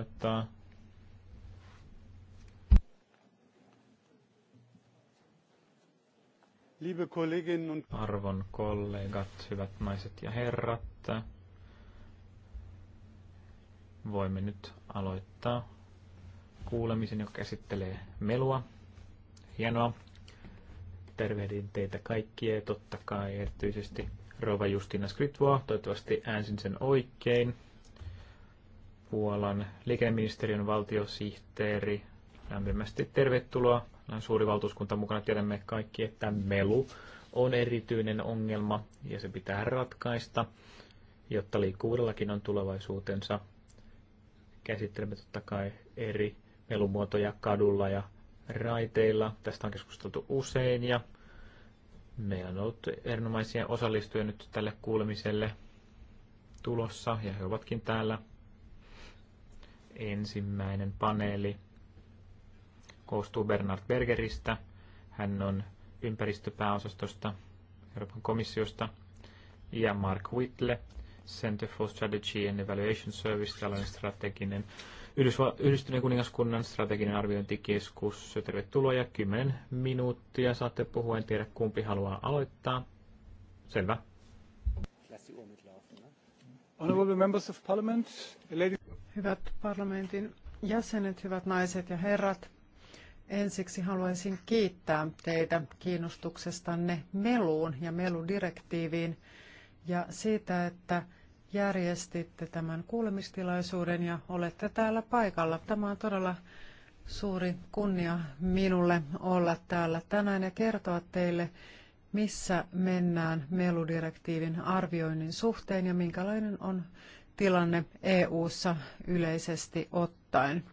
laittaa. Arvon kollegat, hyvät naiset ja herrat, voimme nyt aloittaa kuulemisen, joka käsittelee melua. Hienoa. Tervehdin teitä kaikkia ja totta kai erityisesti Rova Justina Skritvoa. Toivottavasti äänsin sen oikein. Puolan liikenneministeriön valtiosihteeri. Lämpimästi tervetuloa. Näin suuri valtuuskunta mukana tiedämme kaikki, että melu on erityinen ongelma ja se pitää ratkaista, jotta liikkuvuudellakin on tulevaisuutensa. Käsittelemme totta kai eri melumuotoja kadulla ja raiteilla. Tästä on keskusteltu usein ja meillä on ollut erinomaisia osallistujia nyt tälle kuulemiselle tulossa ja he ovatkin täällä Ensimmäinen paneeli koostuu Bernard Bergeristä. Hän on ympäristöpääosastosta Euroopan komissiosta ja Mark Whitle, Center for Strategy and Evaluation Service, tällainen strateginen Yhdysva- Yhdistyneen kuningaskunnan strateginen arviointikeskus. Tervetuloa ja 10 minuuttia saatte puhua. En tiedä kumpi haluaa aloittaa. Selvä. Honorable members of parliament, ladies Hyvät parlamentin jäsenet, hyvät naiset ja herrat, ensiksi haluaisin kiittää teitä kiinnostuksestanne meluun ja meludirektiiviin ja siitä, että järjestitte tämän kuulemistilaisuuden ja olette täällä paikalla. Tämä on todella suuri kunnia minulle olla täällä tänään ja kertoa teille, missä mennään meludirektiivin arvioinnin suhteen ja minkälainen on tilanne EU:ssa yleisesti ottaen.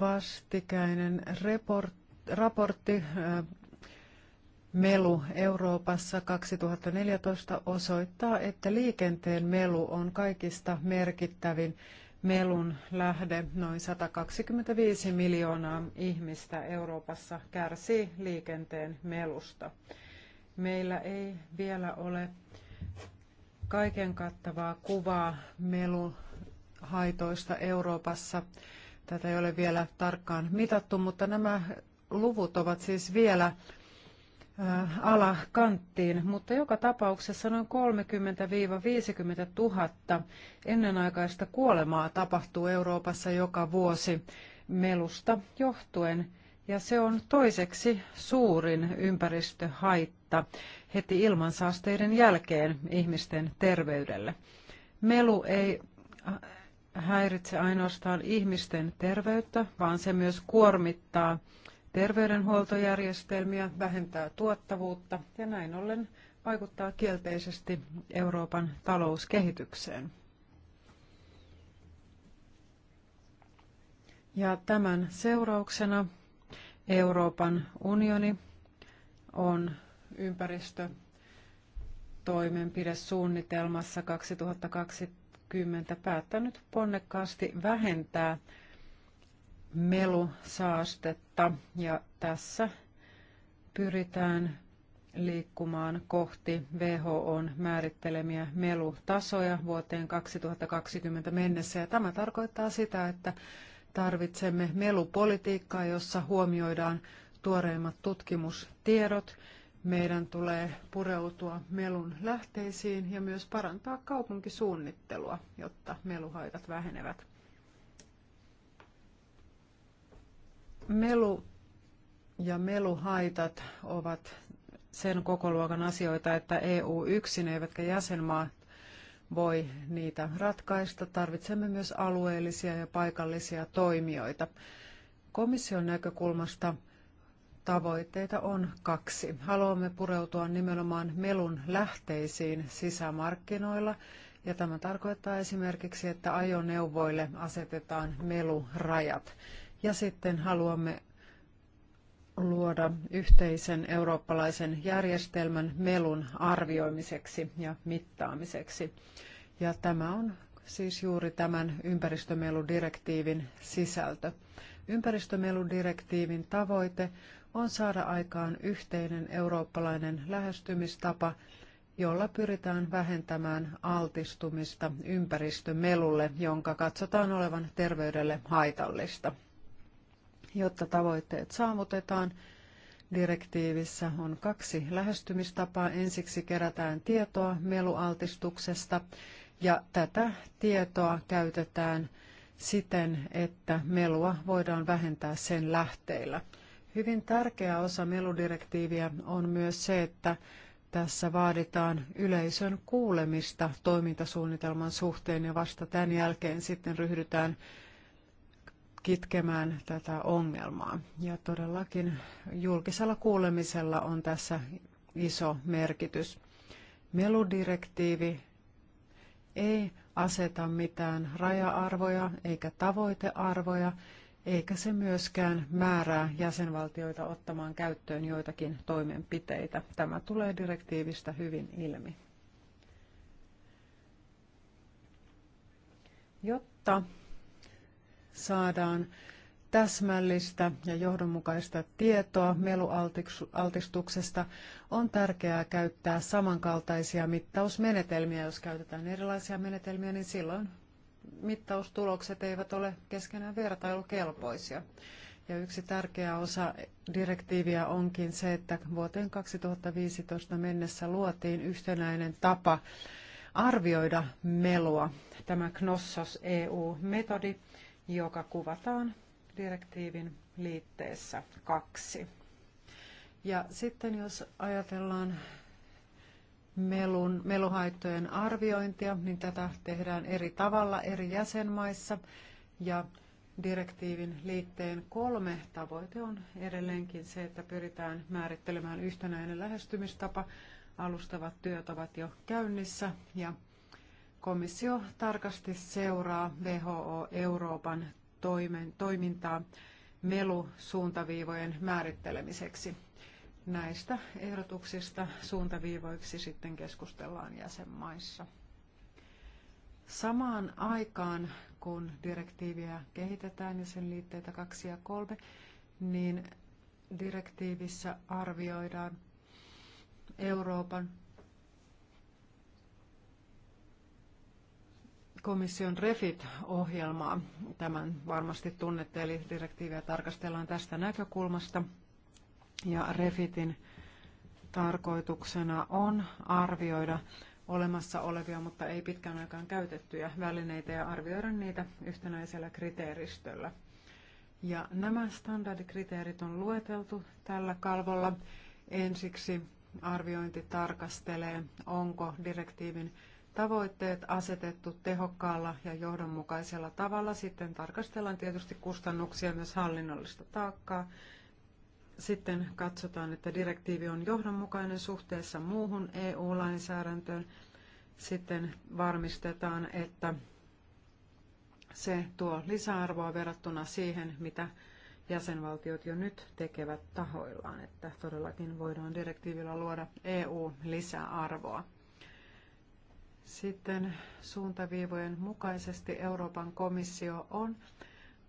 Vastikäinen report, raportti Melu Euroopassa 2014 osoittaa, että liikenteen melu on kaikista merkittävin melun lähde. Noin 125 miljoonaa ihmistä Euroopassa kärsii liikenteen melusta. Meillä ei vielä ole kaiken kattavaa kuvaa meluhaitoista Euroopassa. Tätä ei ole vielä tarkkaan mitattu, mutta nämä luvut ovat siis vielä äh, alakanttiin, mutta joka tapauksessa noin 30-50 000 ennenaikaista kuolemaa tapahtuu Euroopassa joka vuosi melusta johtuen, ja se on toiseksi suurin ympäristöhaitta haittaa heti ilmansaasteiden jälkeen ihmisten terveydelle. Melu ei häiritse ainoastaan ihmisten terveyttä, vaan se myös kuormittaa terveydenhuoltojärjestelmiä, vähentää tuottavuutta ja näin ollen vaikuttaa kielteisesti Euroopan talouskehitykseen. Ja tämän seurauksena Euroopan unioni on ympäristötoimenpidesuunnitelmassa 2020 päättänyt ponnekkaasti vähentää melusaastetta ja tässä pyritään liikkumaan kohti WHOn määrittelemiä melutasoja vuoteen 2020 mennessä. Ja tämä tarkoittaa sitä, että tarvitsemme melupolitiikkaa, jossa huomioidaan tuoreimmat tutkimustiedot meidän tulee pureutua melun lähteisiin ja myös parantaa kaupunkisuunnittelua, jotta meluhaitat vähenevät. Melu ja meluhaitat ovat sen kokoluokan asioita, että EU yksin eivätkä jäsenmaa voi niitä ratkaista. Tarvitsemme myös alueellisia ja paikallisia toimijoita. Komission näkökulmasta tavoitteita on kaksi. Haluamme pureutua nimenomaan melun lähteisiin sisämarkkinoilla ja tämä tarkoittaa esimerkiksi, että ajoneuvoille asetetaan melurajat. Ja sitten haluamme luoda yhteisen eurooppalaisen järjestelmän melun arvioimiseksi ja mittaamiseksi. Ja tämä on siis juuri tämän ympäristömeludirektiivin sisältö. Ympäristömeludirektiivin tavoite on saada aikaan yhteinen eurooppalainen lähestymistapa, jolla pyritään vähentämään altistumista ympäristömelulle, jonka katsotaan olevan terveydelle haitallista. Jotta tavoitteet saavutetaan, direktiivissä on kaksi lähestymistapaa. Ensiksi kerätään tietoa melualtistuksesta ja tätä tietoa käytetään siten, että melua voidaan vähentää sen lähteillä. Hyvin tärkeä osa meludirektiiviä on myös se, että tässä vaaditaan yleisön kuulemista toimintasuunnitelman suhteen ja vasta tämän jälkeen sitten ryhdytään kitkemään tätä ongelmaa. Ja todellakin julkisella kuulemisella on tässä iso merkitys. Meludirektiivi ei aseta mitään raja-arvoja eikä tavoitearvoja, eikä se myöskään määrää jäsenvaltioita ottamaan käyttöön joitakin toimenpiteitä. Tämä tulee direktiivistä hyvin ilmi. Jotta saadaan täsmällistä ja johdonmukaista tietoa melualtistuksesta, on tärkeää käyttää samankaltaisia mittausmenetelmiä. Jos käytetään erilaisia menetelmiä, niin silloin mittaustulokset eivät ole keskenään vertailukelpoisia. Ja yksi tärkeä osa direktiiviä onkin se, että vuoteen 2015 mennessä luotiin yhtenäinen tapa arvioida melua. Tämä Knossos EU-metodi, joka kuvataan direktiivin liitteessä kaksi. Ja sitten jos ajatellaan melun, meluhaittojen arviointia, niin tätä tehdään eri tavalla eri jäsenmaissa. Ja direktiivin liitteen kolme tavoite on edelleenkin se, että pyritään määrittelemään yhtenäinen lähestymistapa. Alustavat työt ovat jo käynnissä ja komissio tarkasti seuraa WHO Euroopan toimintaa melusuuntaviivojen määrittelemiseksi näistä ehdotuksista suuntaviivoiksi sitten keskustellaan jäsenmaissa. Samaan aikaan, kun direktiiviä kehitetään ja sen liitteitä 2 ja 3, niin direktiivissä arvioidaan Euroopan komission REFIT-ohjelmaa. Tämän varmasti tunnette, eli direktiiviä tarkastellaan tästä näkökulmasta – ja Refitin tarkoituksena on arvioida olemassa olevia, mutta ei pitkän aikaan käytettyjä välineitä ja arvioida niitä yhtenäisellä kriteeristöllä. Ja nämä standardikriteerit on lueteltu tällä kalvolla. Ensiksi arviointi tarkastelee, onko direktiivin tavoitteet asetettu tehokkaalla ja johdonmukaisella tavalla. Sitten tarkastellaan tietysti kustannuksia, myös hallinnollista taakkaa sitten katsotaan, että direktiivi on johdonmukainen suhteessa muuhun EU-lainsäädäntöön. Sitten varmistetaan, että se tuo lisäarvoa verrattuna siihen, mitä jäsenvaltiot jo nyt tekevät tahoillaan, että todellakin voidaan direktiivillä luoda EU-lisäarvoa. Sitten suuntaviivojen mukaisesti Euroopan komissio on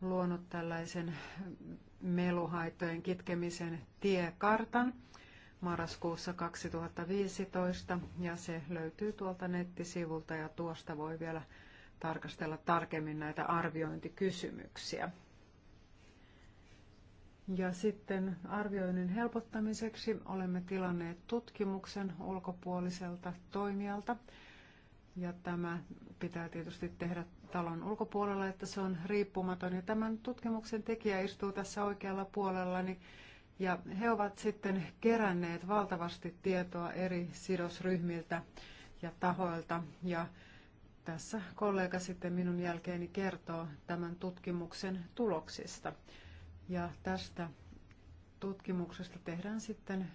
luonut tällaisen meluhaittojen kitkemisen tiekartan marraskuussa 2015 ja se löytyy tuolta nettisivulta ja tuosta voi vielä tarkastella tarkemmin näitä arviointikysymyksiä. Ja sitten arvioinnin helpottamiseksi olemme tilanneet tutkimuksen ulkopuoliselta toimijalta ja tämä pitää tietysti tehdä talon ulkopuolella, että se on riippumaton. Ja tämän tutkimuksen tekijä istuu tässä oikealla niin Ja he ovat sitten keränneet valtavasti tietoa eri sidosryhmiltä ja tahoilta. Ja tässä kollega sitten minun jälkeeni kertoo tämän tutkimuksen tuloksista. Ja tästä tutkimuksesta tehdään sitten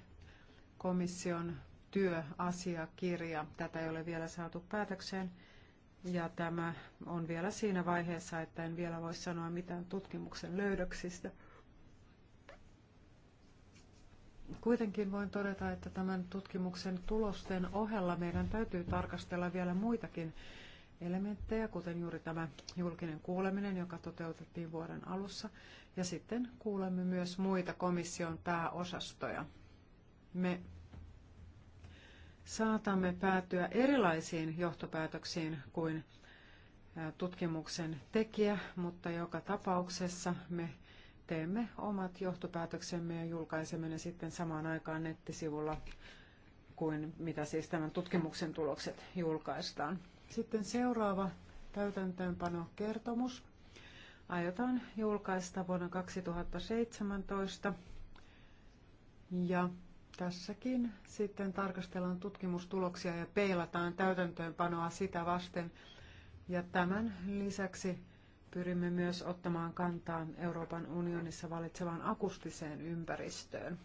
komission työasiakirja. Tätä ei ole vielä saatu päätökseen ja tämä on vielä siinä vaiheessa, että en vielä voi sanoa mitään tutkimuksen löydöksistä. Kuitenkin voin todeta, että tämän tutkimuksen tulosten ohella meidän täytyy tarkastella vielä muitakin elementtejä, kuten juuri tämä julkinen kuuleminen, joka toteutettiin vuoden alussa. Ja sitten kuulemme myös muita komission pääosastoja. Me saatamme päätyä erilaisiin johtopäätöksiin kuin tutkimuksen tekijä, mutta joka tapauksessa me teemme omat johtopäätöksemme ja julkaisemme ne sitten samaan aikaan nettisivulla kuin mitä siis tämän tutkimuksen tulokset julkaistaan. Sitten seuraava täytäntöönpanokertomus aiotaan julkaista vuonna 2017 ja Tässäkin sitten tarkastellaan tutkimustuloksia ja peilataan täytäntöönpanoa sitä vasten. Ja tämän lisäksi pyrimme myös ottamaan kantaa Euroopan unionissa valitsevaan akustiseen ympäristöön.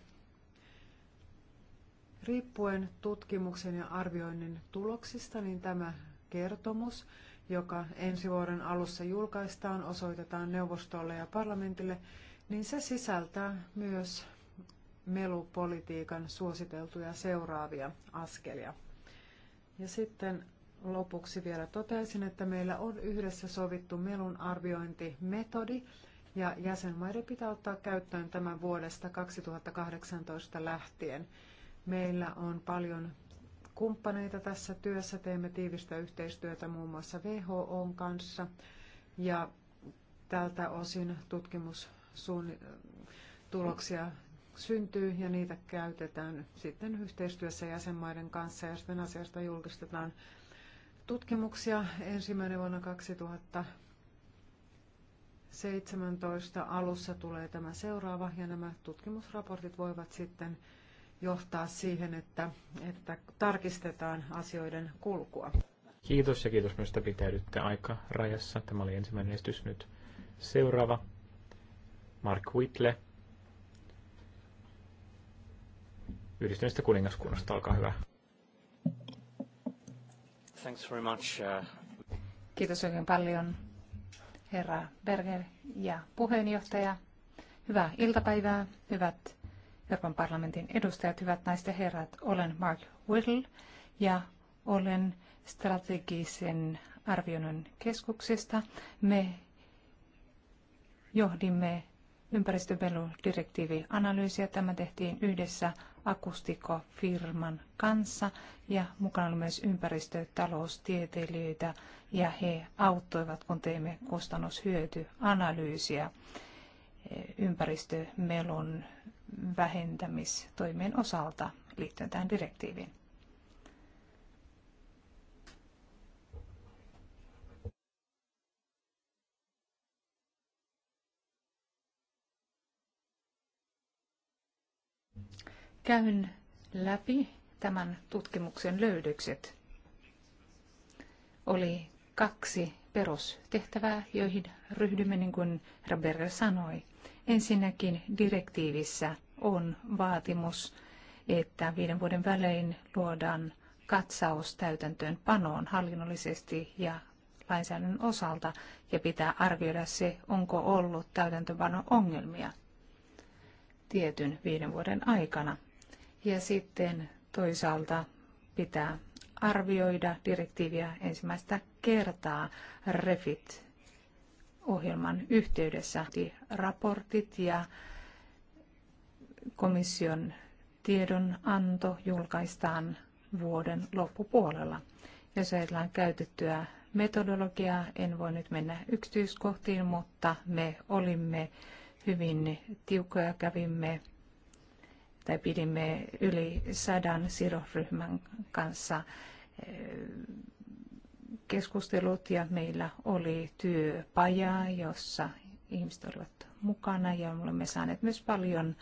Riippuen tutkimuksen ja arvioinnin tuloksista, niin tämä kertomus, joka ensi vuoden alussa julkaistaan, osoitetaan neuvostolle ja parlamentille, niin se sisältää myös melupolitiikan suositeltuja seuraavia askelia. Ja sitten lopuksi vielä toteaisin, että meillä on yhdessä sovittu melun arviointimetodi, ja jäsenmaiden pitää ottaa käyttöön tämän vuodesta 2018 lähtien. Meillä on paljon kumppaneita tässä työssä, teemme tiivistä yhteistyötä muun muassa WHO kanssa, ja tältä osin tuloksia syntyy ja niitä käytetään sitten yhteistyössä jäsenmaiden kanssa ja sitten asiasta julkistetaan tutkimuksia ensimmäinen vuonna 2000 17 alussa tulee tämä seuraava ja nämä tutkimusraportit voivat sitten johtaa siihen, että, että tarkistetaan asioiden kulkua. Kiitos ja kiitos myös, että pitäydytte aika rajassa. Tämä oli ensimmäinen esitys nyt. Seuraava, Mark Whitle yhdistyneestä kuningaskunnasta. Olkaa hyvä. Thanks very much. Uh, Kiitos oikein paljon herra Berger ja puheenjohtaja. Hyvää iltapäivää, hyvät Euroopan parlamentin edustajat, hyvät naiset ja herrat. Olen Mark Whittle ja olen strategisen arvioinnin keskuksesta. Me johdimme ympäristöpeludirektiivianalyysiä. Tämä tehtiin yhdessä akustikofirman kanssa ja mukana oli myös ympäristötaloustieteilijöitä ja he auttoivat, kun teimme kustannushyötyanalyysiä eh, ympäristömelun vähentämistoimien osalta liittyen tähän direktiiviin. käyn läpi tämän tutkimuksen löydökset. Oli kaksi perustehtävää, joihin ryhdymme, niin kuin Raberger sanoi. Ensinnäkin direktiivissä on vaatimus, että viiden vuoden välein luodaan katsaus täytäntöön panoon hallinnollisesti ja lainsäädännön osalta ja pitää arvioida se, onko ollut täytäntöpano ongelmia tietyn viiden vuoden aikana. Ja sitten toisaalta pitää arvioida direktiiviä ensimmäistä kertaa REFIT ohjelman yhteydessä. Raportit ja komission tiedonanto julkaistaan vuoden loppupuolella. Jos ajatellaan käytettyä metodologiaa, en voi nyt mennä yksityiskohtiin, mutta me olimme hyvin tiukkoja, kävimme tai pidimme yli sadan sidosryhmän kanssa eh, keskustelut ja meillä oli työpaja, jossa ihmiset olivat mukana ja olemme saaneet myös paljon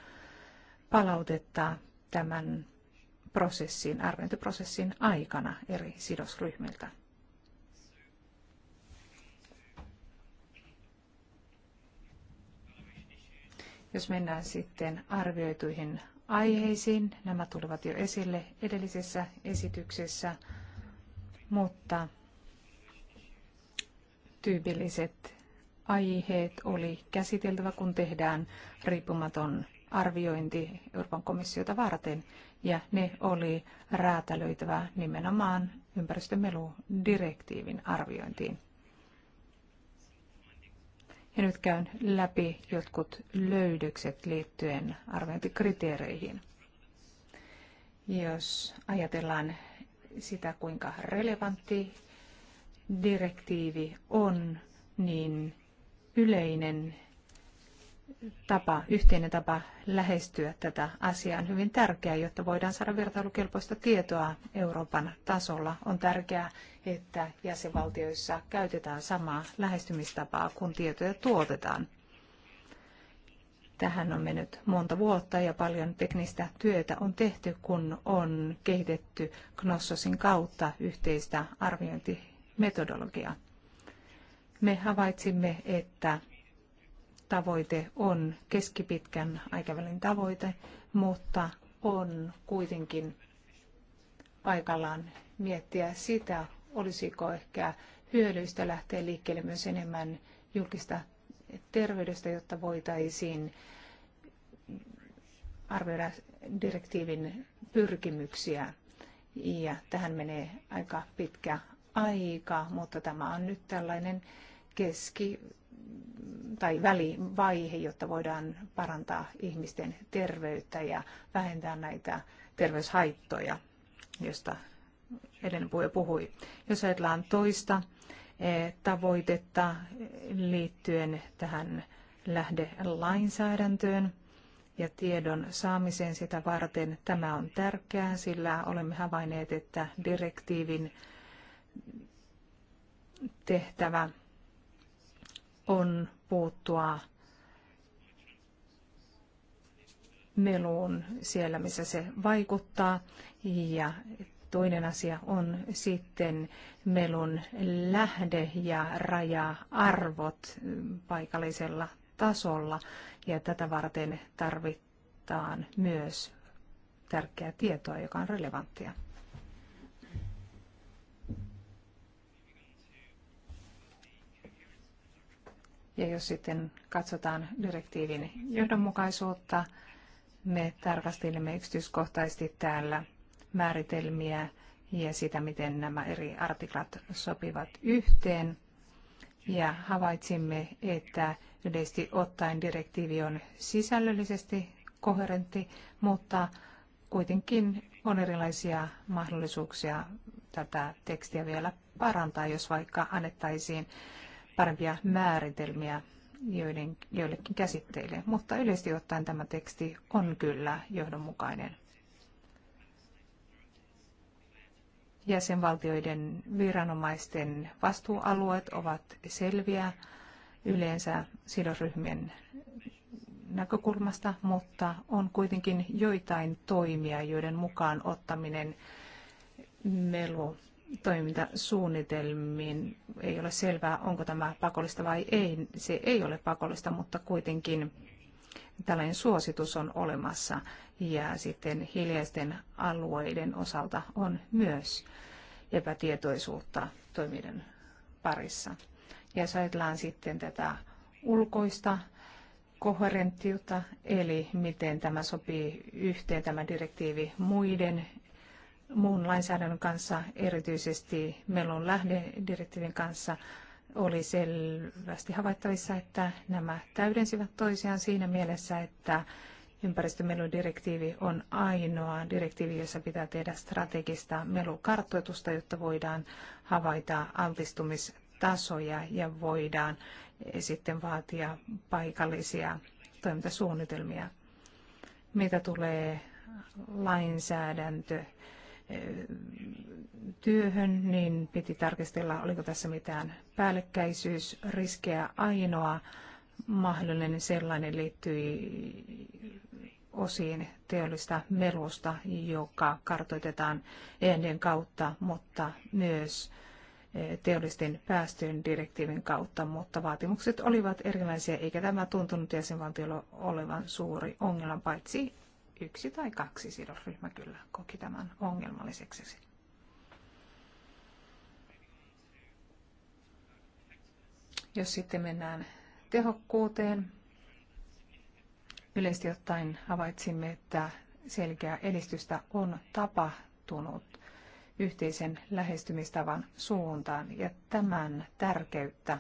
palautetta tämän prosessin, arviointiprosessin aikana eri sidosryhmiltä. Jos mennään sitten arvioituihin aiheisiin. Nämä tulivat jo esille edellisessä esityksessä, mutta tyypilliset aiheet oli käsiteltävä, kun tehdään riippumaton arviointi Euroopan komissiota varten, ja ne oli räätälöitävä nimenomaan ympäristömeludirektiivin arviointiin. Ja nyt käyn läpi jotkut löydökset liittyen arviointikriteereihin. Jos ajatellaan sitä, kuinka relevantti direktiivi on, niin yleinen tapa, yhteinen tapa lähestyä tätä asiaa on hyvin tärkeää, jotta voidaan saada vertailukelpoista tietoa Euroopan tasolla. On tärkeää, että jäsenvaltioissa käytetään samaa lähestymistapaa, kun tietoja tuotetaan. Tähän on mennyt monta vuotta ja paljon teknistä työtä on tehty, kun on kehitetty Knossosin kautta yhteistä arviointimetodologiaa. Me havaitsimme, että tavoite on keskipitkän aikavälin tavoite, mutta on kuitenkin paikallaan miettiä sitä, olisiko ehkä hyödyistä lähteä liikkeelle myös enemmän julkista terveydestä, jotta voitaisiin arvioida direktiivin pyrkimyksiä. Ja tähän menee aika pitkä aika, mutta tämä on nyt tällainen keski tai välivaihe, jotta voidaan parantaa ihmisten terveyttä ja vähentää näitä terveyshaittoja, josta edellinen puhuja puhui. Jos ajatellaan toista eh, tavoitetta liittyen tähän lähdelainsäädäntöön ja tiedon saamiseen sitä varten, tämä on tärkeää, sillä olemme havainneet, että direktiivin tehtävä – on puuttua meluun siellä, missä se vaikuttaa. Ja toinen asia on sitten melun lähde- ja raja-arvot paikallisella tasolla. Ja tätä varten tarvitaan myös tärkeää tietoa, joka on relevanttia. Ja jos sitten katsotaan direktiivin johdonmukaisuutta, me tarkastelimme yksityiskohtaisesti täällä määritelmiä ja sitä, miten nämä eri artiklat sopivat yhteen. Ja havaitsimme, että yleisesti ottaen direktiivi on sisällöllisesti koherentti, mutta kuitenkin on erilaisia mahdollisuuksia tätä tekstiä vielä parantaa, jos vaikka annettaisiin parempia määritelmiä joiden, joillekin käsitteille, mutta yleisesti ottaen tämä teksti on kyllä johdonmukainen. Jäsenvaltioiden viranomaisten vastuualueet ovat selviä yleensä sidosryhmien näkökulmasta, mutta on kuitenkin joitain toimia, joiden mukaan ottaminen melu toimintasuunnitelmiin. Ei ole selvää, onko tämä pakollista vai ei. Se ei ole pakollista, mutta kuitenkin tällainen suositus on olemassa. Ja sitten hiljaisten alueiden osalta on myös epätietoisuutta toimijoiden parissa. Ja jos ajatellaan sitten tätä ulkoista koherenttiutta, eli miten tämä sopii yhteen tämä direktiivi muiden muun lainsäädännön kanssa, erityisesti melun lähdedirektiivin kanssa, oli selvästi havaittavissa, että nämä täydensivät toisiaan siinä mielessä, että ympäristömeludirektiivi on ainoa direktiivi, jossa pitää tehdä strategista melukartoitusta, jotta voidaan havaita altistumistasoja ja voidaan sitten vaatia paikallisia toimintasuunnitelmia. Mitä tulee lainsäädäntö työhön, niin piti tarkistella, oliko tässä mitään päällekkäisyysriskejä. Ainoa mahdollinen sellainen liittyi osiin teollista melusta, joka kartoitetaan ennen kautta, mutta myös e, teollisten päästöjen direktiivin kautta, mutta vaatimukset olivat erilaisia, eikä tämä tuntunut jäsenvaltiolla olevan suuri ongelma, paitsi yksi tai kaksi sidosryhmä kyllä koki tämän ongelmalliseksi. Jos sitten mennään tehokkuuteen, yleisesti ottaen havaitsimme, että selkeää edistystä on tapahtunut yhteisen lähestymistavan suuntaan ja tämän tärkeyttä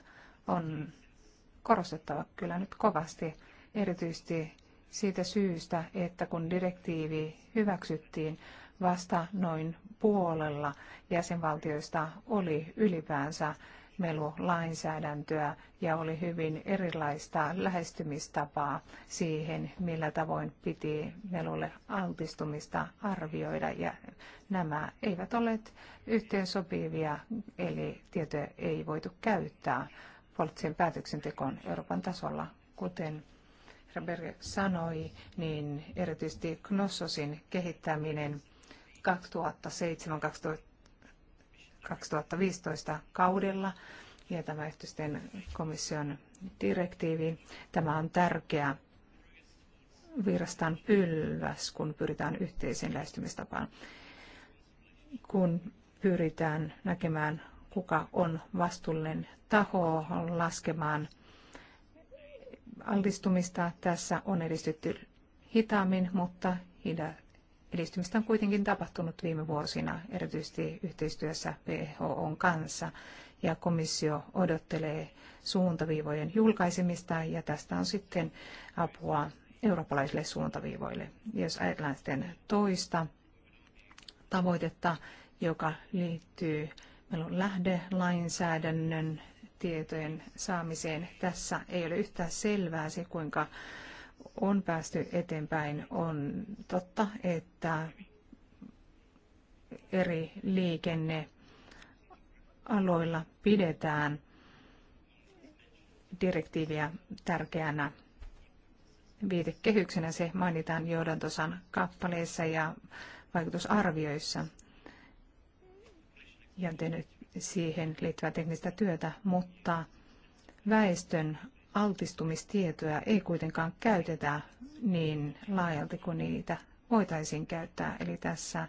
on korostettava kyllä nyt kovasti, erityisesti siitä syystä, että kun direktiivi hyväksyttiin, vasta noin puolella jäsenvaltioista oli ylipäänsä melulainsäädäntöä ja oli hyvin erilaista lähestymistapaa siihen, millä tavoin piti melulle altistumista arvioida. Ja nämä eivät ole yhteensopivia, eli tietoja ei voitu käyttää poliittisen päätöksentekoon Euroopan tasolla, kuten Raberg sanoi, niin erityisesti Knossosin kehittäminen 2007-2015 kaudella ja tämä yhteisten komission direktiivi, tämä on tärkeä virastan pylväs, kun pyritään yhteiseen lähestymistapaan, kun pyritään näkemään, kuka on vastuullinen taho, laskemaan – altistumista tässä on edistytty hitaammin, mutta edistymistä on kuitenkin tapahtunut viime vuosina, erityisesti yhteistyössä WHOn kanssa. Ja komissio odottelee suuntaviivojen julkaisemista ja tästä on sitten apua eurooppalaisille suuntaviivoille. Jos ajatellaan sitten toista tavoitetta, joka liittyy meillä on lähdelainsäädännön tietojen saamiseen. Tässä ei ole yhtään selvää se, kuinka on päästy eteenpäin. On totta, että eri liikennealoilla pidetään direktiiviä tärkeänä viitekehyksenä. Se mainitaan johdantosan kappaleissa ja vaikutusarvioissa. Ja on siihen liittyvää teknistä työtä, mutta väestön altistumistietoja ei kuitenkaan käytetä niin laajalti kuin niitä voitaisiin käyttää. Eli tässä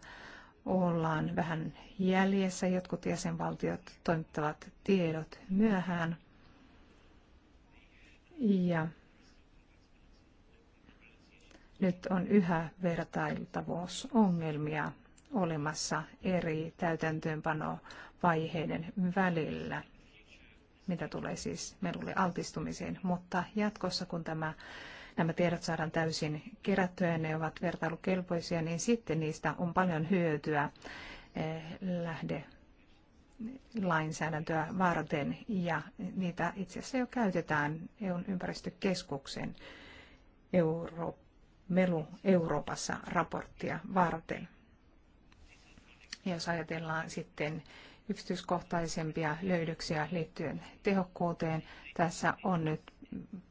ollaan vähän jäljessä. Jotkut jäsenvaltiot toimittavat tiedot myöhään. Ja nyt on yhä vertailtavuusongelmia olemassa eri täytäntöönpano vaiheiden välillä, mitä tulee siis melulle altistumiseen. Mutta jatkossa, kun tämä, nämä tiedot saadaan täysin kerättyä ja ne ovat vertailukelpoisia, niin sitten niistä on paljon hyötyä eh, lähde lainsäädäntöä varten ja niitä itse asiassa jo käytetään EUn ympäristökeskuksen Euro, Melu Euroopassa raporttia varten. Ja jos ajatellaan sitten yksityiskohtaisempia löydöksiä liittyen tehokkuuteen. Tässä on nyt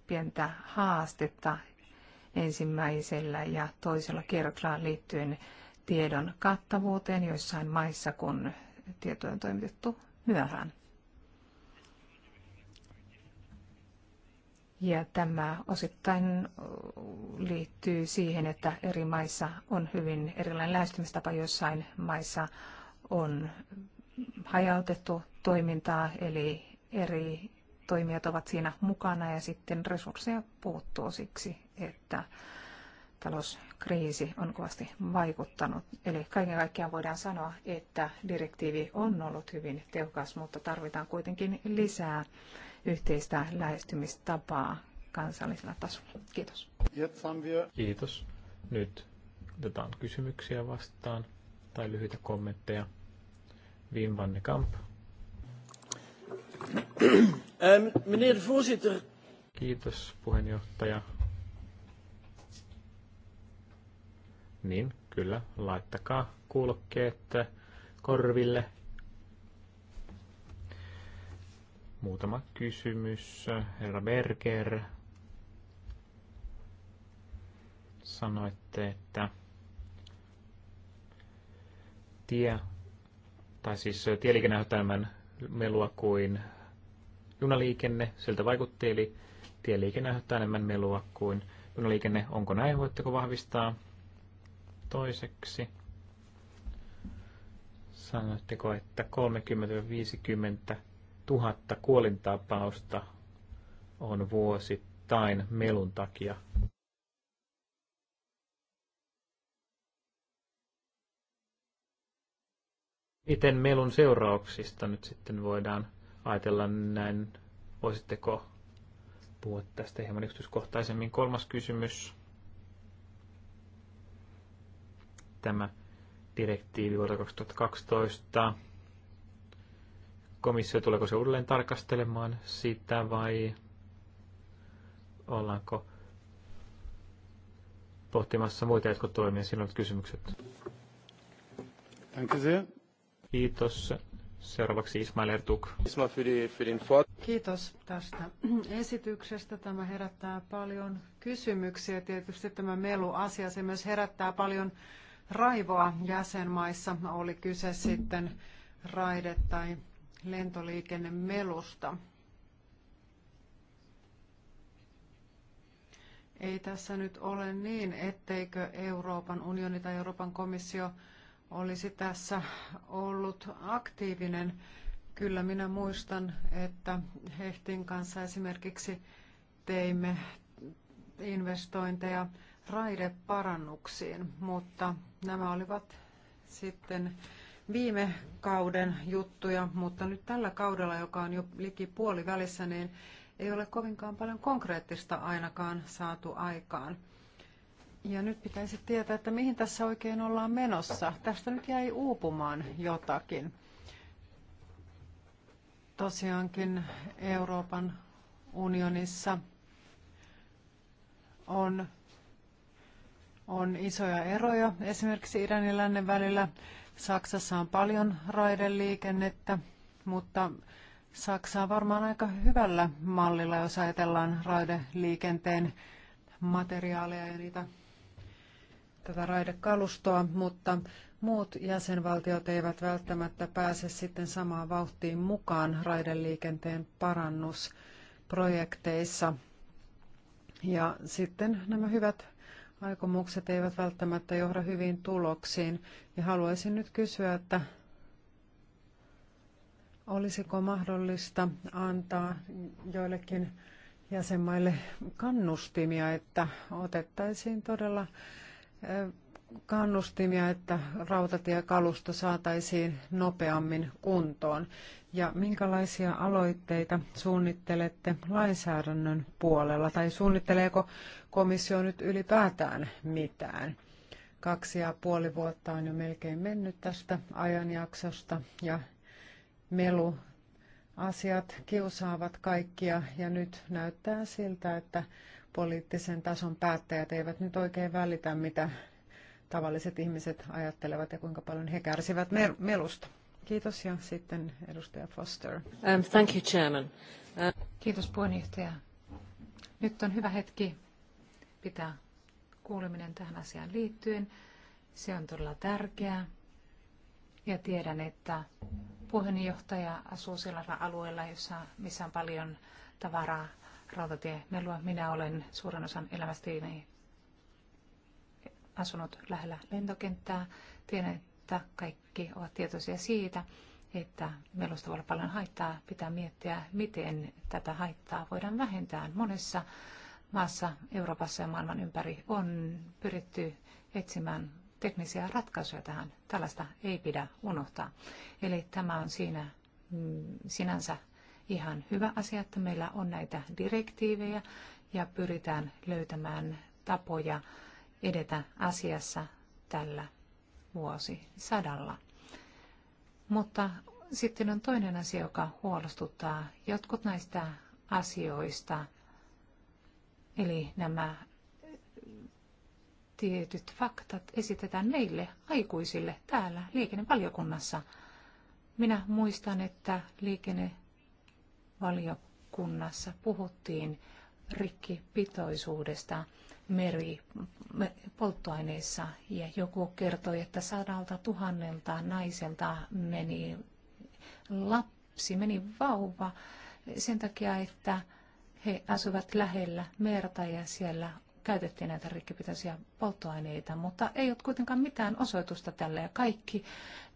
pientä haastetta ensimmäisellä ja toisella kierroksella liittyen tiedon kattavuuteen joissain maissa, kun tietoja on toimitettu myöhään. Ja tämä osittain liittyy siihen, että eri maissa on hyvin erilainen lähestymistapa. Joissain maissa on hajautettu toimintaa, eli eri toimijat ovat siinä mukana ja sitten resursseja puuttuu siksi, että talouskriisi on kovasti vaikuttanut. Eli kaiken kaikkiaan voidaan sanoa, että direktiivi on ollut hyvin tehokas, mutta tarvitaan kuitenkin lisää yhteistä lähestymistapaa kansallisella tasolla. Kiitos. Kiitos. Nyt otetaan kysymyksiä vastaan tai lyhyitä kommentteja. Wim van den Kamp. Ehm, meneer de voorzitter. Kiitos puheenjohtaja. Niin, kyllä, laittakaa kuulokkeet korville. Muutama kysymys. Herra Berger, sanoitte, että tie tai siis tieliikenne aiheuttaa enemmän melua kuin junaliikenne, siltä vaikutti, eli tieliikenne aiheuttaa enemmän melua kuin junaliikenne. Onko näin, voitteko vahvistaa? Toiseksi, sanoitteko, että 30-50 000 kuolintapausta on vuosittain melun takia iten melun seurauksista nyt sitten voidaan ajatella näin. Voisitteko puhua tästä hieman yksityiskohtaisemmin? Kolmas kysymys. Tämä direktiivi vuodelta 2012. Komissio, tuleeko se uudelleen tarkastelemaan sitä vai ollaanko pohtimassa muita toimia Siinä on kysymykset. Danke sehr. Kiitos. Seuraavaksi Ismail Ertuk. Kiitos tästä esityksestä. Tämä herättää paljon kysymyksiä. Tietysti tämä meluasia, se myös herättää paljon raivoa jäsenmaissa. Oli kyse sitten raide- tai lentoliikennemelusta. Ei tässä nyt ole niin, etteikö Euroopan unioni tai Euroopan komissio – olisi tässä ollut aktiivinen. Kyllä minä muistan, että Hehtin kanssa esimerkiksi teimme investointeja raideparannuksiin, mutta nämä olivat sitten viime kauden juttuja, mutta nyt tällä kaudella, joka on jo liki välissä, niin ei ole kovinkaan paljon konkreettista ainakaan saatu aikaan. Ja nyt pitäisi tietää, että mihin tässä oikein ollaan menossa. Tästä nyt jäi uupumaan jotakin. Tosiaankin Euroopan unionissa on, on isoja eroja esimerkiksi idän ja lännen välillä. Saksassa on paljon raideliikennettä, mutta Saksa on varmaan aika hyvällä mallilla, jos ajatellaan raideliikenteen materiaaleja ja niitä tätä raidekalustoa, mutta muut jäsenvaltiot eivät välttämättä pääse sitten samaan vauhtiin mukaan raideliikenteen parannusprojekteissa. Ja sitten nämä hyvät aikomukset eivät välttämättä johda hyviin tuloksiin. Ja haluaisin nyt kysyä, että olisiko mahdollista antaa joillekin jäsenmaille kannustimia, että otettaisiin todella kannustimia, että rautatiekalusto saataisiin nopeammin kuntoon? Ja minkälaisia aloitteita suunnittelette lainsäädännön puolella? Tai suunnitteleeko komissio nyt ylipäätään mitään? Kaksi ja puoli vuotta on jo melkein mennyt tästä ajanjaksosta ja melu asiat kiusaavat kaikkia ja nyt näyttää siltä, että poliittisen tason päättäjät eivät nyt oikein välitä, mitä tavalliset ihmiset ajattelevat ja kuinka paljon he kärsivät melusta. Kiitos ja sitten edustaja Foster. Um, thank you, Chairman. Uh... Kiitos puheenjohtaja. Nyt on hyvä hetki pitää kuuleminen tähän asiaan liittyen. Se on todella tärkeää. Ja tiedän, että puheenjohtaja asuu sellaisella alueella, jossa, missä on paljon tavaraa rautatiemelua. Minä olen suuren osan elämästäni asunut lähellä lentokenttää. Tiedän, että kaikki ovat tietoisia siitä, että melusta voi olla paljon haittaa. Pitää miettiä, miten tätä haittaa voidaan vähentää. Monessa maassa, Euroopassa ja maailman ympäri on pyritty etsimään teknisiä ratkaisuja tähän. Tällaista ei pidä unohtaa. Eli tämä on siinä mm, sinänsä ihan hyvä asia, että meillä on näitä direktiivejä ja pyritään löytämään tapoja edetä asiassa tällä vuosisadalla. Mutta sitten on toinen asia, joka huolestuttaa jotkut näistä asioista, eli nämä tietyt faktat esitetään meille aikuisille täällä liikennevaliokunnassa. Minä muistan, että liikenne valiokunnassa puhuttiin rikkipitoisuudesta meri polttoaineissa ja joku kertoi, että sadalta tuhannelta naiselta meni lapsi, meni vauva sen takia, että he asuvat lähellä merta ja siellä käytettiin näitä rikkipitoisia polttoaineita, mutta ei ole kuitenkaan mitään osoitusta tälle. Ja kaikki,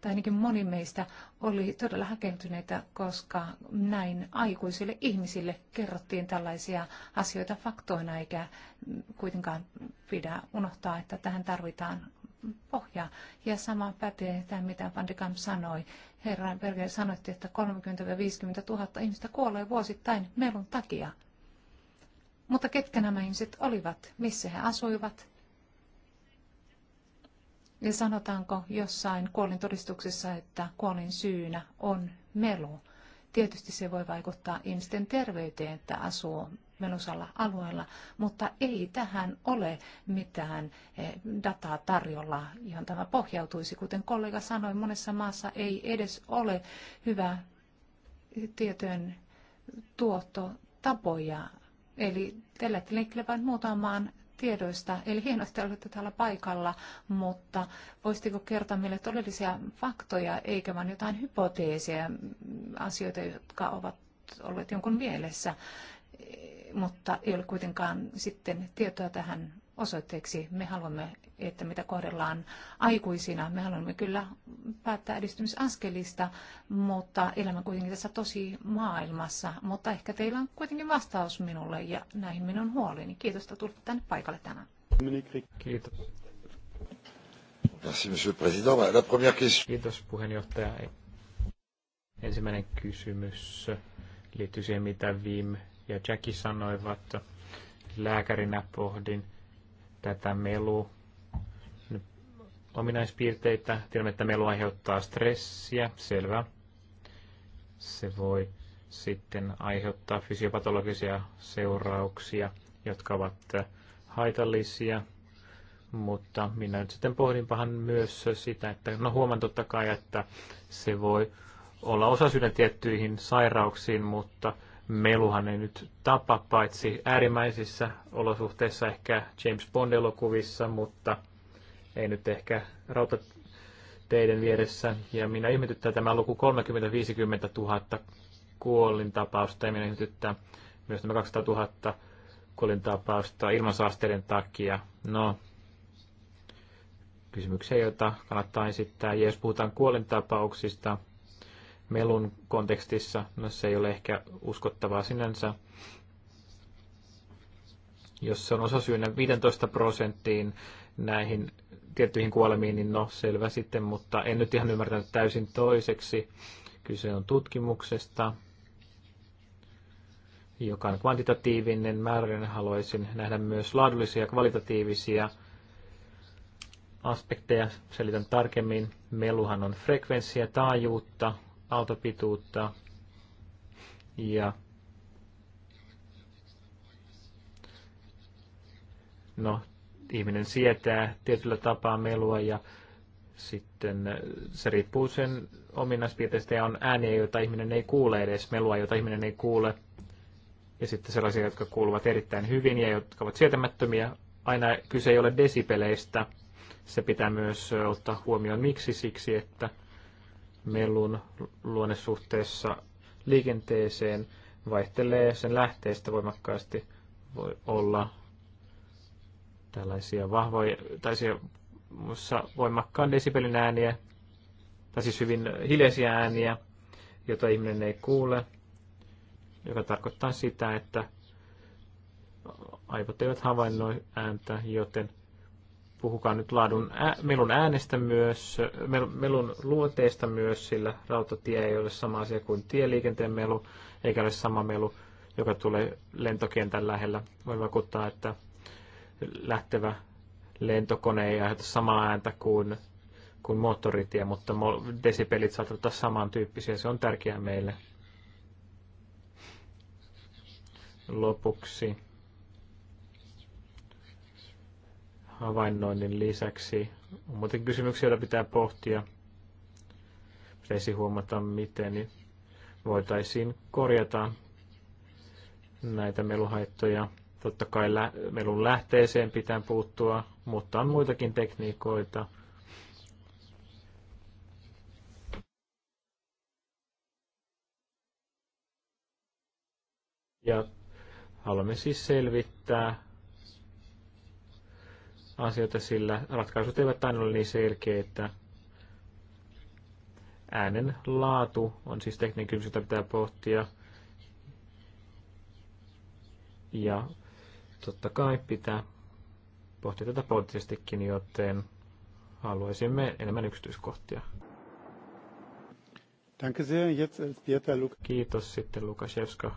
tai ainakin moni meistä, oli todella häkentyneitä, koska näin aikuisille ihmisille kerrottiin tällaisia asioita faktoina, eikä kuitenkaan pidä unohtaa, että tähän tarvitaan pohja. Ja sama pätee tämä, mitä Van de Kamp sanoi. Herra Berger sanoi, että 30 50 000 ihmistä kuolee vuosittain melun takia. Mutta ketkä nämä ihmiset olivat? Missä he asuivat? Ja sanotaanko jossain todistuksessa, että kuolin syynä on melu? Tietysti se voi vaikuttaa ihmisten terveyteen, että asuu melusalla alueella, mutta ei tähän ole mitään eh, dataa tarjolla, johon tämä pohjautuisi. Kuten kollega sanoi, monessa maassa ei edes ole hyvä tietojen tapoja. Eli tällä hetkellä vain muutamaan tiedoista. Eli hienosti olette täällä paikalla, mutta voisitteko kertoa meille todellisia faktoja, eikä vain jotain hypoteeseja, asioita, jotka ovat olleet jonkun mielessä, mutta ei ole kuitenkaan sitten tietoa tähän osoitteeksi. Me haluamme että mitä kohdellaan aikuisina. Me haluamme kyllä päättää edistymisaskelista, mutta elämme kuitenkin tässä tosi maailmassa. Mutta ehkä teillä on kuitenkin vastaus minulle ja näihin minun huoliini. Kiitos, että tulitte tänne paikalle tänään. Kiitos. Merci, monsieur le président. La première question... Kiitos, puheenjohtaja. Ensimmäinen kysymys liittyy siihen, mitä Vim ja Jackie sanoivat. Lääkärinä pohdin tätä melu ominaispiirteitä. Tiedämme, että melu aiheuttaa stressiä, selvä. Se voi sitten aiheuttaa fysiopatologisia seurauksia, jotka ovat haitallisia. Mutta minä nyt sitten pohdinpahan myös sitä, että no huomaan totta kai, että se voi olla osa osasyynä tiettyihin sairauksiin, mutta meluhan ei nyt tapa paitsi äärimmäisissä olosuhteissa ehkä James Bond-elokuvissa, mutta – ei nyt ehkä rautateiden vieressä. Ja minä ihmetyttää tämä luku 30-50 000 kuolintapausta ja minä ihmetyttää myös nämä 200 000 kuolintapausta ilmansaasteiden takia. No, kysymyksiä, joita kannattaa esittää. Ja jos puhutaan kuolintapauksista melun kontekstissa, no se ei ole ehkä uskottavaa sinänsä. Jos se on osasyynä 15 prosenttiin näihin tiettyihin kuolemiin, niin no selvä sitten, mutta en nyt ihan ymmärtänyt täysin toiseksi. Kyse on tutkimuksesta, joka on kvantitatiivinen määrä, Haluaisin nähdä myös laadullisia ja kvalitatiivisia aspekteja. Selitän tarkemmin. Meluhan on frekvenssiä, taajuutta, autopituutta ja no, ihminen sietää tietyllä tapaa melua ja sitten se riippuu sen ominaispiirteistä ja on ääniä, joita ihminen ei kuule edes, melua, jota ihminen ei kuule. Ja sitten sellaisia, jotka kuuluvat erittäin hyvin ja jotka ovat sietämättömiä. Aina kyse ei ole desipeleistä. Se pitää myös ottaa huomioon. Miksi? Siksi, että melun luonnesuhteessa liikenteeseen vaihtelee sen lähteestä voimakkaasti. Voi olla tällaisia vahvoja, tai muissa voimakkaan desibelin ääniä, tai siis hyvin hiljaisia ääniä, jota ihminen ei kuule, joka tarkoittaa sitä, että aivot eivät havainnoi ääntä, joten puhukaa nyt laadun ää, melun äänestä myös, mel, melun luonteesta myös, sillä rautatie ei ole sama asia kuin tieliikenteen melu, eikä ole sama melu, joka tulee lentokentän lähellä. Voin vakuuttaa, että lähtevä lentokone ei aiheuta samaa ääntä kuin, kuin moottoritie, mutta desipelit saattavat olla samantyyppisiä. Se on tärkeää meille. Lopuksi havainnoinnin lisäksi on muuten kysymyksiä, joita pitää pohtia. Pitäisi huomata, miten voitaisiin korjata näitä meluhaittoja. Totta kai lä- melun lähteeseen pitää puuttua, mutta on muitakin tekniikoita. Ja haluamme siis selvittää asioita, sillä ratkaisut eivät aina ole niin selkeitä. Äänen laatu on siis tekninen kysymys, jota pitää pohtia. Ja Totta kai pitää pohtia tätä poliittisestikin, joten haluaisimme enemmän yksityiskohtia. Danke sehr. Jetzt als äh, Dieter Luk- Kiitos sitten Lukashevska.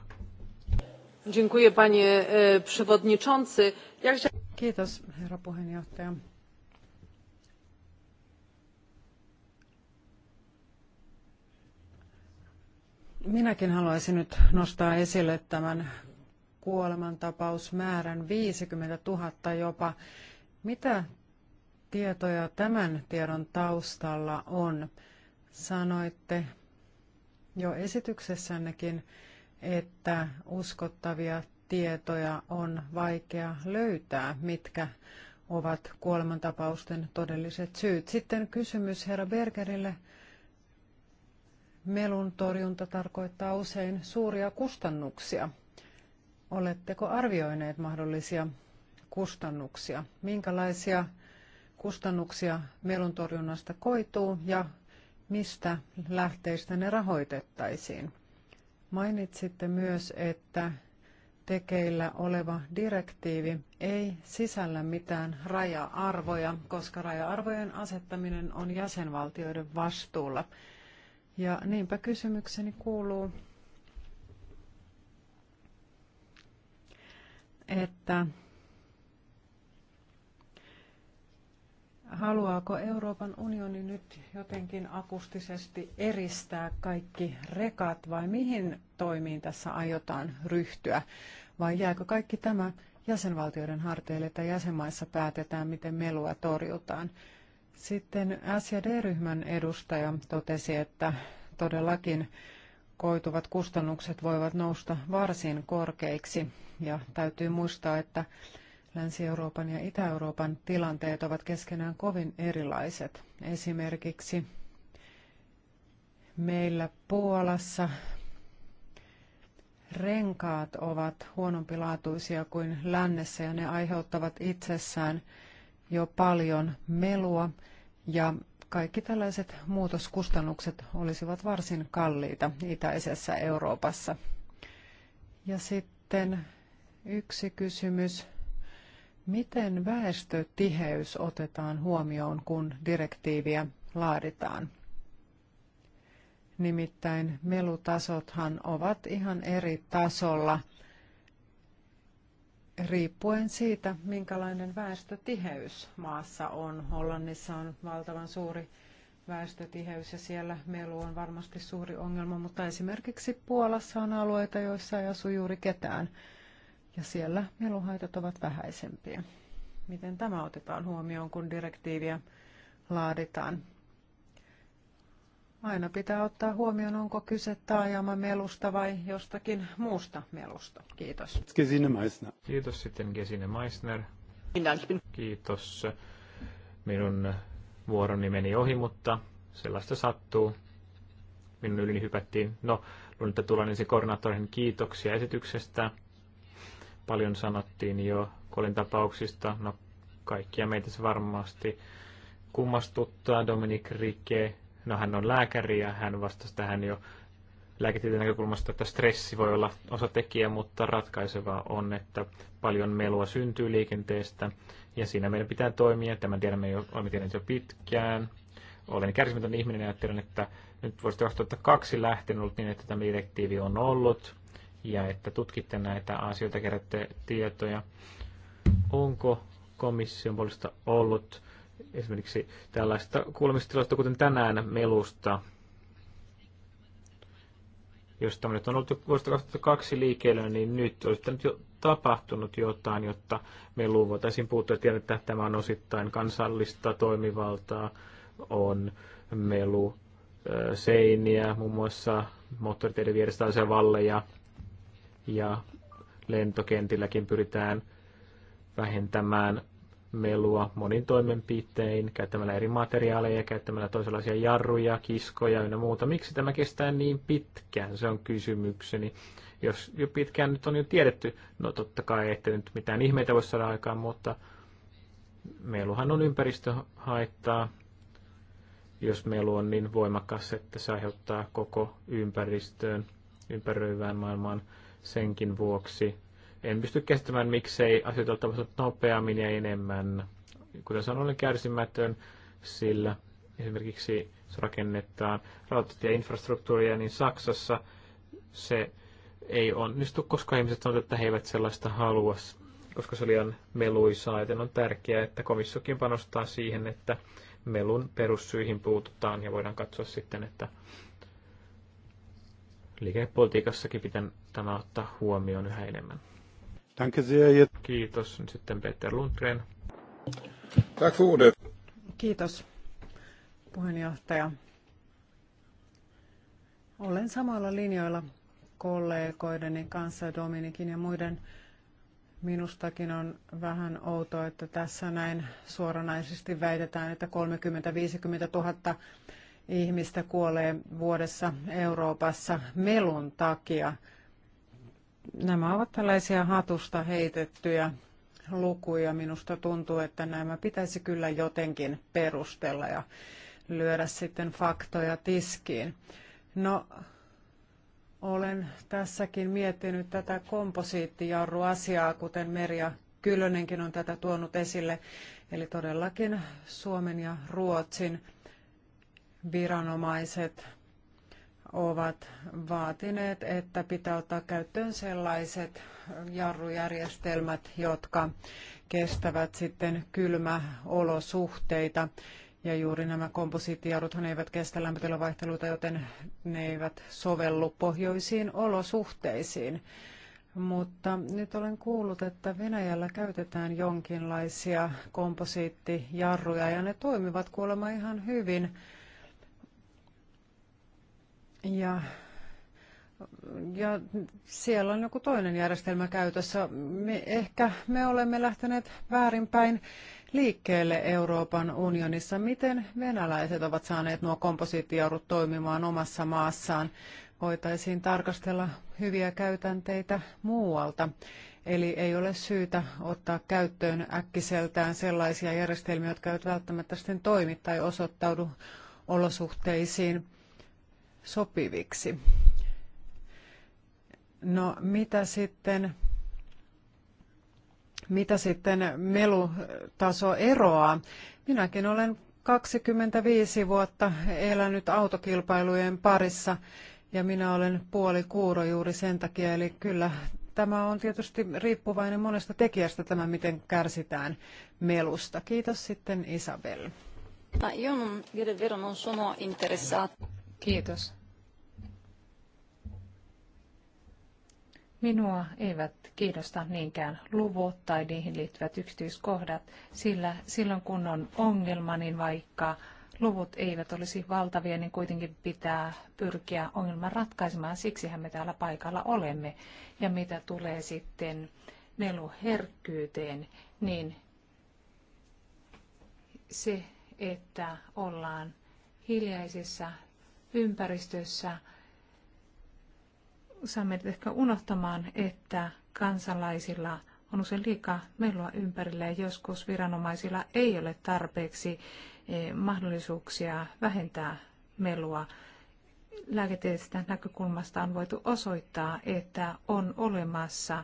Dziękuję panie e, przewodniczący. Ja Kiitos herra puheenjohtaja. Minäkin haluaisin nyt nostaa esille tämän kuolemantapausmäärän 50 000 jopa. Mitä tietoja tämän tiedon taustalla on? Sanoitte jo esityksessännekin, että uskottavia tietoja on vaikea löytää, mitkä ovat kuolemantapausten todelliset syyt. Sitten kysymys herra Bergerille. Melun torjunta tarkoittaa usein suuria kustannuksia. Oletteko arvioineet mahdollisia kustannuksia? Minkälaisia kustannuksia meluntorjunnasta koituu ja mistä lähteistä ne rahoitettaisiin? Mainitsitte myös, että tekeillä oleva direktiivi ei sisällä mitään raja-arvoja, koska raja-arvojen asettaminen on jäsenvaltioiden vastuulla. Ja niinpä kysymykseni kuuluu, että Haluaako Euroopan unioni nyt jotenkin akustisesti eristää kaikki rekat vai mihin toimiin tässä aiotaan ryhtyä? Vai jääkö kaikki tämä jäsenvaltioiden harteille, että jäsenmaissa päätetään, miten melua torjutaan? Sitten SD-ryhmän edustaja totesi, että todellakin koituvat kustannukset voivat nousta varsin korkeiksi ja täytyy muistaa, että Länsi-Euroopan ja Itä-Euroopan tilanteet ovat keskenään kovin erilaiset. Esimerkiksi meillä Puolassa renkaat ovat huonompilaatuisia kuin lännessä ja ne aiheuttavat itsessään jo paljon melua ja kaikki tällaiset muutoskustannukset olisivat varsin kalliita itäisessä Euroopassa. Ja sitten Yksi kysymys. Miten väestötiheys otetaan huomioon, kun direktiiviä laaditaan? Nimittäin melutasothan ovat ihan eri tasolla riippuen siitä, minkälainen väestötiheys maassa on. Hollannissa on valtavan suuri väestötiheys ja siellä melu on varmasti suuri ongelma, mutta esimerkiksi Puolassa on alueita, joissa ei asu juuri ketään ja siellä meluhaitat ovat vähäisempiä. Miten tämä otetaan huomioon, kun direktiiviä laaditaan? Aina pitää ottaa huomioon, onko kyse taajama melusta vai jostakin muusta melusta. Kiitos. Gesine Meissner. Kiitos sitten Gesine Meissner. Kiitos. Minun vuoroni meni ohi, mutta sellaista sattuu. Minun yli hypättiin. No, luulen, että tullaan ensin koordinaattorin kiitoksia esityksestä. Paljon sanottiin jo Kolin tapauksista. No, kaikkia meitä se varmasti kummastuttaa. Dominic Rike, no hän on lääkäri ja hän vastasi tähän jo lääketieteen näkökulmasta, että stressi voi olla osa tekijä, mutta ratkaisevaa on, että paljon melua syntyy liikenteestä ja siinä meidän pitää toimia. Tämän tiedämme jo, olemme tienneet jo pitkään. Olen kärsimätön ihminen ja ajattelen, että nyt vuodesta 2002 lähtien ollut niin, että tämä direktiivi on ollut ja että tutkitte näitä asioita, kerätte tietoja. Onko komission puolesta ollut esimerkiksi tällaista kuulemistilasta, kuten tänään melusta, jos tämä nyt on ollut vuodesta 2002 liikkeellä, niin nyt olisi nyt jo tapahtunut jotain, jotta meluun voitaisiin puuttua. Tiedän, että tämä on osittain kansallista toimivaltaa, on melu seiniä, muun muassa moottoriteiden vieressä valleja, ja lentokentilläkin pyritään vähentämään melua monin toimenpitein, käyttämällä eri materiaaleja, käyttämällä toisenlaisia jarruja, kiskoja ja muuta. Miksi tämä kestää niin pitkään, se on kysymykseni. Jos jo pitkään nyt on jo tiedetty, no totta kai ettei nyt mitään ihmeitä voi saada aikaan, mutta meluhan on ympäristöhaittaa. Jos melu on niin voimakas, että se aiheuttaa koko ympäristöön, ympäröivään maailmaan senkin vuoksi. En pysty kestämään, miksei asioita ole tapahtunut nopeammin ja enemmän. Kuten sanoin, olen kärsimätön, sillä esimerkiksi jos rakennetaan rautatieinfrastruktuuria, niin Saksassa se ei onnistu, koska ihmiset sanovat, että he eivät sellaista halua, koska se on liian meluisaa, joten on tärkeää, että komissiokin panostaa siihen, että melun perussyihin puututaan ja voidaan katsoa sitten, että liikennepolitiikassakin pitää tämä ottaa huomioon yhä enemmän. Danke sehr. Kiitos. Sitten Peter Lundgren. Tack för Kiitos, puheenjohtaja. Olen samalla linjoilla kollegoideni kanssa, Dominikin ja muiden. Minustakin on vähän outoa, että tässä näin suoranaisesti väitetään, että 30-50 000 ihmistä kuolee vuodessa Euroopassa melun takia. Nämä ovat tällaisia hatusta heitettyjä lukuja. Minusta tuntuu, että nämä pitäisi kyllä jotenkin perustella ja lyödä sitten faktoja tiskiin. No, olen tässäkin miettinyt tätä komposiittijarruasiaa, kuten Merja Kylönenkin on tätä tuonut esille. Eli todellakin Suomen ja Ruotsin viranomaiset ovat vaatineet, että pitää ottaa käyttöön sellaiset jarrujärjestelmät, jotka kestävät sitten kylmäolosuhteita. Ja juuri nämä komposiittijarruthan eivät kestä lämpötilavaihteluita, joten ne eivät sovellu pohjoisiin olosuhteisiin. Mutta nyt olen kuullut, että Venäjällä käytetään jonkinlaisia komposiittijarruja ja ne toimivat kuulemma ihan hyvin ja, ja siellä on joku toinen järjestelmä käytössä. Me, ehkä me olemme lähteneet väärinpäin liikkeelle Euroopan unionissa. Miten venäläiset ovat saaneet nuo kompositioudut toimimaan omassa maassaan? Voitaisiin tarkastella hyviä käytänteitä muualta. Eli ei ole syytä ottaa käyttöön äkkiseltään sellaisia järjestelmiä, jotka eivät välttämättä sitten toimi tai osoittaudu olosuhteisiin sopiviksi. No mitä sitten, mitä sitten melutaso eroaa? Minäkin olen 25 vuotta elänyt autokilpailujen parissa ja minä olen puoli kuuro juuri sen takia, eli kyllä tämä on tietysti riippuvainen monesta tekijästä tämä, miten kärsitään melusta. Kiitos sitten Isabel. Io non, dire vero, non sono interessato. Kiitos. Minua eivät kiinnosta niinkään luvut tai niihin liittyvät yksityiskohdat, sillä silloin kun on ongelma, niin vaikka luvut eivät olisi valtavia, niin kuitenkin pitää pyrkiä ongelman ratkaisemaan. Siksihän me täällä paikalla olemme. Ja mitä tulee sitten meluherkkyyteen, niin se, että ollaan hiljaisessa ympäristössä saamme ehkä unohtamaan, että kansalaisilla on usein liikaa melua ympärillä ja joskus viranomaisilla ei ole tarpeeksi e, mahdollisuuksia vähentää melua. Lääketieteellisestä näkökulmasta on voitu osoittaa, että on olemassa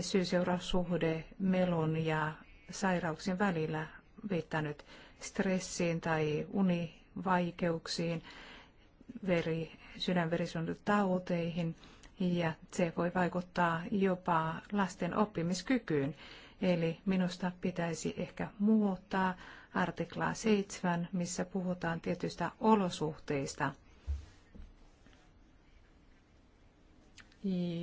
syy-seuraussuhde melun ja sairauksien välillä, viittänyt stressiin tai univaikeuksiin veri, sydänverisuonitauteihin ja se voi vaikuttaa jopa lasten oppimiskykyyn. Eli minusta pitäisi ehkä muuttaa artiklaa 7, missä puhutaan tietyistä olosuhteista,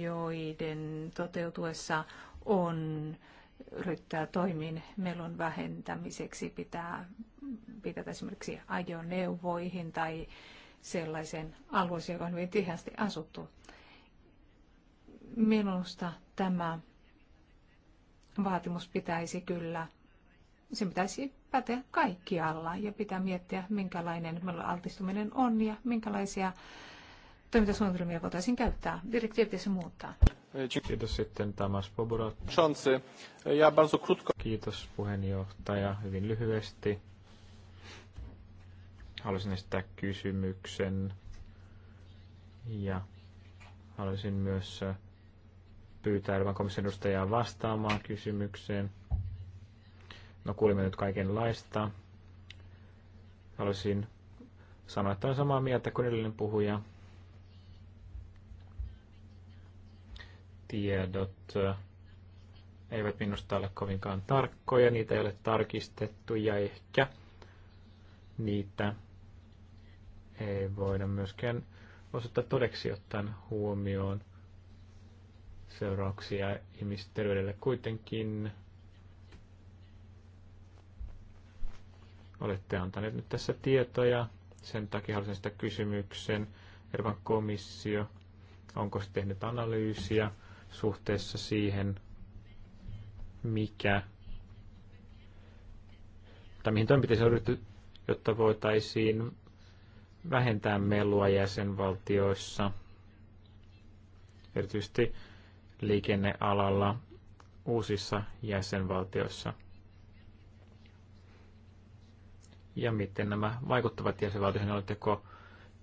joiden toteutuessa on ryhtyä toimin melun vähentämiseksi, pitää pitää esimerkiksi ajoneuvoihin tai sellaiseen alueeseen, joka on hyvin tiheästi asuttu. Minusta tämä vaatimus pitäisi kyllä, se pitäisi päteä kaikkialla ja pitää miettiä, minkälainen altistuminen on ja minkälaisia toimintasuunnitelmia voitaisiin käyttää. Direktiivissä muuttaa. Kiitos sitten Tamas Poborat. Kiitos puheenjohtaja hyvin lyhyesti haluaisin esittää kysymyksen ja haluaisin myös äh, pyytää Euroopan komission edustajaa vastaamaan kysymykseen. No kuulimme nyt kaikenlaista. Haluaisin sanoa, että olen samaa mieltä kuin edellinen puhuja. Tiedot äh, eivät minusta ole kovinkaan tarkkoja, niitä ei ole tarkistettu ja ehkä niitä ei voida myöskään osoittaa todeksi ottaen huomioon seurauksia ihmisterveydelle kuitenkin. Olette antaneet nyt tässä tietoja, sen takia haluaisin sitä kysymyksen. Ervan komissio, onko se tehnyt analyysiä suhteessa siihen, mikä tai mihin toimenpiteisiin on ryhty, jotta voitaisiin vähentää melua jäsenvaltioissa, erityisesti liikennealalla uusissa jäsenvaltioissa. Ja miten nämä vaikuttavat jäsenvaltioihin, oletteko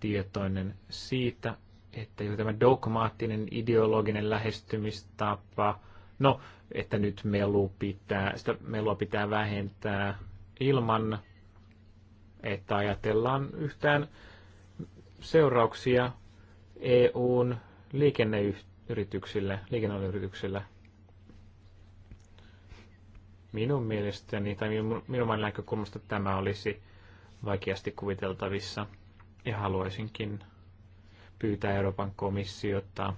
tietoinen siitä, että jo tämä dogmaattinen ideologinen lähestymistapa, no, että nyt melu pitää, sitä melua pitää vähentää ilman, että ajatellaan yhtään seurauksia EUn liikenneyrityksille, liikennealan Minun mielestäni, tai minun, minun näkökulmasta tämä olisi vaikeasti kuviteltavissa. Ja haluaisinkin pyytää Euroopan komissiota,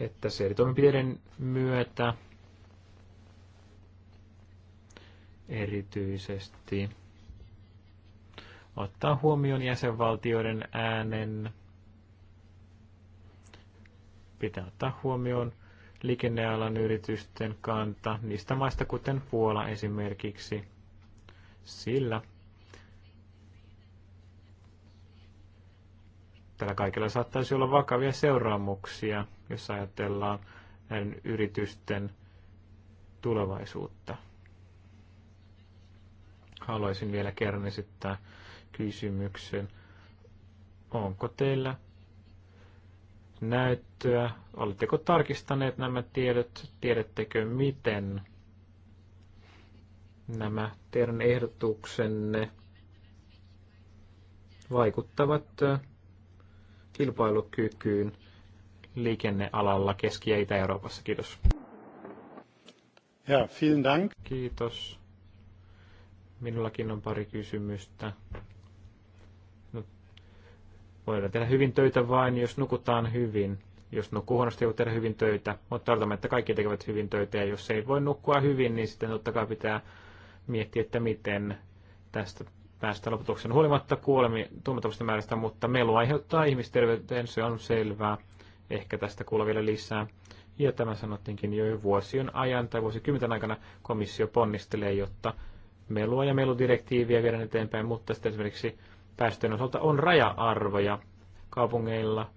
että se eri toimenpiteiden myötä erityisesti ottaa huomioon jäsenvaltioiden äänen. Pitää ottaa huomioon liikennealan yritysten kanta niistä maista, kuten Puola esimerkiksi, sillä tällä kaikilla saattaisi olla vakavia seuraamuksia, jos ajatellaan näiden yritysten tulevaisuutta. Haluaisin vielä kerran esittää kysymyksen. Onko teillä näyttöä? Oletteko tarkistaneet nämä tiedot? Tiedättekö miten nämä teidän ehdotuksenne vaikuttavat kilpailukykyyn liikennealalla Keski- ja Itä-Euroopassa? Kiitos. Ja, vielen Dank. Kiitos. Minullakin on pari kysymystä. Voidaan tehdä hyvin töitä vain, jos nukutaan hyvin. Jos nukkuu huonosti, ei voi tehdä hyvin töitä, mutta tarkoitamme, että kaikki tekevät hyvin töitä, ja jos ei voi nukkua hyvin, niin sitten totta kai pitää miettiä, että miten tästä päästään lopetuksen huolimatta kuolemi tuomattavasta määrästä, mutta melu aiheuttaa ihmisterveyteen, se on selvää. Ehkä tästä kuulla vielä lisää. Ja tämä sanottiinkin jo vuosien ajan tai vuosikymmenten aikana komissio ponnistelee, jotta melua ja meludirektiiviä viedään eteenpäin, mutta sitten esimerkiksi päästöjen osalta on raja-arvoja. Kaupungeilla,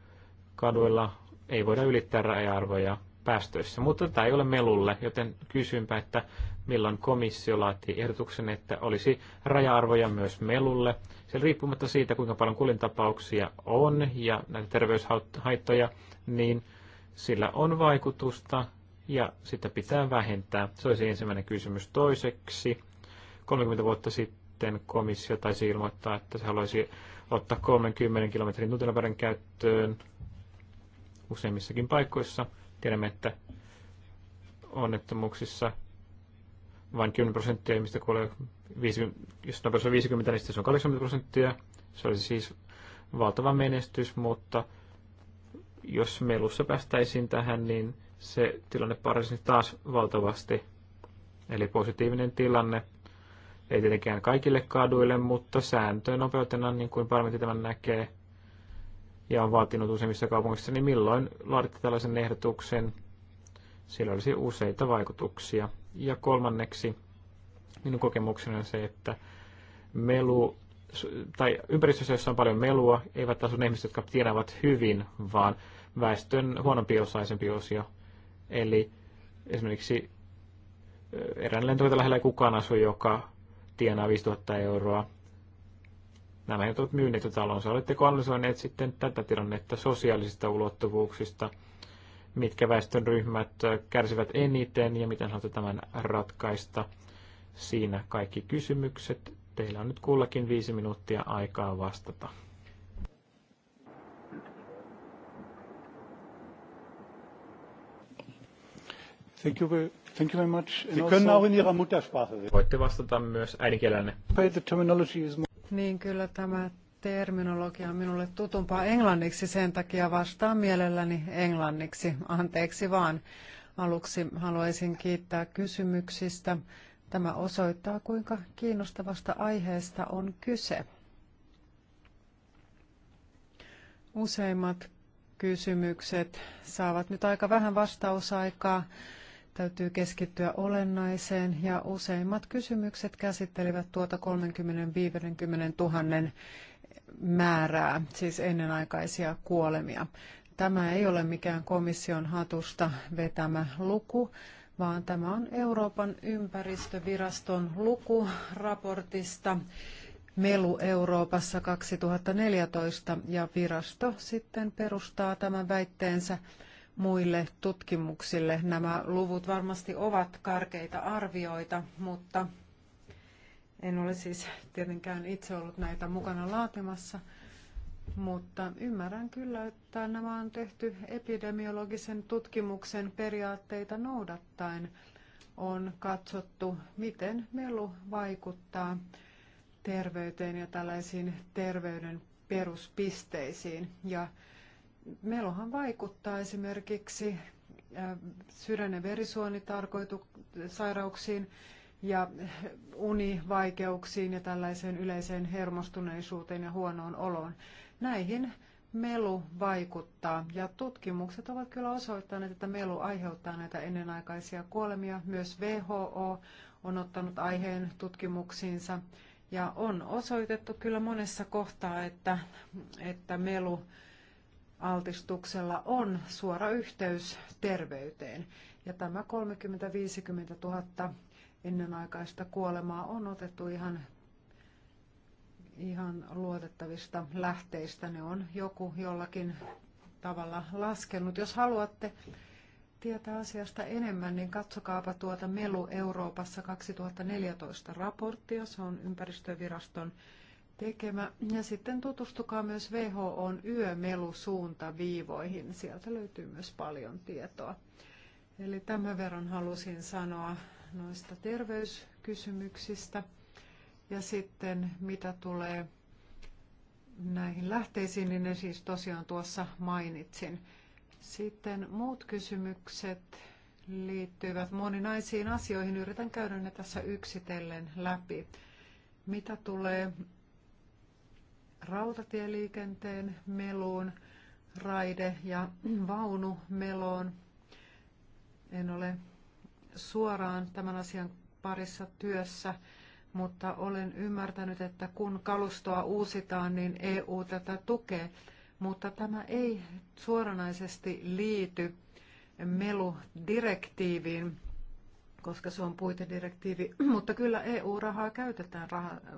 kaduilla ei voida ylittää raja-arvoja päästöissä, mutta tämä ei ole melulle, joten kysynpä, että milloin komissio laatii ehdotuksen, että olisi raja-arvoja myös melulle. Se riippumatta siitä, kuinka paljon kulintapauksia on ja näitä terveyshaittoja, niin sillä on vaikutusta ja sitä pitää vähentää. Se olisi ensimmäinen kysymys. Toiseksi, 30 vuotta sitten sitten komissio taisi ilmoittaa, että se haluaisi ottaa 30 kilometrin tuntinopeuden käyttöön useimmissakin paikoissa. Tiedämme, että onnettomuuksissa vain 10 prosenttia ihmistä kuolee, jos nopeus on 50, niin se on 80 prosenttia. Se olisi siis valtava menestys, mutta jos melussa päästäisiin tähän, niin se tilanne parisi taas valtavasti. Eli positiivinen tilanne ei tietenkään kaikille kaduille, mutta nopeutena, niin kuin parlamentti tämän näkee, ja on vaatinut useimmissa kaupungissa, niin milloin laaditte tällaisen ehdotuksen? Sillä olisi useita vaikutuksia. Ja kolmanneksi, minun kokemukseni on se, että melu tai ympäristössä, jossa on paljon melua, eivät taas ole ihmiset, jotka tienaavat hyvin, vaan väestön huonompi osaisempi osio. Eli esimerkiksi erään lentokentällä lähellä ei kukaan asu, joka tienaa 5000 euroa. Nämä eivät ovat myyneet talonsa. Oletteko analysoineet sitten tätä tilannetta sosiaalisista ulottuvuuksista? Mitkä väestönryhmät kärsivät eniten ja miten haluatte tämän ratkaista? Siinä kaikki kysymykset. Teillä on nyt kullakin viisi minuuttia aikaa vastata. Thank you Thank you very much. Sie also, können auch in Ihrer Muttersprache reden. Voitte vastata myös äidinkielänne. The terminology is more... Niin kyllä tämä terminologia on minulle tutumpaa englanniksi, sen takia vastaan mielelläni englanniksi. Anteeksi vaan. Aluksi haluaisin kiittää kysymyksistä. Tämä osoittaa, kuinka kiinnostavasta aiheesta on kyse. Useimmat kysymykset saavat nyt aika vähän vastausaikaa täytyy keskittyä olennaiseen ja useimmat kysymykset käsittelivät tuota 30 000 määrää, siis ennenaikaisia kuolemia. Tämä ei ole mikään komission hatusta vetämä luku, vaan tämä on Euroopan ympäristöviraston lukuraportista Melu Euroopassa 2014 ja virasto sitten perustaa tämän väitteensä muille tutkimuksille. Nämä luvut varmasti ovat karkeita arvioita, mutta en ole siis tietenkään itse ollut näitä mukana laatimassa, mutta ymmärrän kyllä, että nämä on tehty epidemiologisen tutkimuksen periaatteita noudattaen. On katsottu, miten melu vaikuttaa terveyteen ja tällaisiin terveyden peruspisteisiin. Ja melohan vaikuttaa esimerkiksi sydän- ja verisuonisairauksiin ja univaikeuksiin ja tällaiseen yleiseen hermostuneisuuteen ja huonoon oloon. Näihin melu vaikuttaa ja tutkimukset ovat kyllä osoittaneet, että melu aiheuttaa näitä ennenaikaisia kuolemia. Myös WHO on ottanut aiheen tutkimuksiinsa ja on osoitettu kyllä monessa kohtaa, että, että melu altistuksella on suora yhteys terveyteen. Ja tämä 30-50 000 ennenaikaista kuolemaa on otettu ihan, ihan luotettavista lähteistä. Ne on joku jollakin tavalla laskenut. Jos haluatte tietää asiasta enemmän, niin katsokaapa tuota Melu Euroopassa 2014 raporttia. Se on ympäristöviraston tekemä. Ja sitten tutustukaa myös WHOn yömelusuuntaviivoihin. Sieltä löytyy myös paljon tietoa. Eli tämän verran halusin sanoa noista terveyskysymyksistä. Ja sitten mitä tulee näihin lähteisiin, niin ne siis tosiaan tuossa mainitsin. Sitten muut kysymykset liittyvät moninaisiin asioihin. Yritän käydä ne tässä yksitellen läpi. Mitä tulee rautatieliikenteen meluun, raide- ja vaunumeloon. En ole suoraan tämän asian parissa työssä, mutta olen ymmärtänyt, että kun kalustoa uusitaan, niin EU tätä tukee. Mutta tämä ei suoranaisesti liity meludirektiiviin, koska se on puitedirektiivi, mutta kyllä EU-rahaa käytetään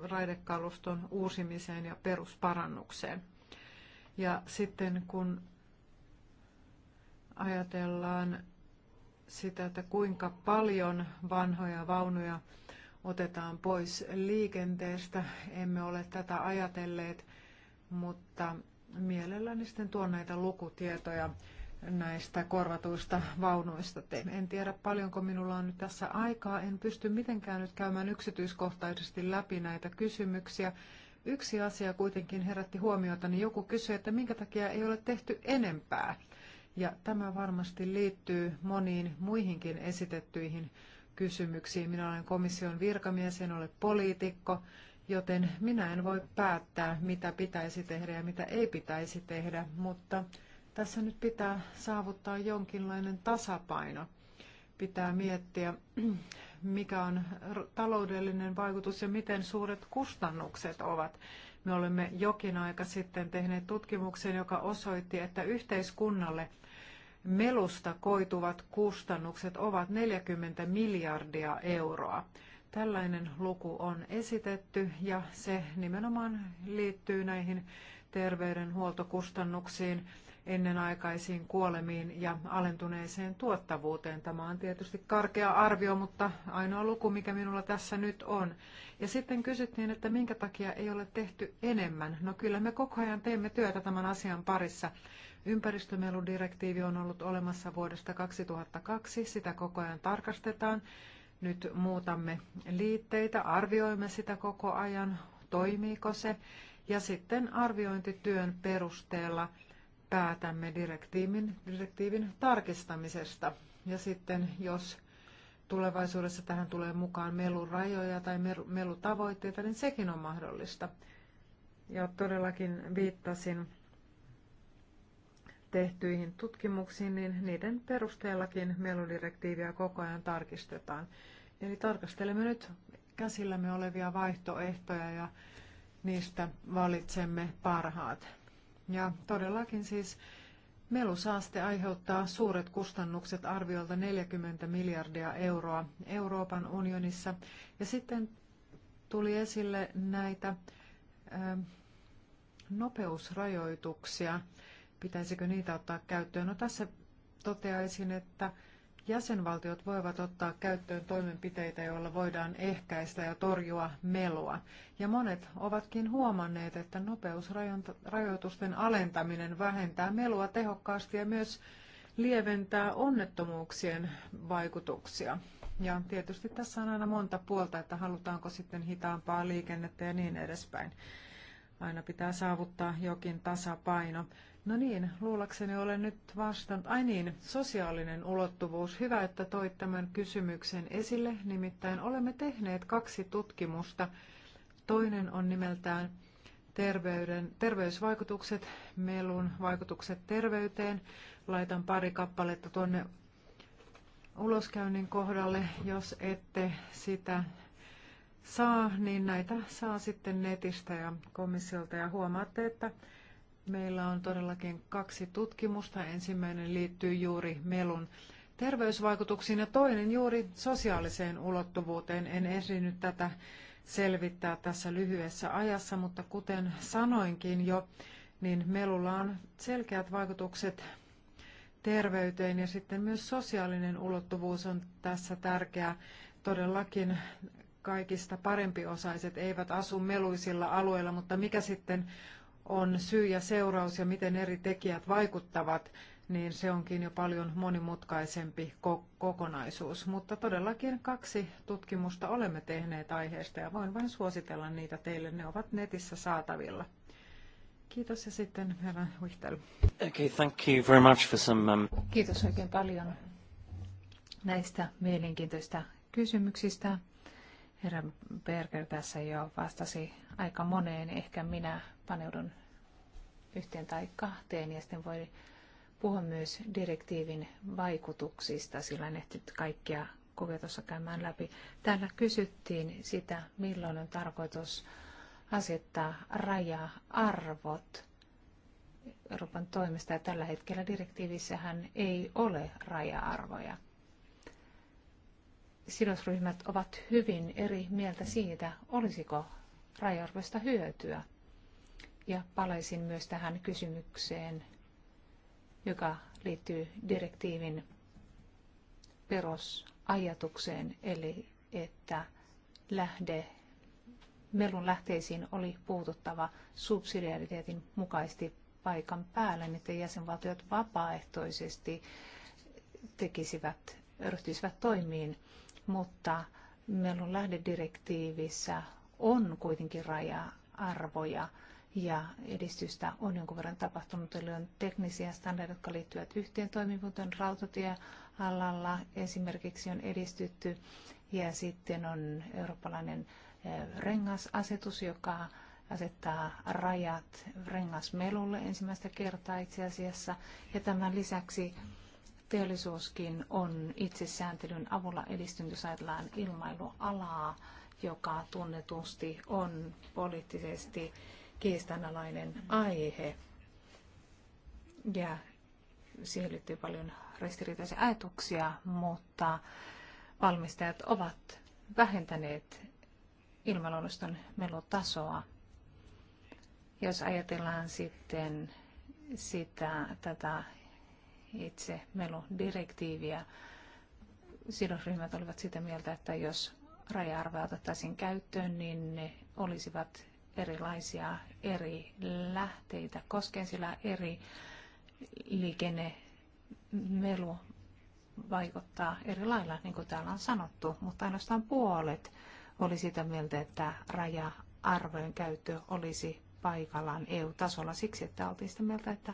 raidekaluston uusimiseen ja perusparannukseen. Ja sitten kun ajatellaan sitä, että kuinka paljon vanhoja vaunuja otetaan pois liikenteestä, emme ole tätä ajatelleet, mutta mielelläni sitten tuon näitä lukutietoja näistä korvatuista vaunuista. En tiedä paljonko minulla on nyt tässä aikaa. En pysty mitenkään nyt käymään yksityiskohtaisesti läpi näitä kysymyksiä. Yksi asia kuitenkin herätti huomiota, niin joku kysyi, että minkä takia ei ole tehty enempää. Ja tämä varmasti liittyy moniin muihinkin esitettyihin kysymyksiin. Minä olen komission virkamies, en ole poliitikko, joten minä en voi päättää, mitä pitäisi tehdä ja mitä ei pitäisi tehdä, mutta tässä nyt pitää saavuttaa jonkinlainen tasapaino. Pitää miettiä, mikä on taloudellinen vaikutus ja miten suuret kustannukset ovat. Me olemme jokin aika sitten tehneet tutkimuksen, joka osoitti, että yhteiskunnalle melusta koituvat kustannukset ovat 40 miljardia euroa. Tällainen luku on esitetty ja se nimenomaan liittyy näihin terveydenhuoltokustannuksiin ennenaikaisiin kuolemiin ja alentuneeseen tuottavuuteen. Tämä on tietysti karkea arvio, mutta ainoa luku, mikä minulla tässä nyt on. Ja sitten kysyttiin, että minkä takia ei ole tehty enemmän. No kyllä me koko ajan teemme työtä tämän asian parissa. Ympäristömeludirektiivi on ollut olemassa vuodesta 2002, sitä koko ajan tarkastetaan. Nyt muutamme liitteitä, arvioimme sitä koko ajan, toimiiko se. Ja sitten arviointityön perusteella – päätämme direktiivin, direktiivin tarkistamisesta. Ja sitten jos tulevaisuudessa tähän tulee mukaan melurajoja tai melutavoitteita, niin sekin on mahdollista. Ja todellakin viittasin tehtyihin tutkimuksiin, niin niiden perusteellakin meludirektiiviä koko ajan tarkistetaan. Eli tarkastelemme nyt käsillämme olevia vaihtoehtoja ja niistä valitsemme parhaat. Ja todellakin siis melusaaste aiheuttaa suuret kustannukset arviolta 40 miljardia euroa Euroopan unionissa. Ja sitten tuli esille näitä ähm, nopeusrajoituksia. Pitäisikö niitä ottaa käyttöön? No tässä toteaisin, että Jäsenvaltiot voivat ottaa käyttöön toimenpiteitä, joilla voidaan ehkäistä ja torjua melua. Ja monet ovatkin huomanneet, että nopeusrajoitusten alentaminen vähentää melua tehokkaasti ja myös lieventää onnettomuuksien vaikutuksia. Ja tietysti tässä on aina monta puolta, että halutaanko sitten hitaampaa liikennettä ja niin edespäin. Aina pitää saavuttaa jokin tasapaino. No niin, luulakseni olen nyt vastannut. Ai niin, sosiaalinen ulottuvuus. Hyvä, että toit tämän kysymyksen esille. Nimittäin olemme tehneet kaksi tutkimusta. Toinen on nimeltään terveyden, terveysvaikutukset, melun vaikutukset terveyteen. Laitan pari kappaletta tuonne uloskäynnin kohdalle. Jos ette sitä saa, niin näitä saa sitten netistä ja komissiolta. Ja huomaatte, että Meillä on todellakin kaksi tutkimusta. Ensimmäinen liittyy juuri melun terveysvaikutuksiin ja toinen juuri sosiaaliseen ulottuvuuteen. En ehdinyt tätä selvittää tässä lyhyessä ajassa, mutta kuten sanoinkin jo, niin melulla on selkeät vaikutukset terveyteen ja sitten myös sosiaalinen ulottuvuus on tässä tärkeä. Todellakin kaikista parempiosaiset eivät asu meluisilla alueilla, mutta mikä sitten on syy ja seuraus ja miten eri tekijät vaikuttavat, niin se onkin jo paljon monimutkaisempi kokonaisuus. Mutta todellakin kaksi tutkimusta olemme tehneet aiheesta ja voin vain suositella niitä teille. Ne ovat netissä saatavilla. Kiitos ja sitten herra Huhtel. Okay, thank you very much for some, um... Kiitos oikein paljon näistä mielenkiintoista kysymyksistä. Herra Berger tässä jo vastasi aika moneen. Ehkä minä paneudun yhteen tai kahteen ja sitten voi puhua myös direktiivin vaikutuksista, sillä en ehtinyt kaikkia kuvia tuossa käymään läpi. Täällä kysyttiin sitä, milloin on tarkoitus asettaa raja-arvot Euroopan toimesta, ja tällä hetkellä direktiivissähän ei ole raja-arvoja. Sidosryhmät ovat hyvin eri mieltä siitä, olisiko rajoista hyötyä. Ja palaisin myös tähän kysymykseen, joka liittyy direktiivin perusajatukseen, eli että lähde, melun lähteisiin oli puututtava subsidiariteetin mukaisesti paikan päällä, niin että jäsenvaltiot vapaaehtoisesti tekisivät, ryhtyisivät toimiin, mutta melun lähdedirektiivissä on kuitenkin raja-arvoja ja edistystä on jonkun verran tapahtunut. Eli on teknisiä standardeja, jotka liittyvät yhteen toimivuuteen rautatiealalla. Esimerkiksi on edistytty ja sitten on eurooppalainen eh, rengasasetus, joka asettaa rajat rengasmelulle ensimmäistä kertaa itse asiassa. Ja tämän lisäksi teollisuuskin on itsesääntelyn avulla edistynyt, jos ajatellaan ilmailualaa joka tunnetusti on poliittisesti kiistanalainen aihe. Ja siihen liittyy paljon ristiriitaisia ajatuksia, mutta valmistajat ovat vähentäneet ilmaluonnoston melutasoa. Jos ajatellaan sitten sitä, tätä itse meludirektiiviä, sidosryhmät olivat sitä mieltä, että jos raja-arvoja otettaisiin käyttöön, niin ne olisivat erilaisia eri lähteitä koskien, sillä eri liikennemelu vaikuttaa eri lailla, niin kuin täällä on sanottu, mutta ainoastaan puolet oli sitä mieltä, että raja-arvojen käyttö olisi paikallaan EU-tasolla siksi, että oltiin sitä mieltä, että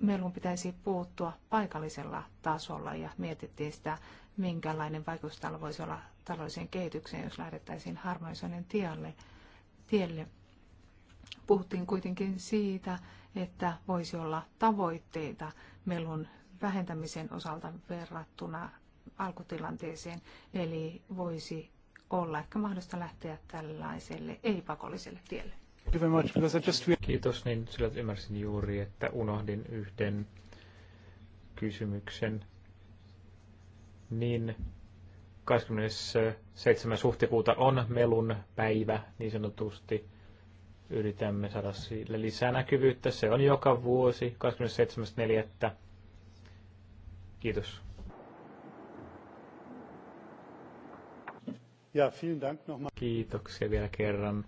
melun pitäisi puuttua paikallisella tasolla ja mietittiin sitä minkälainen vaikutus tällä voisi olla taloudelliseen kehitykseen, jos lähdettäisiin harmonisoinnin tielle. tielle. Puhuttiin kuitenkin siitä, että voisi olla tavoitteita melun vähentämisen osalta verrattuna alkutilanteeseen, eli voisi olla ehkä mahdollista lähteä tällaiselle ei-pakolliselle tielle. Kiitos, niin sillä ymmärsin juuri, että unohdin yhden kysymyksen niin 27. huhtikuuta on melun päivä niin sanotusti. Yritämme saada sille lisää näkyvyyttä. Se on joka vuosi 27.4. Kiitos. Ja, vielen Dank nochmal. Kiitoksia vielä kerran.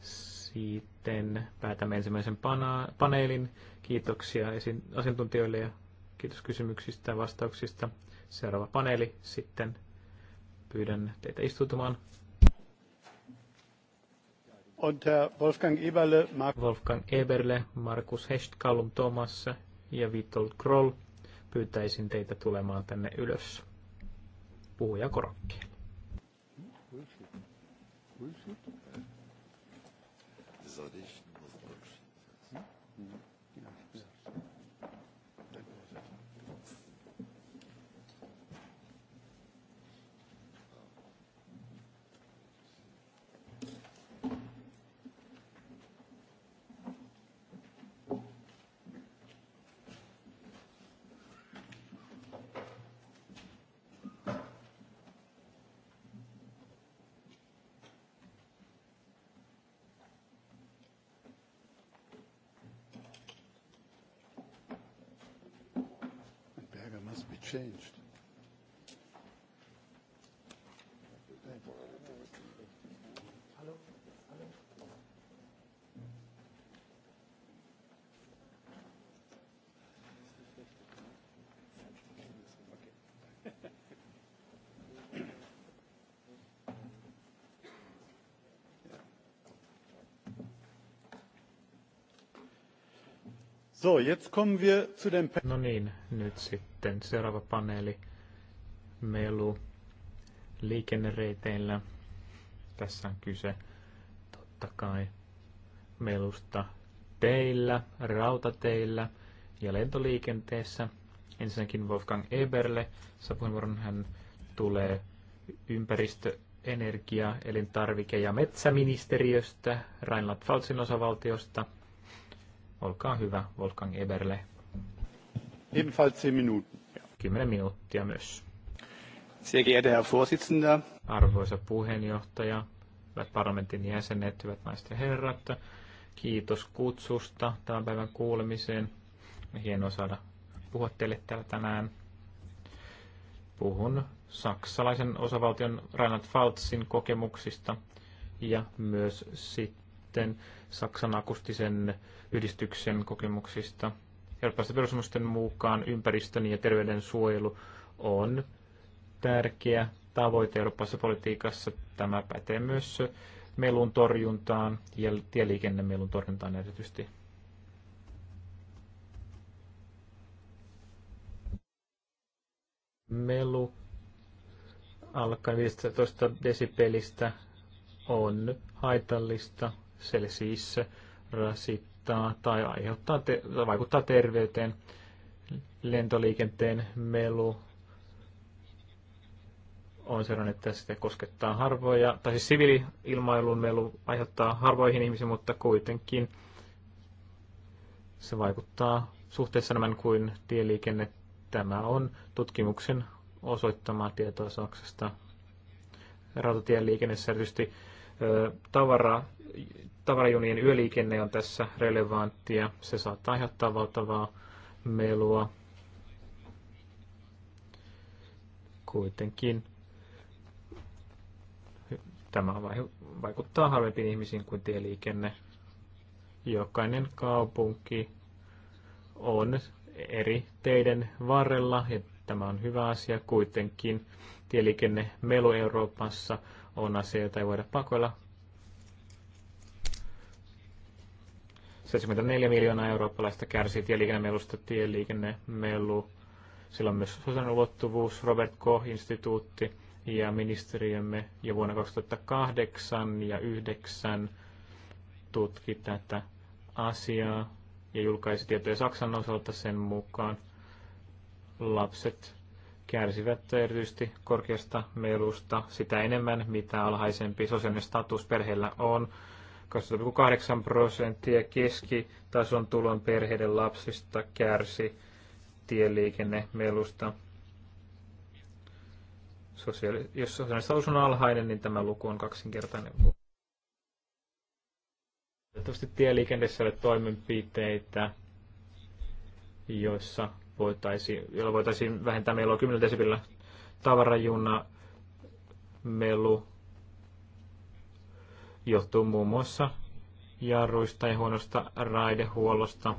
Sitten päätämme ensimmäisen pana- paneelin. Kiitoksia esiin asiantuntijoille ja kiitos kysymyksistä ja vastauksista seuraava paneeli sitten. Pyydän teitä istutumaan. Und äh, Wolfgang Eberle, Mark Wolfgang Eberle, Markus Hest, Callum Thomas ja Vitold Kroll pyytäisin teitä tulemaan tänne ylös puhujakorokkeelle. Bullshit. Bullshit. changed. So, jetzt kommen wir zu No niin, nyt sitten seuraava paneeli. Melu liikennereiteillä. Tässä on kyse totta kai melusta teillä, rautateillä ja lentoliikenteessä. Ensinnäkin Wolfgang Eberle saa Hän tulee ympäristö, energia, elintarvike- ja metsäministeriöstä, Rheinland-Pfalzin osavaltiosta – Olkaa hyvä, Wolfgang Eberle. Ebenfalls 10 minuuttia. 10 minuuttia myös. Sehr geehrter Herr Vorsitzender. Arvoisa puheenjohtaja, hyvät parlamentin jäsenet, hyvät naiset ja herrat, kiitos kutsusta tämän päivän kuulemiseen. Hienoa saada puhua teille täällä tänään. Puhun saksalaisen osavaltion Reinhard Faltsin kokemuksista ja myös sitten Saksan akustisen yhdistyksen kokemuksista. Eurooppalaisten perusomusten mukaan ympäristön ja terveyden suojelu on tärkeä tavoite Euroopassa politiikassa. Tämä pätee myös melun torjuntaan ja tieliikennemelun torjuntaan erityisesti. Melu alkaen 15 desibelistä on haitallista se siis rasittaa tai aiheuttaa te- vaikuttaa terveyteen, lentoliikenteen melu, on sellainen, että sitä koskettaa harvoja, tai siis ilmailun melu aiheuttaa harvoihin ihmisiin, mutta kuitenkin se vaikuttaa suhteessa enemmän kuin tieliikenne. Tämä on tutkimuksen osoittamaa tietoa Saksasta. Rautatieliikenne, erityisesti tavara, tavarajunien yöliikenne on tässä relevanttia. Se saattaa aiheuttaa valtavaa melua. Kuitenkin tämä vaikuttaa harvempiin ihmisiin kuin tieliikenne. Jokainen kaupunki on eri teiden varrella ja tämä on hyvä asia kuitenkin. Tieliikenne melu Euroopassa on asia, jota ei voida pakoilla. 74 miljoonaa eurooppalaista kärsii tieliikennemelusta, tieliikennemelu. Sillä on myös sosiaalinen ulottuvuus, Robert Koch-instituutti ja ministeriömme. Ja vuonna 2008 ja 2009 tutki tätä asiaa ja julkaisi tietoja Saksan osalta sen mukaan. Lapset kärsivät erityisesti korkeasta melusta sitä enemmän, mitä alhaisempi sosiaalinen status perheellä on. 2,8 prosenttia keskitason tulon perheiden lapsista kärsi tieliikennemelusta. Sosiaali- jos sosiaalinen status on alhainen, niin tämä luku on kaksinkertainen. Toivottavasti tieliikenteessä ei ole toimenpiteitä, joissa voitaisiin, jolla voitaisiin vähentää melua 10 desibillä tavarajuna melu johtuu muun muassa jarruista ja huonosta raidehuollosta.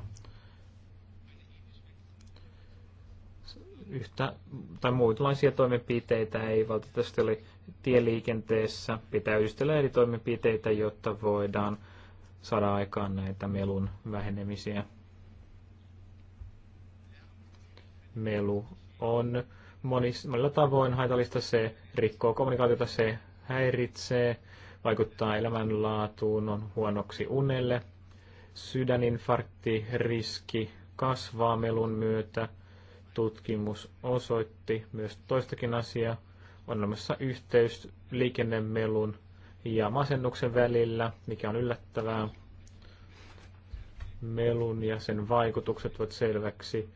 Yhtä tai muutlaisia toimenpiteitä ei valitettavasti ole tieliikenteessä. Pitää yhdistellä eri toimenpiteitä, jotta voidaan saada aikaan näitä melun vähenemisiä. melu on monis, monilla tavoin haitallista. Se rikkoo kommunikaatiota, se häiritsee, vaikuttaa elämänlaatuun, on huonoksi unelle. Sydäninfarkti, riski kasvaa melun myötä. Tutkimus osoitti myös toistakin asiaa. On olemassa yhteys liikennemelun ja masennuksen välillä, mikä on yllättävää. Melun ja sen vaikutukset ovat selväksi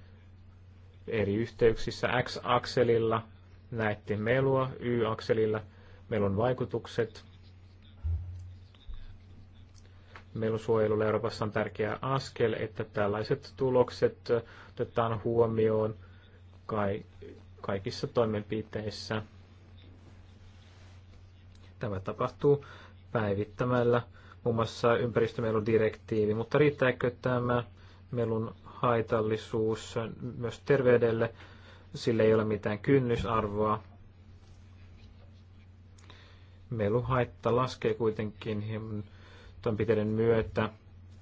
eri yhteyksissä. X-akselilla näette melua, Y-akselilla melun vaikutukset. melusuojelu Euroopassa on tärkeä askel, että tällaiset tulokset otetaan huomioon kaikissa toimenpiteissä. Tämä tapahtuu päivittämällä muun muassa direktiivi, mutta riittääkö tämä melun haitallisuus myös terveydelle, sillä ei ole mitään kynnysarvoa. Meluhaitta laskee kuitenkin hieman toimenpiteiden myötä.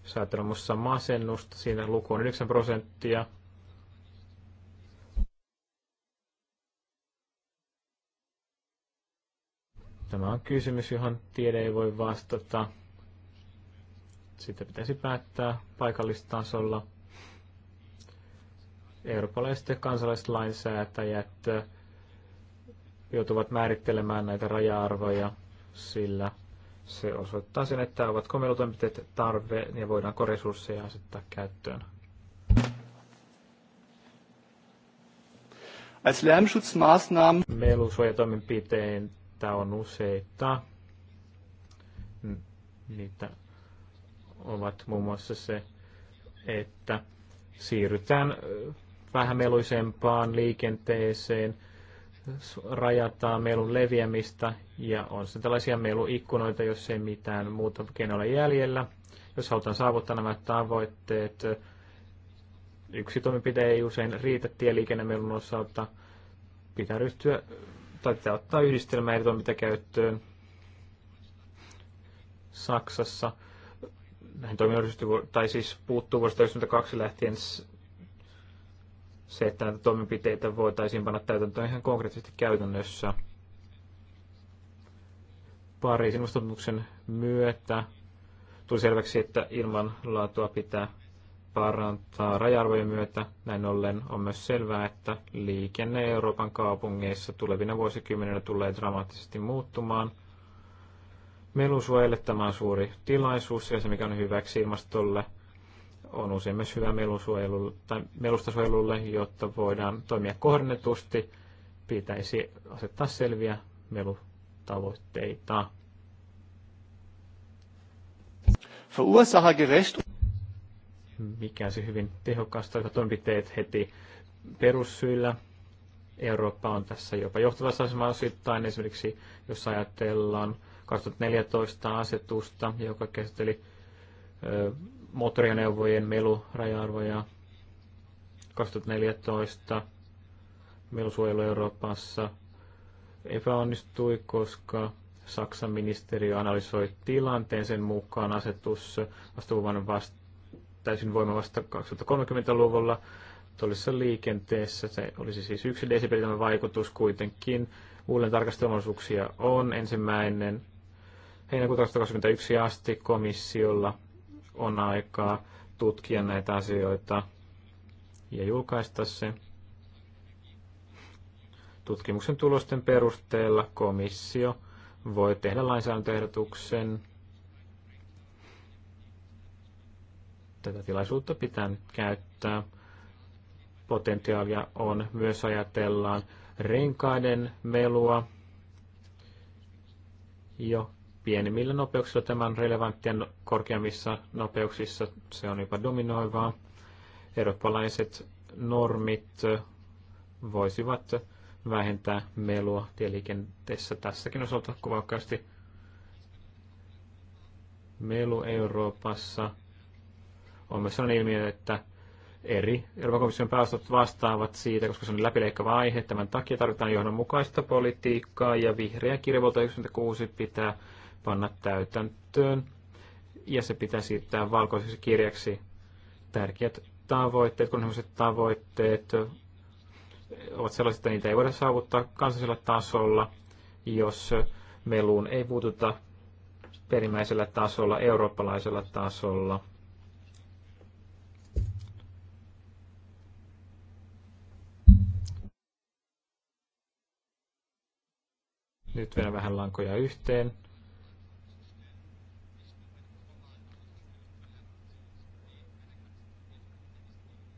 Säätelmässä masennusta, siinä luku on 9 prosenttia. Tämä on kysymys, johon tiede ei voi vastata. Sitten pitäisi päättää paikallistasolla eurooppalaiset ja kansalaiset lainsäätäjät joutuvat määrittelemään näitä raja-arvoja, sillä se osoittaa sen, että ovatko meillä toimenpiteet tarve ja voidaanko resursseja asettaa käyttöön. Als Lärmschutzmaßnahmen Melusuojatoimenpiteitä on useita. Niitä ovat muun muassa se, että siirrytään vähämeluisempaan liikenteeseen, rajataan melun leviämistä ja on sitten tällaisia meluikkunoita, jos ei mitään muuta keinoa ole jäljellä. Jos halutaan saavuttaa nämä tavoitteet, yksi toimenpide ei usein riitä tieliikennemelun osalta. Pitää ryhtyä tai pitää ottaa yhdistelmä eri käyttöön Saksassa näihin toiminnan tai siis puuttuu vuodesta 1992 lähtien se, että näitä toimenpiteitä voitaisiin panna täytäntöön ihan konkreettisesti käytännössä. Pariisin ilmastonmuutoksen myötä tuli selväksi, että ilmanlaatua pitää parantaa rajarvojen myötä. Näin ollen on myös selvää, että liikenne Euroopan kaupungeissa tulevina vuosikymmeninä tulee dramaattisesti muuttumaan. Melusuojelle tämä on suuri tilaisuus ja se, mikä on hyväksi ilmastolle – on usein myös hyvä melusuojelu, tai melustasuojelulle, jotta voidaan toimia kohdennetusti. Pitäisi asettaa selviä melutavoitteita. Verursachergerecht. Mikä se hyvin tehokasta, että toimenpiteet heti perussyillä. Eurooppa on tässä jopa johtavassa asemassa osittain. Esimerkiksi jos ajatellaan 2014 asetusta, joka käsitteli moottoriajoneuvojen meluraja-arvoja 2014 melusuojelu Euroopassa epäonnistui, koska Saksan ministeriö analysoi tilanteen sen mukaan asetus astuvan vasta, täysin voima vasta 2030-luvulla todellisessa liikenteessä. Se olisi siis yksi desibelitämä vaikutus kuitenkin. uuden tarkastelumahdollisuuksia on ensimmäinen heinäkuuta 2021 asti komissiolla on aikaa tutkia näitä asioita ja julkaista se. Tutkimuksen tulosten perusteella komissio voi tehdä lainsäädäntöehdotuksen. Tätä tilaisuutta pitää nyt käyttää. Potentiaalia on myös ajatellaan renkaiden melua jo pienemmillä nopeuksilla tämä on relevanttia, no- korkeammissa nopeuksissa se on jopa dominoivaa. Eurooppalaiset normit voisivat vähentää melua tieliikenteessä tässäkin osalta kuvaukkaasti. Melu Euroopassa on myös sellainen ilmiö, että eri Euroopan komission päästöt vastaavat siitä, koska se on läpileikkava aihe. Tämän takia tarvitaan johdonmukaista politiikkaa ja vihreä kirjavuolta 96 pitää panna täytäntöön ja se pitää siirtää valkoiseksi kirjaksi tärkeät tavoitteet, sellaiset tavoitteet ovat sellaiset, että niitä ei voida saavuttaa kansallisella tasolla, jos meluun ei puututa perimmäisellä tasolla, eurooppalaisella tasolla. Nyt vielä vähän lankoja yhteen.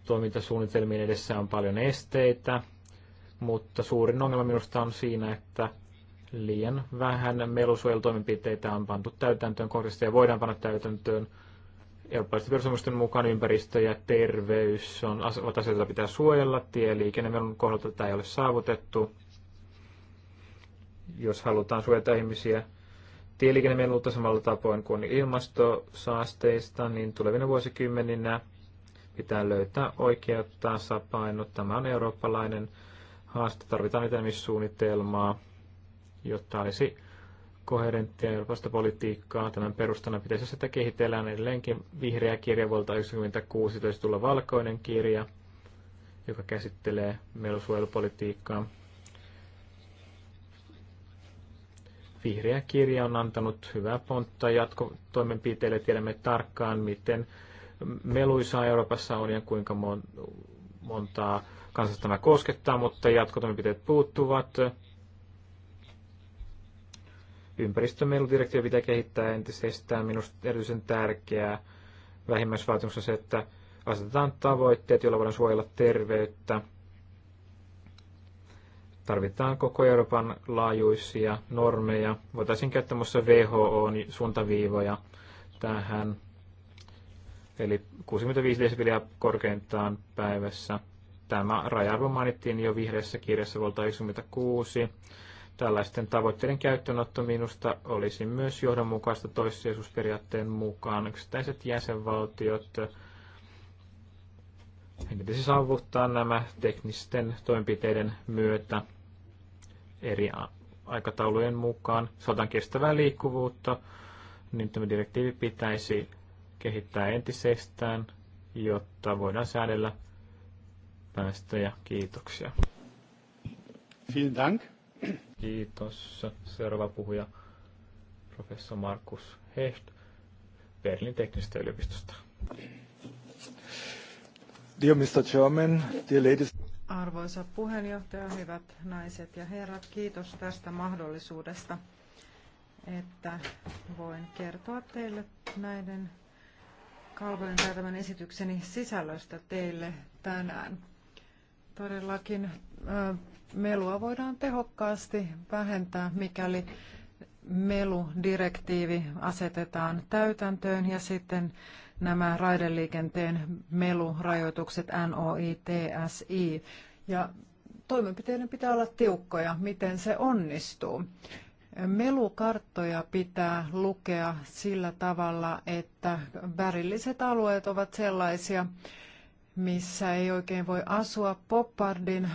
toimintasuunnitelmien edessä on paljon esteitä, mutta suurin ongelma minusta on siinä, että liian vähän melusuojelutoimenpiteitä on pantu täytäntöön kohdista ja voidaan panna täytäntöön. Eurooppalaisten perussopimusten mukaan ympäristö ja terveys on, ovat asioita, joita pitää suojella. Tieliikennemelun kohdalta tätä ei ole saavutettu. Jos halutaan suojata ihmisiä tieliikennemelulta samalla tapoin kuin ilmastosaasteista, niin tulevina vuosikymmeninä – Pitää löytää oikea tasapaino. Tämä on eurooppalainen haaste. Tarvitaan etenemissuunnitelmaa, jotta olisi koherenttia eurooppalaista politiikkaa. Tämän perustana pitäisi sitä kehitellään edelleenkin vihreä kirja vuolta 1996, tulla valkoinen kirja, joka käsittelee melusuojelupolitiikkaa. Vihreä kirja on antanut hyvää pontta jatkotoimenpiteille. Tiedämme tarkkaan, miten meluisaa Euroopassa on ja kuinka montaa kansasta tämä koskettaa, mutta jatkotoimenpiteet puuttuvat. Ympäristömeludirektiivi pitää kehittää entisestään. Minusta erityisen tärkeää vähimmäisvaatimus on se, että asetetaan tavoitteet, joilla voidaan suojella terveyttä. Tarvitaan koko Euroopan laajuisia normeja. Voitaisiin käyttää muassa WHO suuntaviivoja tähän eli 65 desibeliä korkeintaan päivässä. Tämä raja-arvo mainittiin jo vihreässä kirjassa vuolta 1996. Tällaisten tavoitteiden käyttöönotto minusta olisi myös johdonmukaista toissijaisuusperiaatteen mukaan. Yksittäiset jäsenvaltiot pitäisi saavuttaa nämä teknisten toimenpiteiden myötä eri aikataulujen mukaan. Sotan kestävää liikkuvuutta, niin tämä direktiivi pitäisi kehittää entisestään, jotta voidaan säädellä päästöjä. Kiitoksia. Vielen Dank. Kiitos. Seuraava puhuja, professori Markus Hecht Berlin teknisestä yliopistosta. Dear Mr. Chairman, dear ladies. Arvoisa puheenjohtaja, hyvät naiset ja herrat, kiitos tästä mahdollisuudesta, että voin kertoa teille näiden kalvoin tämän esitykseni sisällöstä teille tänään. Todellakin melua voidaan tehokkaasti vähentää, mikäli meludirektiivi asetetaan täytäntöön ja sitten nämä raideliikenteen melurajoitukset NOITSI. Ja toimenpiteiden pitää olla tiukkoja, miten se onnistuu. Melukarttoja pitää lukea sillä tavalla, että värilliset alueet ovat sellaisia, missä ei oikein voi asua. Poppardin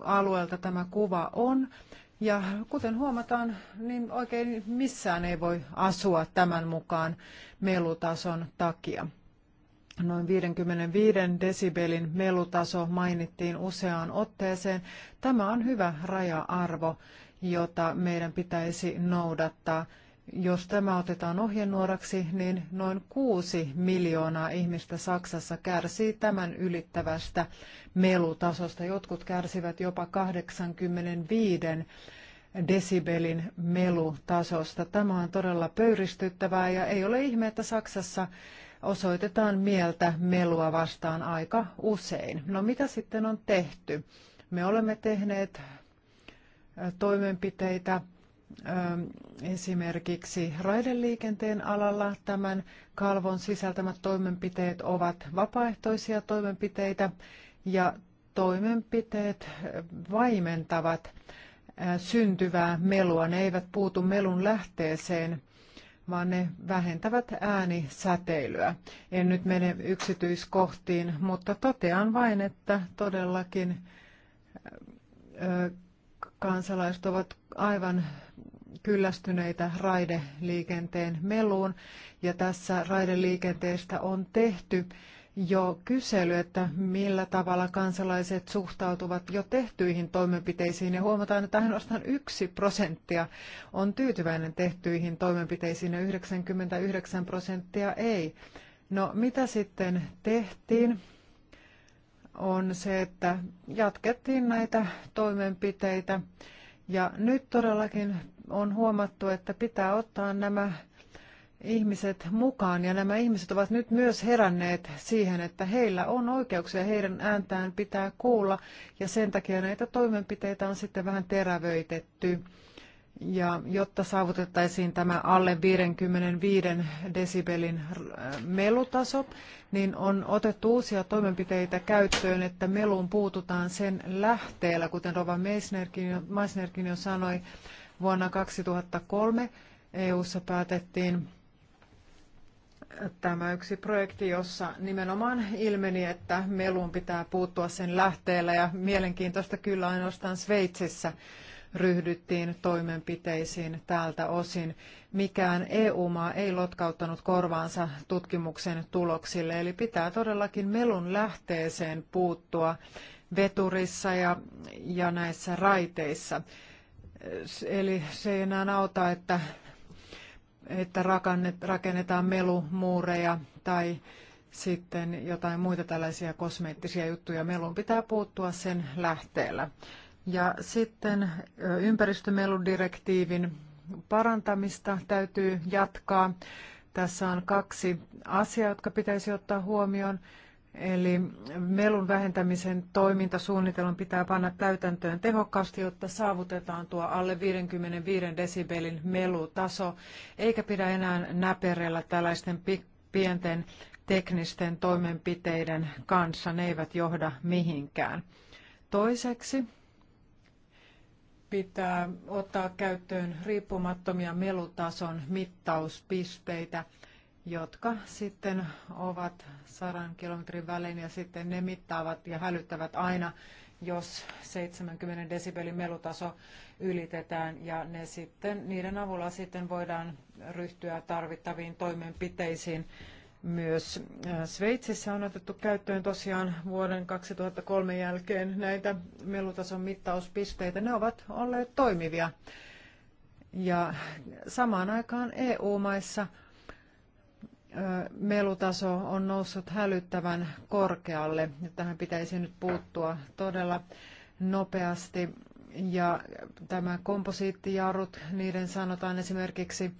alueelta tämä kuva on. Ja kuten huomataan, niin oikein missään ei voi asua tämän mukaan melutason takia. Noin 55 desibelin melutaso mainittiin useaan otteeseen. Tämä on hyvä raja-arvo jota meidän pitäisi noudattaa. Jos tämä otetaan ohjenuoraksi, niin noin kuusi miljoonaa ihmistä Saksassa kärsii tämän ylittävästä melutasosta. Jotkut kärsivät jopa 85 desibelin melutasosta. Tämä on todella pöyristyttävää ja ei ole ihme, että Saksassa osoitetaan mieltä melua vastaan aika usein. No mitä sitten on tehty? Me olemme tehneet toimenpiteitä ähm, esimerkiksi raideliikenteen alalla. Tämän kalvon sisältämät toimenpiteet ovat vapaaehtoisia toimenpiteitä ja toimenpiteet vaimentavat äh, syntyvää melua. Ne eivät puutu melun lähteeseen, vaan ne vähentävät äänisäteilyä. En nyt mene yksityiskohtiin, mutta totean vain, että todellakin äh, kansalaiset ovat aivan kyllästyneitä raideliikenteen meluun. Ja tässä raideliikenteestä on tehty jo kysely, että millä tavalla kansalaiset suhtautuvat jo tehtyihin toimenpiteisiin. Ja huomataan, että ainoastaan yksi prosenttia on tyytyväinen tehtyihin toimenpiteisiin ja 99 prosenttia ei. No mitä sitten tehtiin? on se, että jatkettiin näitä toimenpiteitä. Ja nyt todellakin on huomattu, että pitää ottaa nämä ihmiset mukaan. Ja nämä ihmiset ovat nyt myös heränneet siihen, että heillä on oikeuksia, heidän ääntään pitää kuulla. Ja sen takia näitä toimenpiteitä on sitten vähän terävöitetty. Ja jotta saavutettaisiin tämä alle 55 desibelin äh, melutaso, niin on otettu uusia toimenpiteitä käyttöön, että meluun puututaan sen lähteellä, kuten Rova Meissnerkin jo sanoi, vuonna 2003 EU:ssa päätettiin äh, tämä yksi projekti, jossa nimenomaan ilmeni, että meluun pitää puuttua sen lähteellä ja mielenkiintoista kyllä ainoastaan Sveitsissä ryhdyttiin toimenpiteisiin tältä osin. Mikään EU-maa ei lotkauttanut korvaansa tutkimuksen tuloksille, eli pitää todellakin melun lähteeseen puuttua veturissa ja, ja näissä raiteissa. Eli se ei enää auta, että, että rakennetaan melumuureja tai sitten jotain muita tällaisia kosmeettisia juttuja. Melun pitää puuttua sen lähteellä. Ja sitten ympäristömeludirektiivin parantamista täytyy jatkaa. Tässä on kaksi asiaa, jotka pitäisi ottaa huomioon. Eli melun vähentämisen toimintasuunnitelman pitää panna täytäntöön tehokkaasti, jotta saavutetaan tuo alle 55 desibelin melutaso, eikä pidä enää näperellä tällaisten pienten teknisten toimenpiteiden kanssa. Ne eivät johda mihinkään. Toiseksi pitää ottaa käyttöön riippumattomia melutason mittauspisteitä, jotka sitten ovat sadan kilometrin välein ja sitten ne mittaavat ja hälyttävät aina, jos 70 desibelin melutaso ylitetään ja ne sitten, niiden avulla sitten voidaan ryhtyä tarvittaviin toimenpiteisiin myös äh, Sveitsissä on otettu käyttöön tosiaan vuoden 2003 jälkeen näitä melutason mittauspisteitä. Ne ovat olleet toimivia. Ja samaan aikaan EU-maissa äh, melutaso on noussut hälyttävän korkealle. Tähän pitäisi nyt puuttua todella nopeasti. Ja tämä komposiittijarrut, niiden sanotaan esimerkiksi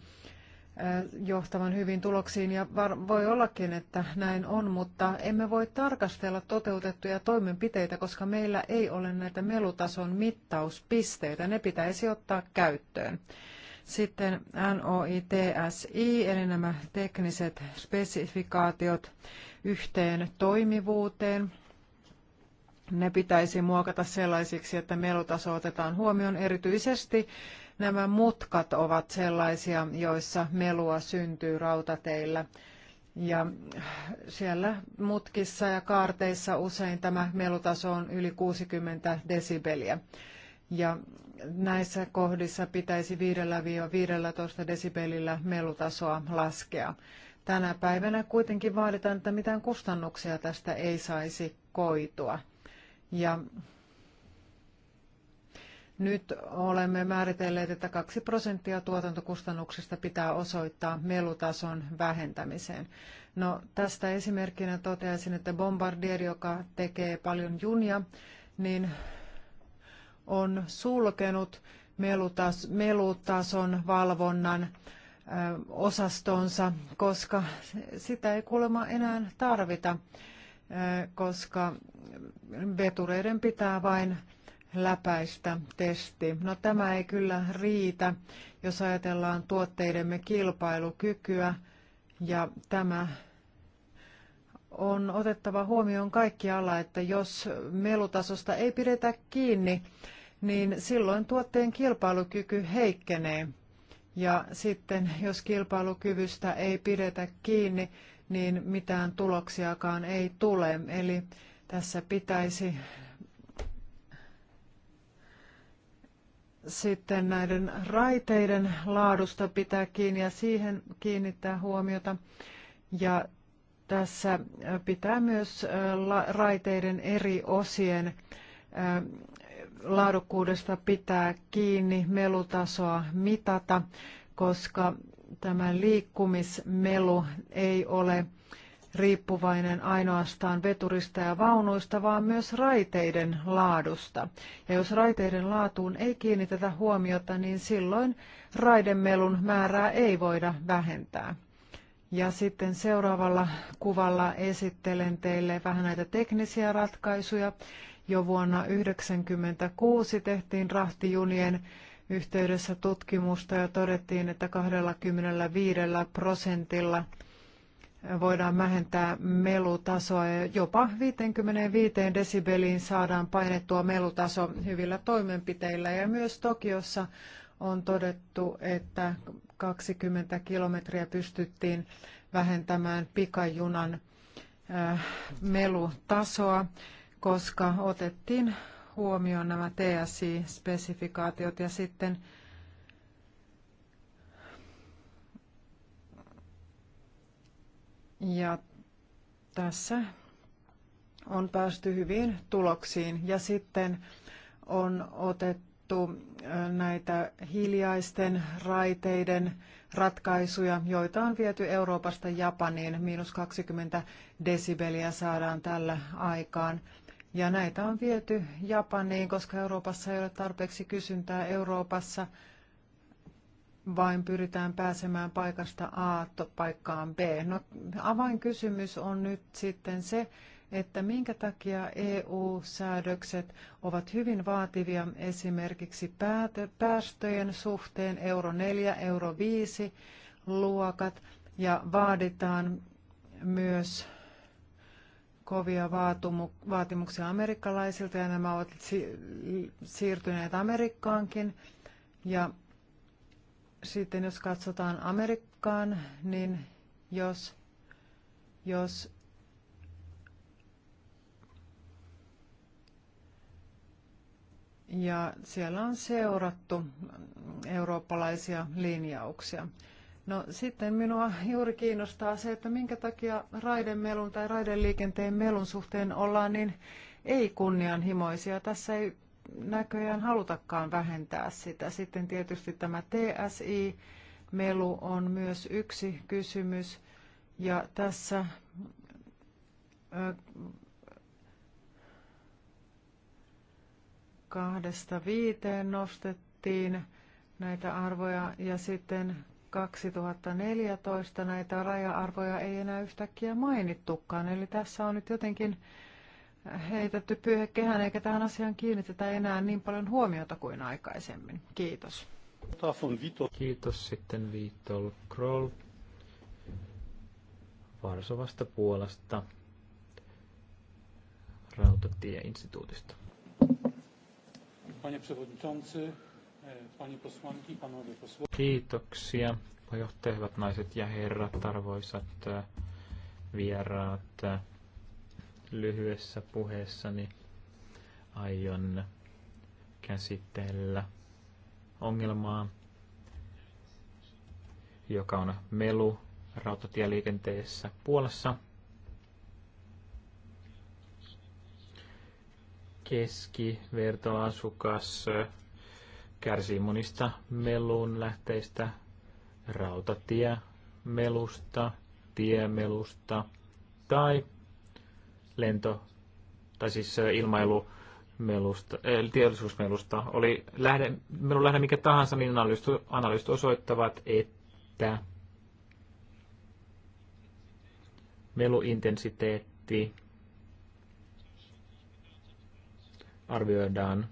johtavan hyvin tuloksiin ja voi ollakin, että näin on, mutta emme voi tarkastella toteutettuja toimenpiteitä, koska meillä ei ole näitä melutason mittauspisteitä. Ne pitäisi ottaa käyttöön. Sitten NOITSI, eli nämä tekniset spesifikaatiot yhteen toimivuuteen. Ne pitäisi muokata sellaisiksi, että melutaso otetaan huomioon erityisesti Nämä mutkat ovat sellaisia, joissa melua syntyy rautateillä. Ja siellä mutkissa ja kaarteissa usein tämä melutaso on yli 60 desibeliä. Ja näissä kohdissa pitäisi 5-15 desibelillä melutasoa laskea. Tänä päivänä kuitenkin vaaditaan, että mitään kustannuksia tästä ei saisi koitua. Ja nyt olemme määritelleet, että 2 prosenttia tuotantokustannuksista pitää osoittaa melutason vähentämiseen. No, tästä esimerkkinä toteaisin, että Bombardier, joka tekee paljon junia, niin on sulkenut melutas, melutason valvonnan osastonsa, koska sitä ei kuulemma enää tarvita, koska vetureiden pitää vain läpäistä testi. No tämä ei kyllä riitä, jos ajatellaan tuotteidemme kilpailukykyä ja tämä on otettava huomioon kaikkialla, että jos melutasosta ei pidetä kiinni, niin silloin tuotteen kilpailukyky heikkenee. Ja sitten jos kilpailukyvystä ei pidetä kiinni, niin mitään tuloksiakaan ei tule. Eli tässä pitäisi Sitten näiden raiteiden laadusta pitää kiinni ja siihen kiinnittää huomiota. Ja tässä pitää myös raiteiden eri osien laadukkuudesta pitää kiinni, melutasoa mitata, koska tämä liikkumismelu ei ole riippuvainen ainoastaan veturista ja vaunuista, vaan myös raiteiden laadusta. Ja jos raiteiden laatuun ei kiinnitetä huomiota, niin silloin raidemelun määrää ei voida vähentää. Ja sitten seuraavalla kuvalla esittelen teille vähän näitä teknisiä ratkaisuja. Jo vuonna 1996 tehtiin rahtijunien yhteydessä tutkimusta ja todettiin, että 25 prosentilla – voidaan vähentää melutasoa ja jopa 55 desibeliin saadaan painettua melutaso hyvillä toimenpiteillä. Ja myös Tokiossa on todettu, että 20 kilometriä pystyttiin vähentämään pikajunan äh, melutasoa, koska otettiin huomioon nämä TSI-spesifikaatiot ja sitten Ja tässä on päästy hyvin tuloksiin. Ja sitten on otettu näitä hiljaisten raiteiden ratkaisuja, joita on viety Euroopasta Japaniin. Miinus 20 desibeliä saadaan tällä aikaan. Ja näitä on viety Japaniin, koska Euroopassa ei ole tarpeeksi kysyntää. Euroopassa vain pyritään pääsemään paikasta A paikkaan B. No, avainkysymys on nyt sitten se, että minkä takia EU-säädökset ovat hyvin vaativia esimerkiksi päästöjen suhteen euro 4, euro 5 luokat ja vaaditaan myös kovia vaatimuksia amerikkalaisilta ja nämä ovat siirtyneet Amerikkaankin ja sitten jos katsotaan Amerikkaan, niin jos, jos ja siellä on seurattu eurooppalaisia linjauksia. No sitten minua juuri kiinnostaa se, että minkä takia raidemelun tai raideliikenteen melun suhteen ollaan niin ei-kunnianhimoisia. Tässä ei näköjään halutakaan vähentää sitä. Sitten tietysti tämä TSI-melu on myös yksi kysymys. Ja tässä kahdesta viiteen nostettiin näitä arvoja ja sitten 2014 näitä raja-arvoja ei enää yhtäkkiä mainittukaan. Eli tässä on nyt jotenkin heitetty pyyhekehään eikä tähän asiaan kiinnitetä enää niin paljon huomiota kuin aikaisemmin. Kiitos. Kiitos sitten Viitol Kroll Varsovasta Puolasta Rautatieinstituutista. Panie przewodniczący, panie posłanki, panowie posłowie. Kiitoksia, pojohtajat, hyvät naiset ja herrat, arvoisat eh, vieraat. Eh, lyhyessä puheessani aion käsitellä ongelmaa, joka on melu rautatieliikenteessä Puolassa. Keskivertoasukas kärsii monista melun lähteistä, rautatiemelusta, tiemelusta tai lento, tai siis ilmailu, melusta, teollisuusmelusta, oli lähde, melun lähde mikä tahansa, niin analyysit osoittavat, että meluintensiteetti arvioidaan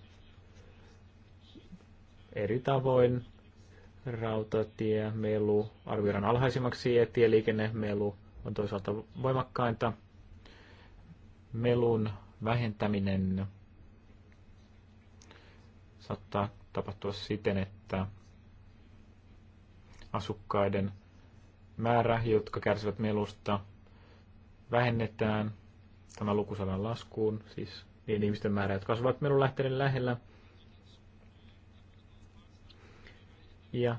eri tavoin. Rautatie, melu arvioidaan alhaisimmaksi ja tieliikennemelu on toisaalta voimakkainta – melun vähentäminen saattaa tapahtua siten, että asukkaiden määrä, jotka kärsivät melusta, vähennetään. Tämä luku saadaan laskuun, siis niiden ihmisten määrä, jotka asuvat lähteiden lähellä. Ja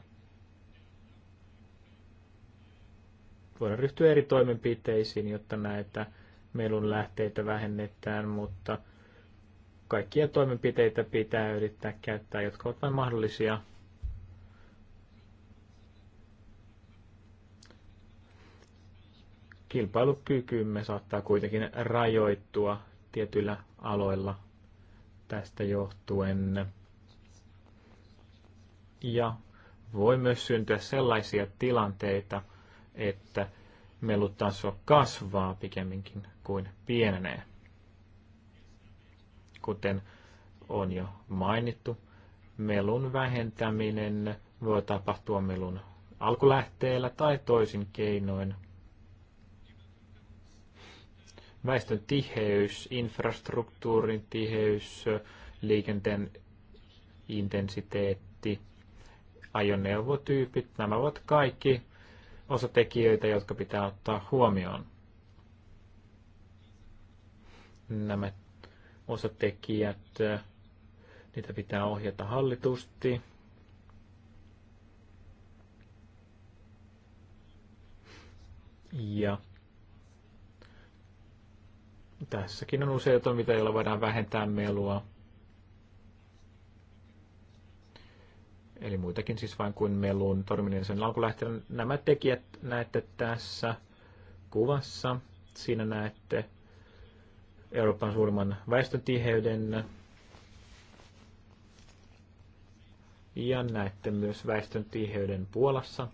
voidaan ryhtyä eri toimenpiteisiin, jotta näitä melun lähteitä vähennetään, mutta kaikkia toimenpiteitä pitää yrittää käyttää, jotka ovat vain mahdollisia. Kilpailukykymme saattaa kuitenkin rajoittua tietyillä aloilla tästä johtuen. Ja voi myös syntyä sellaisia tilanteita, että melutasoa kasvaa pikemminkin kuin pienenee. Kuten on jo mainittu, melun vähentäminen voi tapahtua melun alkulähteellä tai toisin keinoin. Väestön tiheys, infrastruktuurin tiheys, liikenteen intensiteetti, ajoneuvotyypit, nämä ovat kaikki osatekijöitä, jotka pitää ottaa huomioon. Nämä osatekijät, niitä pitää ohjata hallitusti. Ja tässäkin on useita, mitä joilla voidaan vähentää melua Eli muitakin siis vain kuin melun torminen sen laukulähteenä. Nämä tekijät näette tässä kuvassa. Siinä näette Euroopan suurimman väestötiheyden Ja näette myös väestöntiheyden Puolassa.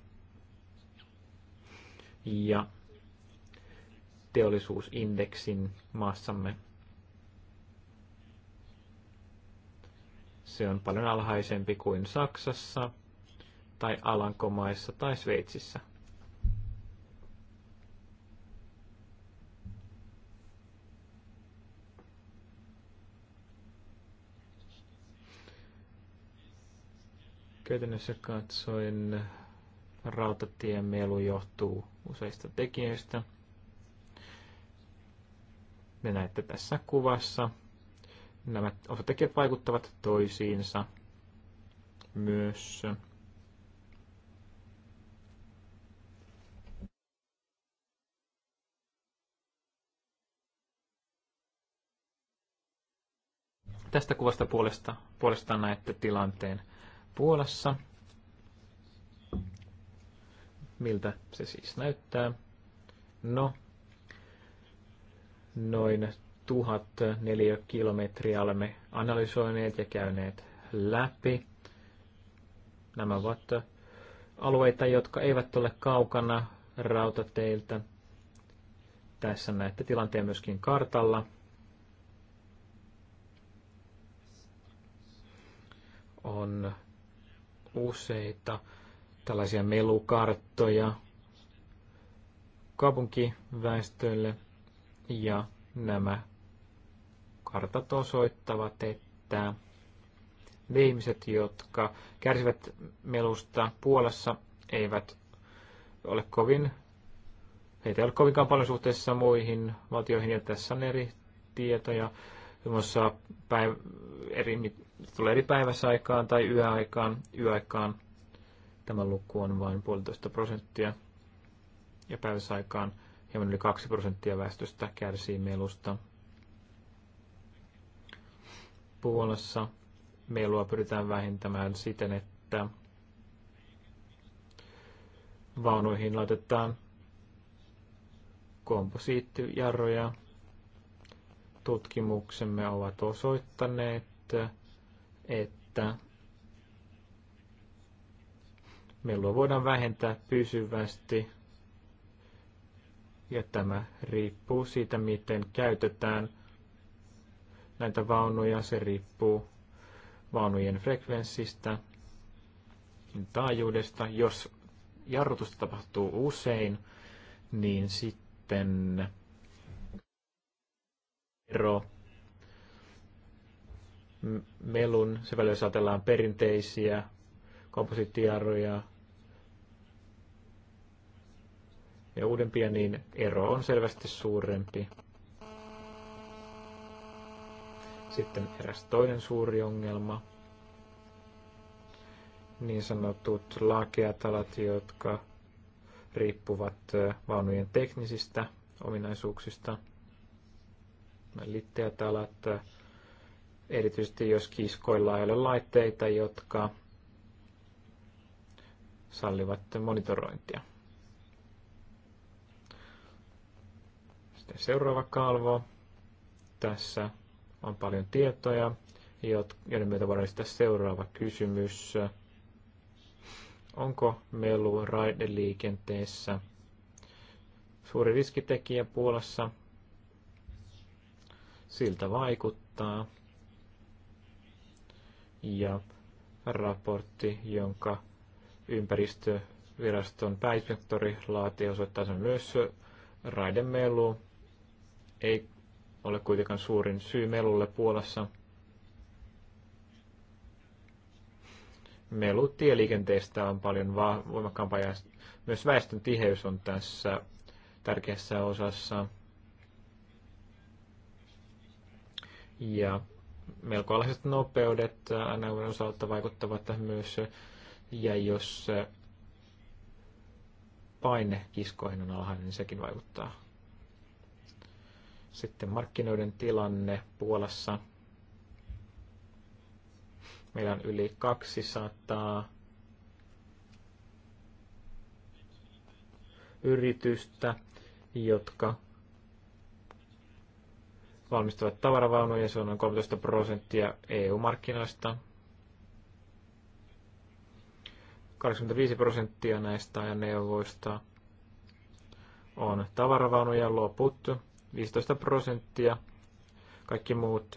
Ja teollisuusindeksin maassamme Se on paljon alhaisempi kuin Saksassa tai Alankomaissa tai Sveitsissä. Käytännössä katsoin rautatien melu johtuu useista tekijöistä. Me näette tässä kuvassa nämä osatekijät vaikuttavat toisiinsa myös. Tästä kuvasta puolesta, puolestaan näette tilanteen Puolassa. Miltä se siis näyttää? No, noin tuhat neliökilometriä olemme analysoineet ja käyneet läpi. Nämä ovat alueita, jotka eivät ole kaukana rautateiltä. Tässä näette tilanteen myöskin kartalla. On useita tällaisia melukarttoja kaupunkiväestölle ja nämä kartat osoittavat, että ne ihmiset, jotka kärsivät melusta Puolassa, eivät ole kovin, heitä ei ole kovinkaan paljon suhteessa muihin valtioihin, ja tässä on eri tietoja, jossa päiv- eri, tulee eri päiväsaikaan tai yöaikaan. Yöaikaan tämä luku on vain puolitoista prosenttia, ja päiväsaikaan hieman yli kaksi prosenttia väestöstä kärsii melusta puolessa melua pyritään vähentämään siten, että vaunuihin laitetaan komposiittijarroja. Tutkimuksemme ovat osoittaneet, että melua voidaan vähentää pysyvästi ja tämä riippuu siitä, miten käytetään – näitä vaunuja. Se riippuu vaunujen frekvenssistä, taajuudesta. Jos jarrutusta tapahtuu usein, niin sitten ero melun, se välillä saatellaan perinteisiä komposittijarruja ja uudempia, niin ero on selvästi suurempi. Sitten eräs toinen suuri ongelma, niin sanotut lakeatalat, jotka riippuvat vaunujen teknisistä ominaisuuksista, Litteatalat, erityisesti jos kiskoilla ei ole laitteita, jotka sallivat monitorointia. Sitten seuraava kalvo. Tässä on paljon tietoja, joiden myötä voidaan esittää seuraava kysymys. Onko melu raideliikenteessä suuri riskitekijä Puolassa? Siltä vaikuttaa. Ja raportti, jonka ympäristöviraston pääinspektori laatii osoittaa sen myös raidemelu ei ole kuitenkaan suurin syy melulle Puolassa. Melu tieliikenteestä on paljon voimakkaampaa ja myös väestön tiheys on tässä tärkeässä osassa. Ja melko alaiset nopeudet aina osalta vaikuttavat tähän myös. Ja jos paine kiskoihin on alhainen, niin sekin vaikuttaa. Sitten markkinoiden tilanne Puolassa. Meillä on yli 200 yritystä, jotka valmistavat tavaravaunuja. Se on noin 13 prosenttia EU-markkinoista. 85 prosenttia näistä ajoneuvoista on tavaravaunuja loput 15 prosenttia. Kaikki muut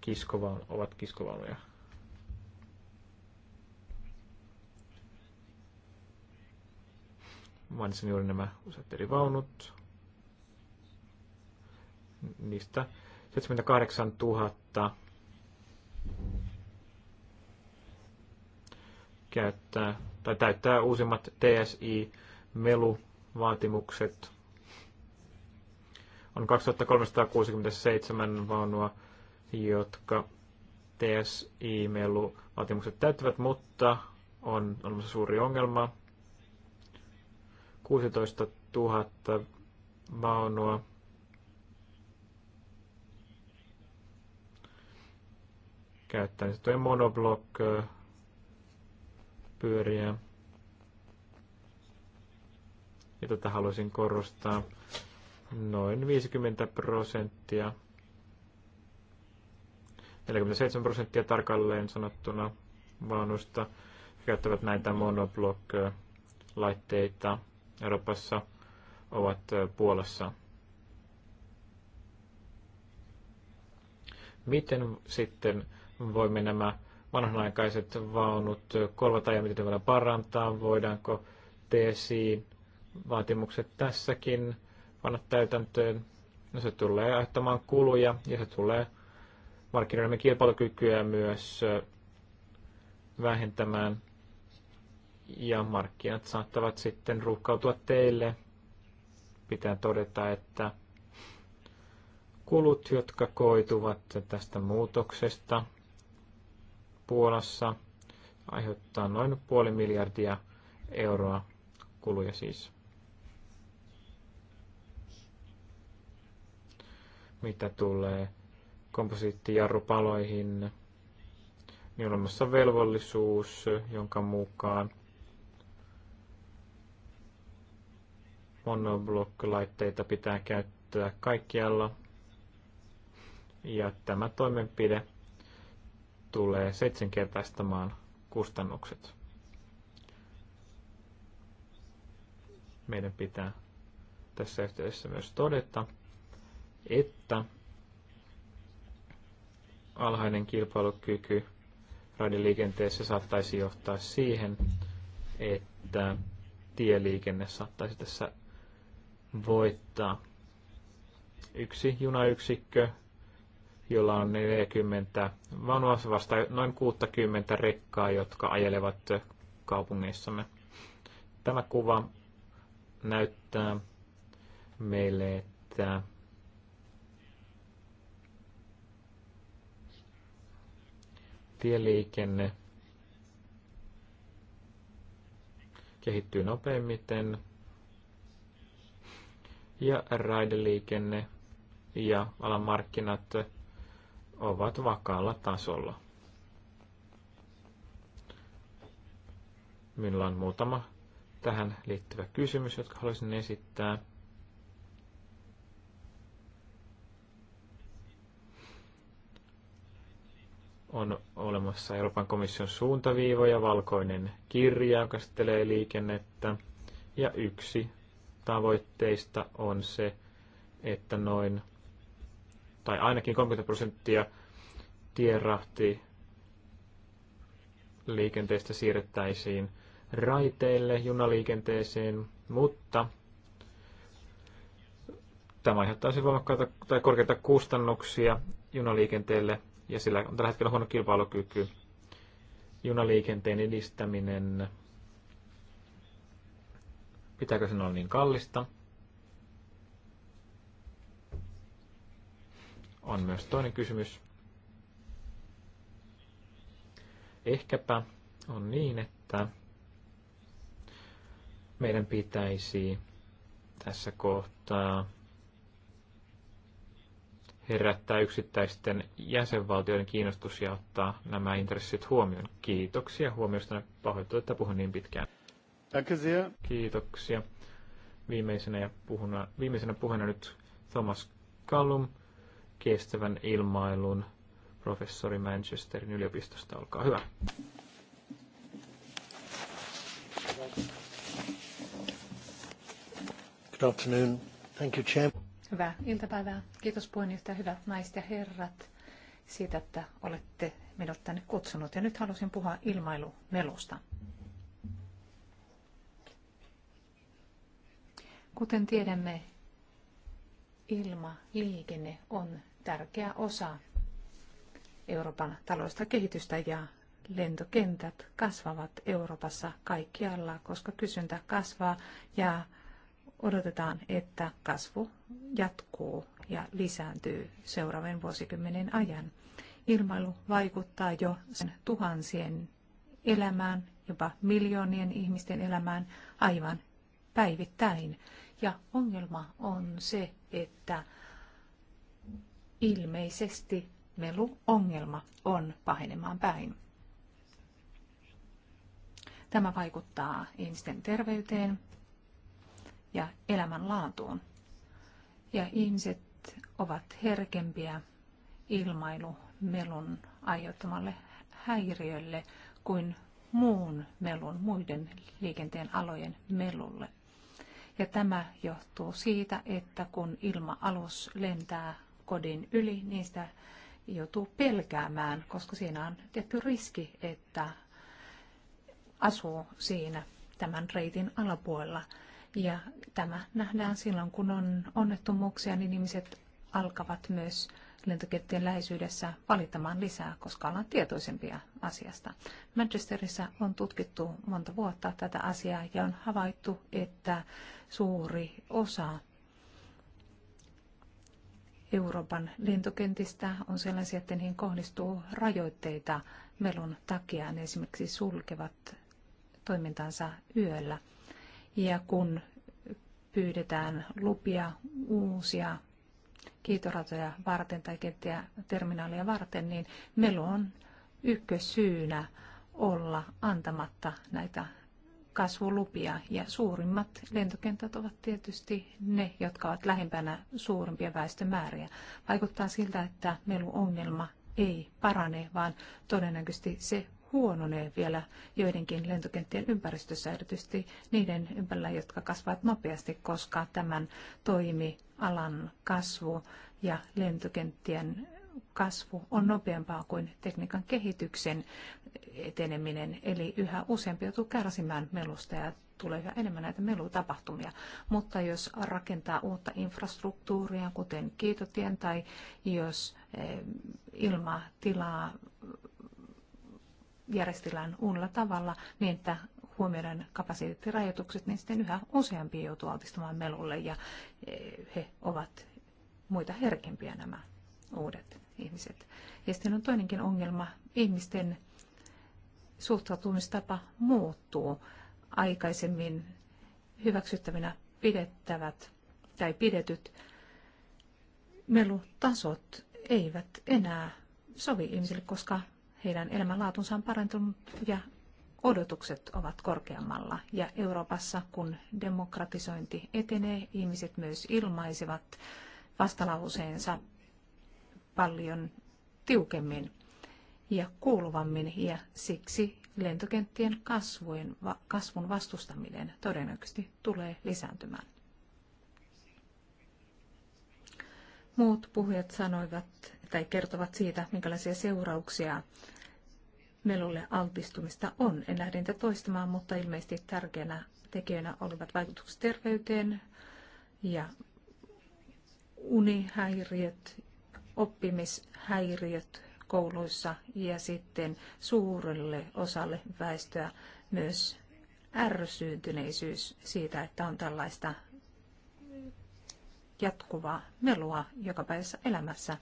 kiskovaun, ovat kiskovaunuja. Mainitsin juuri nämä useat eri vaunut. Niistä 78 000 käyttää tai täyttää uusimmat TSI-meluvaatimukset on 2367 vaunua, jotka tsi meluvaatimukset täyttävät, mutta on olemassa suuri ongelma. 16 000 vaunua. Käyttäen sitten monoblock pyöriä. Ja tätä haluaisin korostaa noin 50 prosenttia, 47 prosenttia tarkalleen sanottuna vaunusta käyttävät näitä monoblock-laitteita Euroopassa ovat Puolassa. Miten sitten voimme nämä vanhanaikaiset vaunut korvata ja miten ne voidaan parantaa? Voidaanko TSI-vaatimukset tässäkin panna täytäntöön. No se tulee aiheuttamaan kuluja ja se tulee markkinoidemme kilpailukykyä myös vähentämään. Ja markkinat saattavat sitten ruuhkautua teille. Pitää todeta, että kulut, jotka koituvat tästä muutoksesta Puolassa, aiheuttaa noin puoli miljardia euroa kuluja siis. mitä tulee komposiittijarrupaloihin, niin on olemassa velvollisuus, jonka mukaan monoblock-laitteita pitää käyttää kaikkialla. Ja tämä toimenpide tulee seitsemänkertaistamaan kustannukset. Meidän pitää tässä yhteydessä myös todeta, että alhainen kilpailukyky raideliikenteessä saattaisi johtaa siihen, että tieliikenne saattaisi tässä voittaa. Yksi junayksikkö, jolla on 40, vaan vasta noin 60 rekkaa, jotka ajelevat kaupungeissamme. Tämä kuva näyttää meille, että tieliikenne kehittyy nopeimmiten ja raideliikenne ja alan markkinat ovat vakaalla tasolla. Minulla on muutama tähän liittyvä kysymys, jotka haluaisin esittää. on olemassa Euroopan komission suuntaviivoja, valkoinen kirja, joka käsittelee liikennettä. Ja yksi tavoitteista on se, että noin, tai ainakin 30 prosenttia tierahti liikenteestä siirrettäisiin raiteille, junaliikenteeseen, mutta tämä aiheuttaisi siis voimakkaita tai korkeita kustannuksia junaliikenteelle ja sillä on tällä hetkellä huono kilpailukyky. Junaliikenteen edistäminen, pitääkö sen olla niin kallista? On myös toinen kysymys. Ehkäpä on niin, että meidän pitäisi tässä kohtaa herättää yksittäisten jäsenvaltioiden kiinnostus ja ottaa nämä intressit huomioon. Kiitoksia huomiosta. Pahoittelen, että puhun niin pitkään. Kiitoksia. Kiitoksia. Viimeisenä, ja puhuna, viimeisenä puheena nyt Thomas Kallum kestävän ilmailun professori Manchesterin yliopistosta. Olkaa hyvä. Good afternoon. Thank you, Chair. Hyvää iltapäivää. Kiitos puheenjohtaja, hyvät naiset ja herrat siitä, että olette minut tänne kutsunut. Ja nyt halusin puhua ilmailumelusta. Kuten tiedämme, ilmaliikenne on tärkeä osa Euroopan taloudellista kehitystä ja lentokentät kasvavat Euroopassa kaikkialla, koska kysyntä kasvaa ja odotetaan, että kasvu jatkuu ja lisääntyy seuraavien vuosikymmenen ajan. Ilmailu vaikuttaa jo sen tuhansien elämään, jopa miljoonien ihmisten elämään aivan päivittäin. Ja ongelma on se, että ilmeisesti meluongelma on pahenemaan päin. Tämä vaikuttaa ihmisten terveyteen, ja elämänlaatuun. Ja ihmiset ovat herkempiä melun aiheuttamalle häiriölle kuin muun melun, muiden liikenteen alojen melulle. Ja tämä johtuu siitä, että kun ilma-alus lentää kodin yli, niin sitä joutuu pelkäämään, koska siinä on tietty riski, että asuu siinä tämän reitin alapuolella. Ja tämä nähdään silloin, kun on onnettomuuksia, niin ihmiset alkavat myös lentokenttien läheisyydessä valittamaan lisää, koska ollaan tietoisempia asiasta. Manchesterissa on tutkittu monta vuotta tätä asiaa ja on havaittu, että suuri osa Euroopan lentokentistä on sellaisia, että niihin kohdistuu rajoitteita melun takia. Ne esimerkiksi sulkevat toimintansa yöllä ja kun pyydetään lupia uusia kiitoratoja varten tai kenttiä terminaalia varten, niin melu on ykkösyynä olla antamatta näitä kasvulupia. Ja suurimmat lentokentät ovat tietysti ne, jotka ovat lähimpänä suurimpia väestömääriä. Vaikuttaa siltä, että meluongelma ei parane, vaan todennäköisesti se huononee vielä joidenkin lentokenttien ympäristössä, erityisesti niiden ympärillä, jotka kasvavat nopeasti, koska tämän toimialan kasvu ja lentokenttien kasvu on nopeampaa kuin tekniikan kehityksen eteneminen, eli yhä useampi joutuu kärsimään melusta ja tulee yhä enemmän näitä melutapahtumia. Mutta jos rakentaa uutta infrastruktuuria, kuten kiitotien, tai jos eh, ilmatilaa järjestellään uudella tavalla niin, että huomioidaan kapasiteettirajoitukset, niin sitten yhä useampi joutuu altistumaan melulle ja e, he ovat muita herkempiä nämä uudet ihmiset. Ja sitten on toinenkin ongelma, ihmisten suhtautumistapa muuttuu. Aikaisemmin hyväksyttävinä pidettävät tai pidetyt melutasot eivät enää sovi ihmisille, koska heidän elämänlaatunsa on parantunut ja odotukset ovat korkeammalla. Ja Euroopassa, kun demokratisointi etenee, ihmiset myös ilmaisevat vastalauseensa paljon tiukemmin ja kuuluvammin ja siksi lentokenttien kasvun, kasvun vastustaminen todennäköisesti tulee lisääntymään. Muut puhujat sanoivat, tai kertovat siitä, minkälaisia seurauksia melulle altistumista on. En lähde niitä toistamaan, mutta ilmeisesti tärkeänä tekijänä olivat vaikutukset terveyteen ja unihäiriöt, oppimishäiriöt kouluissa ja sitten suurelle osalle väestöä myös ärsyyntyneisyys siitä, että on tällaista jatkuvaa melua joka päivässä elämässä.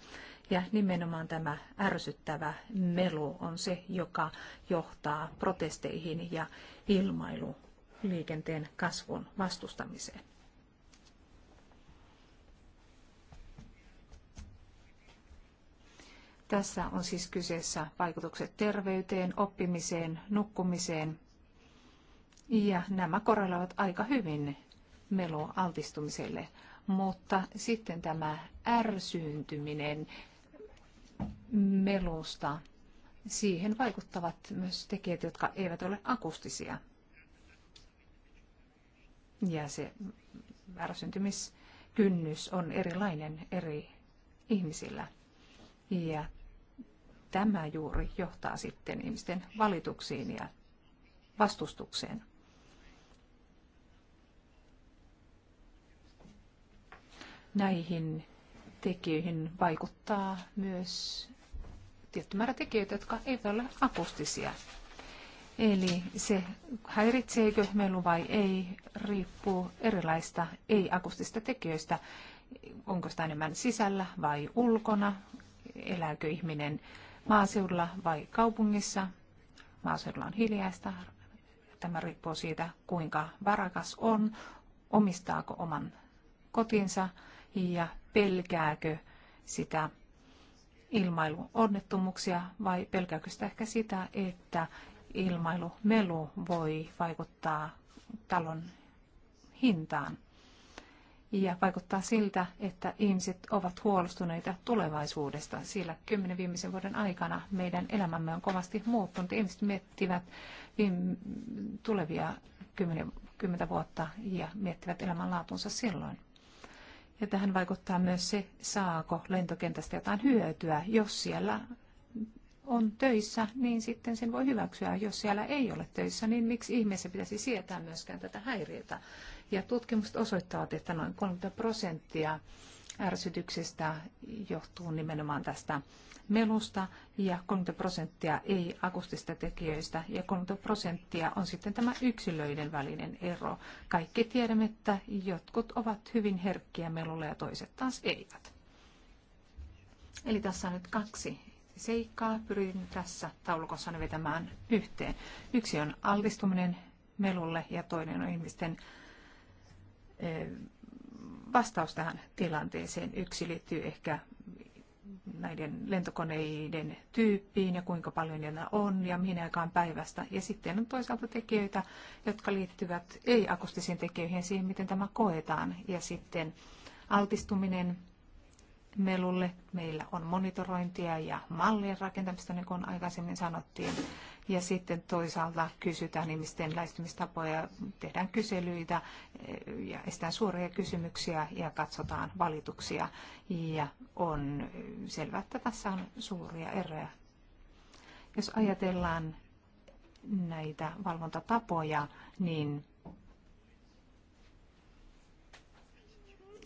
Ja nimenomaan tämä ärsyttävä melu on se, joka johtaa protesteihin ja ilmailuliikenteen kasvun vastustamiseen. Tässä on siis kyseessä vaikutukset terveyteen, oppimiseen, nukkumiseen. Ja nämä korreloivat aika hyvin meloaltistumiselle. Mutta sitten tämä ärsyyntyminen, melusta. Siihen vaikuttavat myös tekijät, jotka eivät ole akustisia. Ja se värsyntymiskynnys on erilainen eri ihmisillä. Ja tämä juuri johtaa sitten ihmisten valituksiin ja vastustukseen. Näihin tekijöihin vaikuttaa myös tietty määrä tekijöitä, jotka eivät ole akustisia. Eli se häiritseekö melu vai ei, riippuu erilaista ei-akustista tekijöistä. Onko sitä enemmän sisällä vai ulkona? Elääkö ihminen maaseudulla vai kaupungissa? Maaseudulla on hiljaista. Tämä riippuu siitä, kuinka varakas on, omistaako oman kotinsa ja pelkääkö sitä onnettomuuksia vai pelkääkö sitä ehkä sitä, että ilmailumelu voi vaikuttaa talon hintaan ja vaikuttaa siltä, että ihmiset ovat huolestuneita tulevaisuudesta, sillä kymmenen viimeisen vuoden aikana meidän elämämme on kovasti muuttunut. Ihmiset miettivät tulevia kymmenen, kymmentä vuotta ja miettivät elämänlaatunsa silloin. Ja tähän vaikuttaa myös se, saako lentokentästä jotain hyötyä. Jos siellä on töissä, niin sitten sen voi hyväksyä. Jos siellä ei ole töissä, niin miksi ihmeessä pitäisi sietää myöskään tätä häiriötä? Ja tutkimukset osoittavat, että noin 30 prosenttia ärsytyksestä johtuu nimenomaan tästä melusta ja 30 prosenttia ei akustista tekijöistä ja 30 prosenttia on sitten tämä yksilöiden välinen ero. Kaikki tiedämme, että jotkut ovat hyvin herkkiä melulle ja toiset taas eivät. Eli tässä on nyt kaksi seikkaa. Pyrin tässä taulukossa vetämään yhteen. Yksi on altistuminen melulle ja toinen on ihmisten eh, vastaus tähän tilanteeseen. Yksi liittyy ehkä näiden lentokoneiden tyyppiin ja kuinka paljon niitä on ja mihin aikaan päivästä. Ja sitten on toisaalta tekijöitä, jotka liittyvät ei-akustisiin tekijöihin, siihen miten tämä koetaan. Ja sitten altistuminen melulle. Meillä on monitorointia ja mallien rakentamista, niin kuin aikaisemmin sanottiin. Ja sitten toisaalta kysytään ihmisten lähestymistapoja, tehdään kyselyitä eh, ja estetään suoria kysymyksiä ja katsotaan valituksia. Ja on selvää, että tässä on suuria eroja. Jos ajatellaan näitä valvontatapoja, niin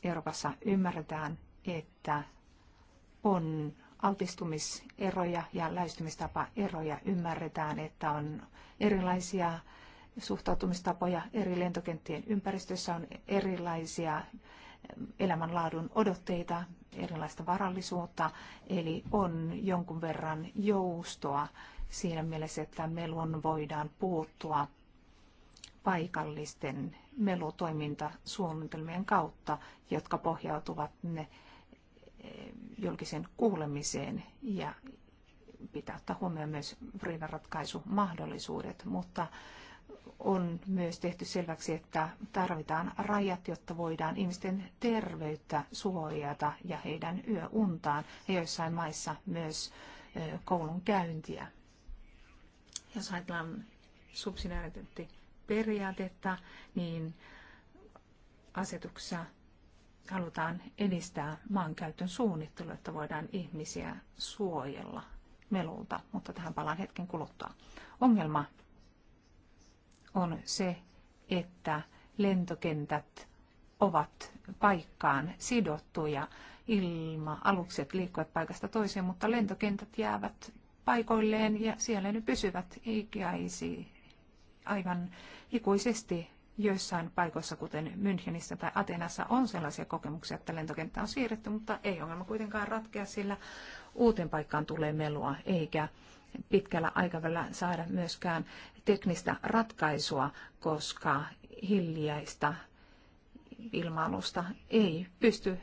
Euroopassa ymmärretään, että on altistumiseroja ja lähestymistapaeroja. Ymmärretään, että on erilaisia suhtautumistapoja eri lentokenttien ympäristössä, on erilaisia elämänlaadun odotteita, erilaista varallisuutta, eli on jonkun verran joustoa siinä mielessä, että melun voidaan puuttua paikallisten melutoimintasuunnitelmien kautta, jotka pohjautuvat ne julkisen kuulemiseen ja pitää ottaa huomioon myös riidanratkaisumahdollisuudet, mutta on myös tehty selväksi, että tarvitaan rajat, jotta voidaan ihmisten terveyttä suojata ja heidän yöuntaan ja joissain maissa myös koulun käyntiä. Jos ajatellaan subsidiariteettiperiaatetta, niin asetuksessa halutaan edistää maankäytön suunnittelua, että voidaan ihmisiä suojella melulta, mutta tähän palaan hetken kuluttua. Ongelma on se, että lentokentät ovat paikkaan sidottuja. Ilma-alukset liikkuvat paikasta toiseen, mutta lentokentät jäävät paikoilleen ja siellä ne pysyvät ikiaisi aivan ikuisesti joissain paikoissa, kuten Münchenissä tai Atenassa, on sellaisia kokemuksia, että lentokenttä on siirretty, mutta ei ongelma kuitenkaan ratkea, sillä uuteen paikkaan tulee melua, eikä pitkällä aikavälillä saada myöskään teknistä ratkaisua, koska hiljaista ilmailusta ei pysty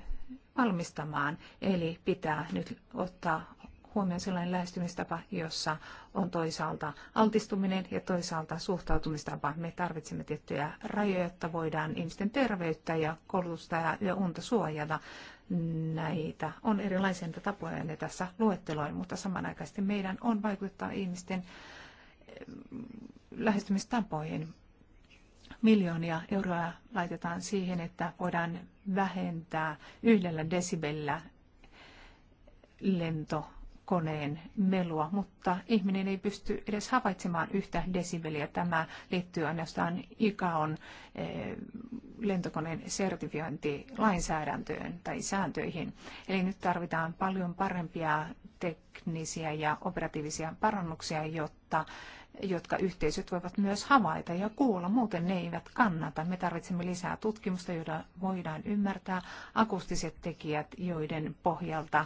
valmistamaan. Eli pitää nyt ottaa huomioon sellainen lähestymistapa, jossa on toisaalta altistuminen ja toisaalta suhtautumistapa. Me tarvitsemme tiettyjä rajoja, jotta voidaan ihmisten terveyttä ja koulutusta ja unta suojata. Näitä on erilaisia tapoja ja ne tässä luetteloin, mutta samanaikaisesti meidän on vaikuttaa ihmisten eh, lähestymistapoihin. Miljoonia euroa laitetaan siihen, että voidaan vähentää yhdellä desibellä lento koneen melua, mutta ihminen ei pysty edes havaitsemaan yhtä desibeliä. Tämä liittyy ainoastaan ICAON eh, lentokoneen sertifiointilainsäädäntöön tai sääntöihin. Eli nyt tarvitaan paljon parempia teknisiä ja operatiivisia parannuksia, jotta jotka yhteisöt voivat myös havaita ja kuulla, muuten ne eivät kannata. Me tarvitsemme lisää tutkimusta, jolla voidaan ymmärtää akustiset tekijät, joiden pohjalta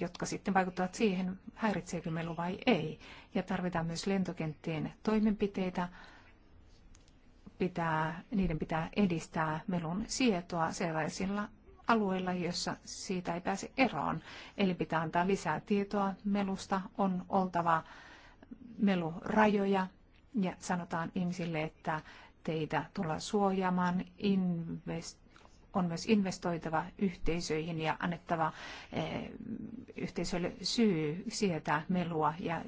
jotka sitten vaikuttavat siihen, häiritseekö melu vai ei. Ja tarvitaan myös lentokenttien toimenpiteitä. Pitää, niiden pitää edistää melun sietoa sellaisilla alueilla, joissa siitä ei pääse eroon. Eli pitää antaa lisää tietoa melusta, on oltava melurajoja ja sanotaan ihmisille, että teitä tullaan suojaamaan, invest- on myös investoitava yhteisöihin ja annettava eh, yhteisölle syy sietää melua ja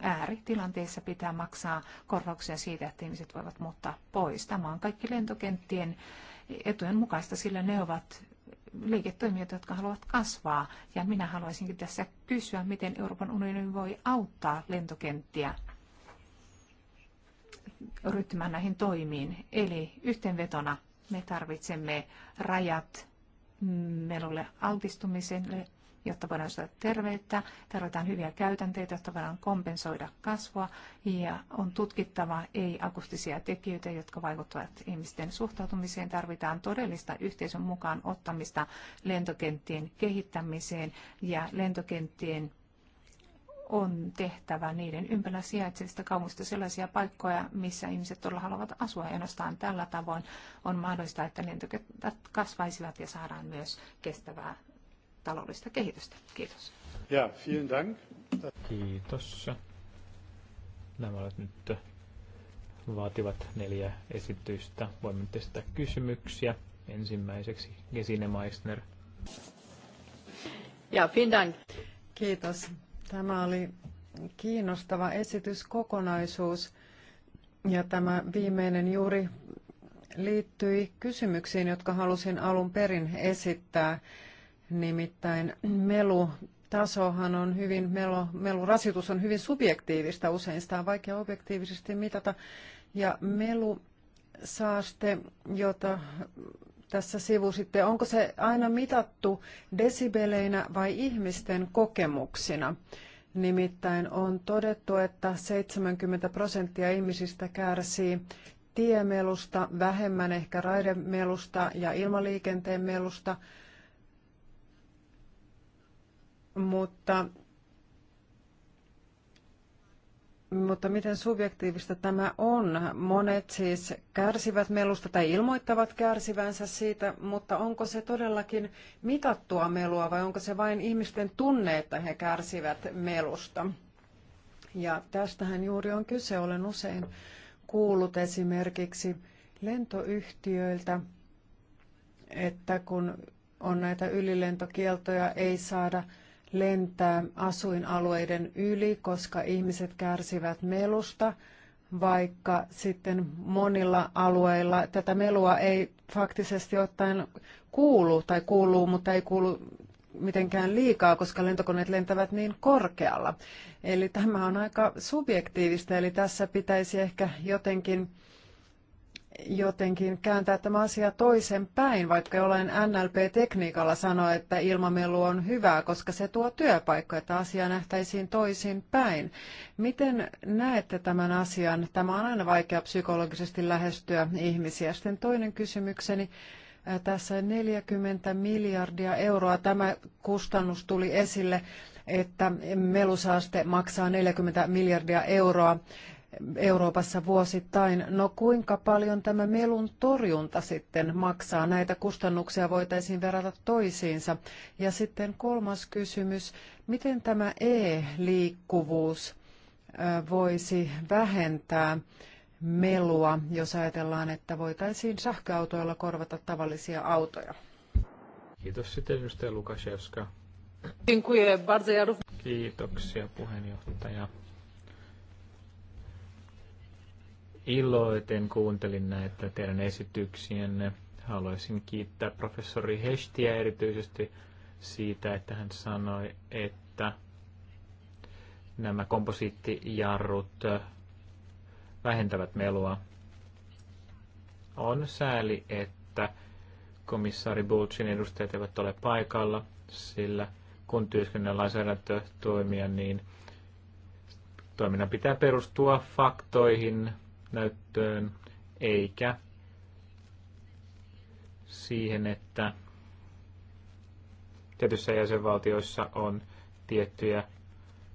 ääritilanteissa pitää maksaa korvauksia siitä, että ihmiset voivat muuttaa pois. Tämä on kaikki lentokenttien etujen mukaista, sillä ne ovat liiketoimijoita, jotka haluavat kasvaa. Ja minä haluaisinkin tässä kysyä, miten Euroopan unioni voi auttaa lentokenttiä ryhtymään näihin toimiin. Eli yhteenvetona me tarvitsemme rajat melulle altistumiselle, jotta voidaan saada terveyttä. Tarvitaan hyviä käytänteitä, jotta voidaan kompensoida kasvua ja on tutkittava ei-akustisia tekijöitä, jotka vaikuttavat ihmisten suhtautumiseen. Tarvitaan todellista yhteisön mukaan ottamista lentokenttien kehittämiseen ja lentokenttien on tehtävä niiden ympärillä sijaitsevista kaupungista sellaisia paikkoja, missä ihmiset todella haluavat asua. ja Ainoastaan tällä tavoin on mahdollista, että lentokentät kasvaisivat ja saadaan myös kestävää taloudellista kehitystä. Kiitos. Ja, vielen dank. Kiitos. Nämä ovat nyt vaativat neljä esitystä. Voimme testata kysymyksiä. Ensimmäiseksi Gesine Meissner. Ja, vielen dank. Kiitos. Tämä oli kiinnostava esityskokonaisuus ja tämä viimeinen juuri liittyi kysymyksiin, jotka halusin alun perin esittää. Nimittäin melu tasohan on hyvin, melu, melurasitus on hyvin subjektiivista, usein sitä on vaikea objektiivisesti mitata. Ja melu saaste, jota tässä sivusitte, onko se aina mitattu desibeleinä vai ihmisten kokemuksina? Nimittäin on todettu, että 70 prosenttia ihmisistä kärsii tiemelusta, vähemmän ehkä raidemelusta ja ilmaliikenteen melusta, mutta Mutta miten subjektiivista tämä on? Monet siis kärsivät melusta tai ilmoittavat kärsivänsä siitä, mutta onko se todellakin mitattua melua vai onko se vain ihmisten tunne, että he kärsivät melusta? Ja tästähän juuri on kyse. Olen usein kuullut esimerkiksi lentoyhtiöiltä, että kun on näitä ylilentokieltoja, ei saada – lentää asuinalueiden yli, koska ihmiset kärsivät melusta, vaikka sitten monilla alueilla tätä melua ei faktisesti ottaen kuulu tai kuuluu, mutta ei kuulu mitenkään liikaa, koska lentokoneet lentävät niin korkealla. Eli tämä on aika subjektiivista, eli tässä pitäisi ehkä jotenkin jotenkin kääntää tämä asia toisen päin, vaikka olen NLP-tekniikalla sanoa, että ilmamelu on hyvää, koska se tuo työpaikkoja, että asia nähtäisiin toisin päin. Miten näette tämän asian? Tämä on aina vaikea psykologisesti lähestyä ihmisiä. Sitten toinen kysymykseni. Äh, tässä 40 miljardia euroa tämä kustannus tuli esille että melusaaste maksaa 40 miljardia euroa Euroopassa vuosittain. No kuinka paljon tämä melun torjunta sitten maksaa? Näitä kustannuksia voitaisiin verrata toisiinsa. Ja sitten kolmas kysymys, miten tämä e-liikkuvuus voisi vähentää melua, jos ajatellaan, että voitaisiin sähköautoilla korvata tavallisia autoja? Kiitos sitten edustaja Lukashevska. Kiitoksia puheenjohtaja iloiten kuuntelin näitä teidän esityksiänne. Haluaisin kiittää professori Hestiä erityisesti siitä, että hän sanoi, että nämä komposiittijarrut äh, vähentävät melua. On sääli, että komissaari Bulcin edustajat eivät ole paikalla, sillä kun työskennellään lainsäädäntötoimia, niin toiminnan pitää perustua faktoihin, näyttöön eikä siihen, että tietyissä jäsenvaltioissa on tiettyjä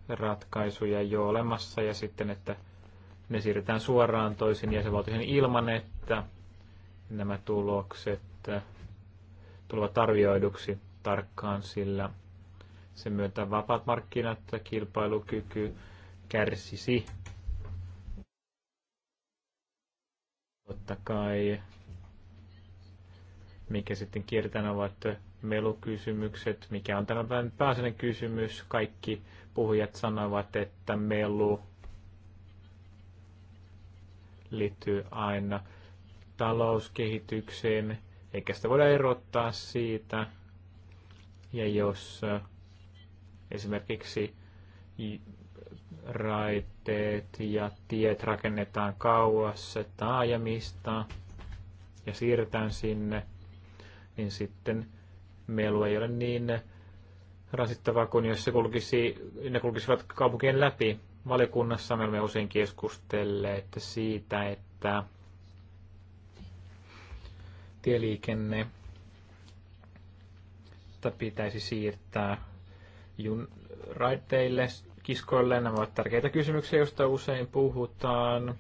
ratkaisuja jo olemassa ja sitten, että ne siirretään suoraan toisiin jäsenvaltioihin ilman, että nämä tulokset äh, tulevat arvioiduksi tarkkaan, sillä sen myötä vapaat markkinat ja kilpailukyky kärsisi Totta kai, mikä sitten kierretään ovat melukysymykset, mikä on tämän päivän pääasiallinen kysymys. Kaikki puhujat sanoivat, että melu liittyy aina talouskehitykseen, eikä sitä voida erottaa siitä. Ja jos esimerkiksi raiteet ja tiet rakennetaan kauas taajamista ja siirretään sinne, niin sitten melu ei ole niin rasittavaa kuin jos se kulkisi, ne kulkisivat kaupunkien läpi. Valiokunnassa me olemme usein keskustelleet siitä, että tieliikenne pitäisi siirtää jun, raiteille kiskoille. Nämä ovat tärkeitä kysymyksiä, joista usein puhutaan.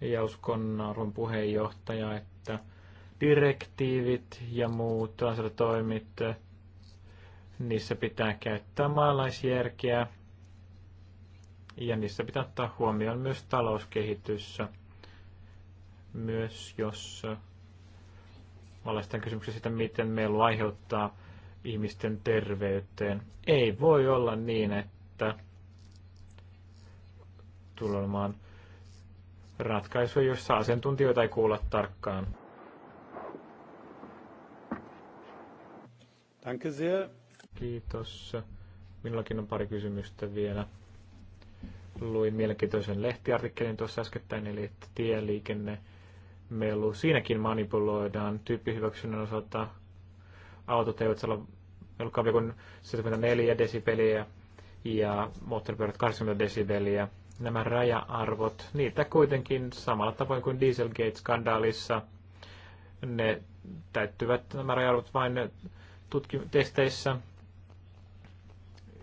Ja uskon arvon puheenjohtaja, että direktiivit ja muut toimit, niissä pitää käyttää maalaisjärkeä ja niissä pitää ottaa huomioon myös talouskehitys, myös jos maalaistan kysymyksiä siitä, miten meillä aiheuttaa ihmisten terveyteen. Ei voi olla niin, että että tulee olemaan ratkaisu, jossa asiantuntijoita ei kuulla tarkkaan. Danke sehr. Kiitos. Minullakin on pari kysymystä vielä. Luin mielenkiintoisen lehtiartikkelin tuossa äskettäin, eli että tieliikenne melu. Siinäkin manipuloidaan tyyppihyväksynnän osalta. Autot eivät saa olla melko kuin 74 desibeliä ja moottoripyörät 80 desibeliä. Nämä raja-arvot, niitä kuitenkin samalla tavoin kuin Dieselgate-skandaalissa, ne täyttyvät nämä raja-arvot vain tutkimustesteissä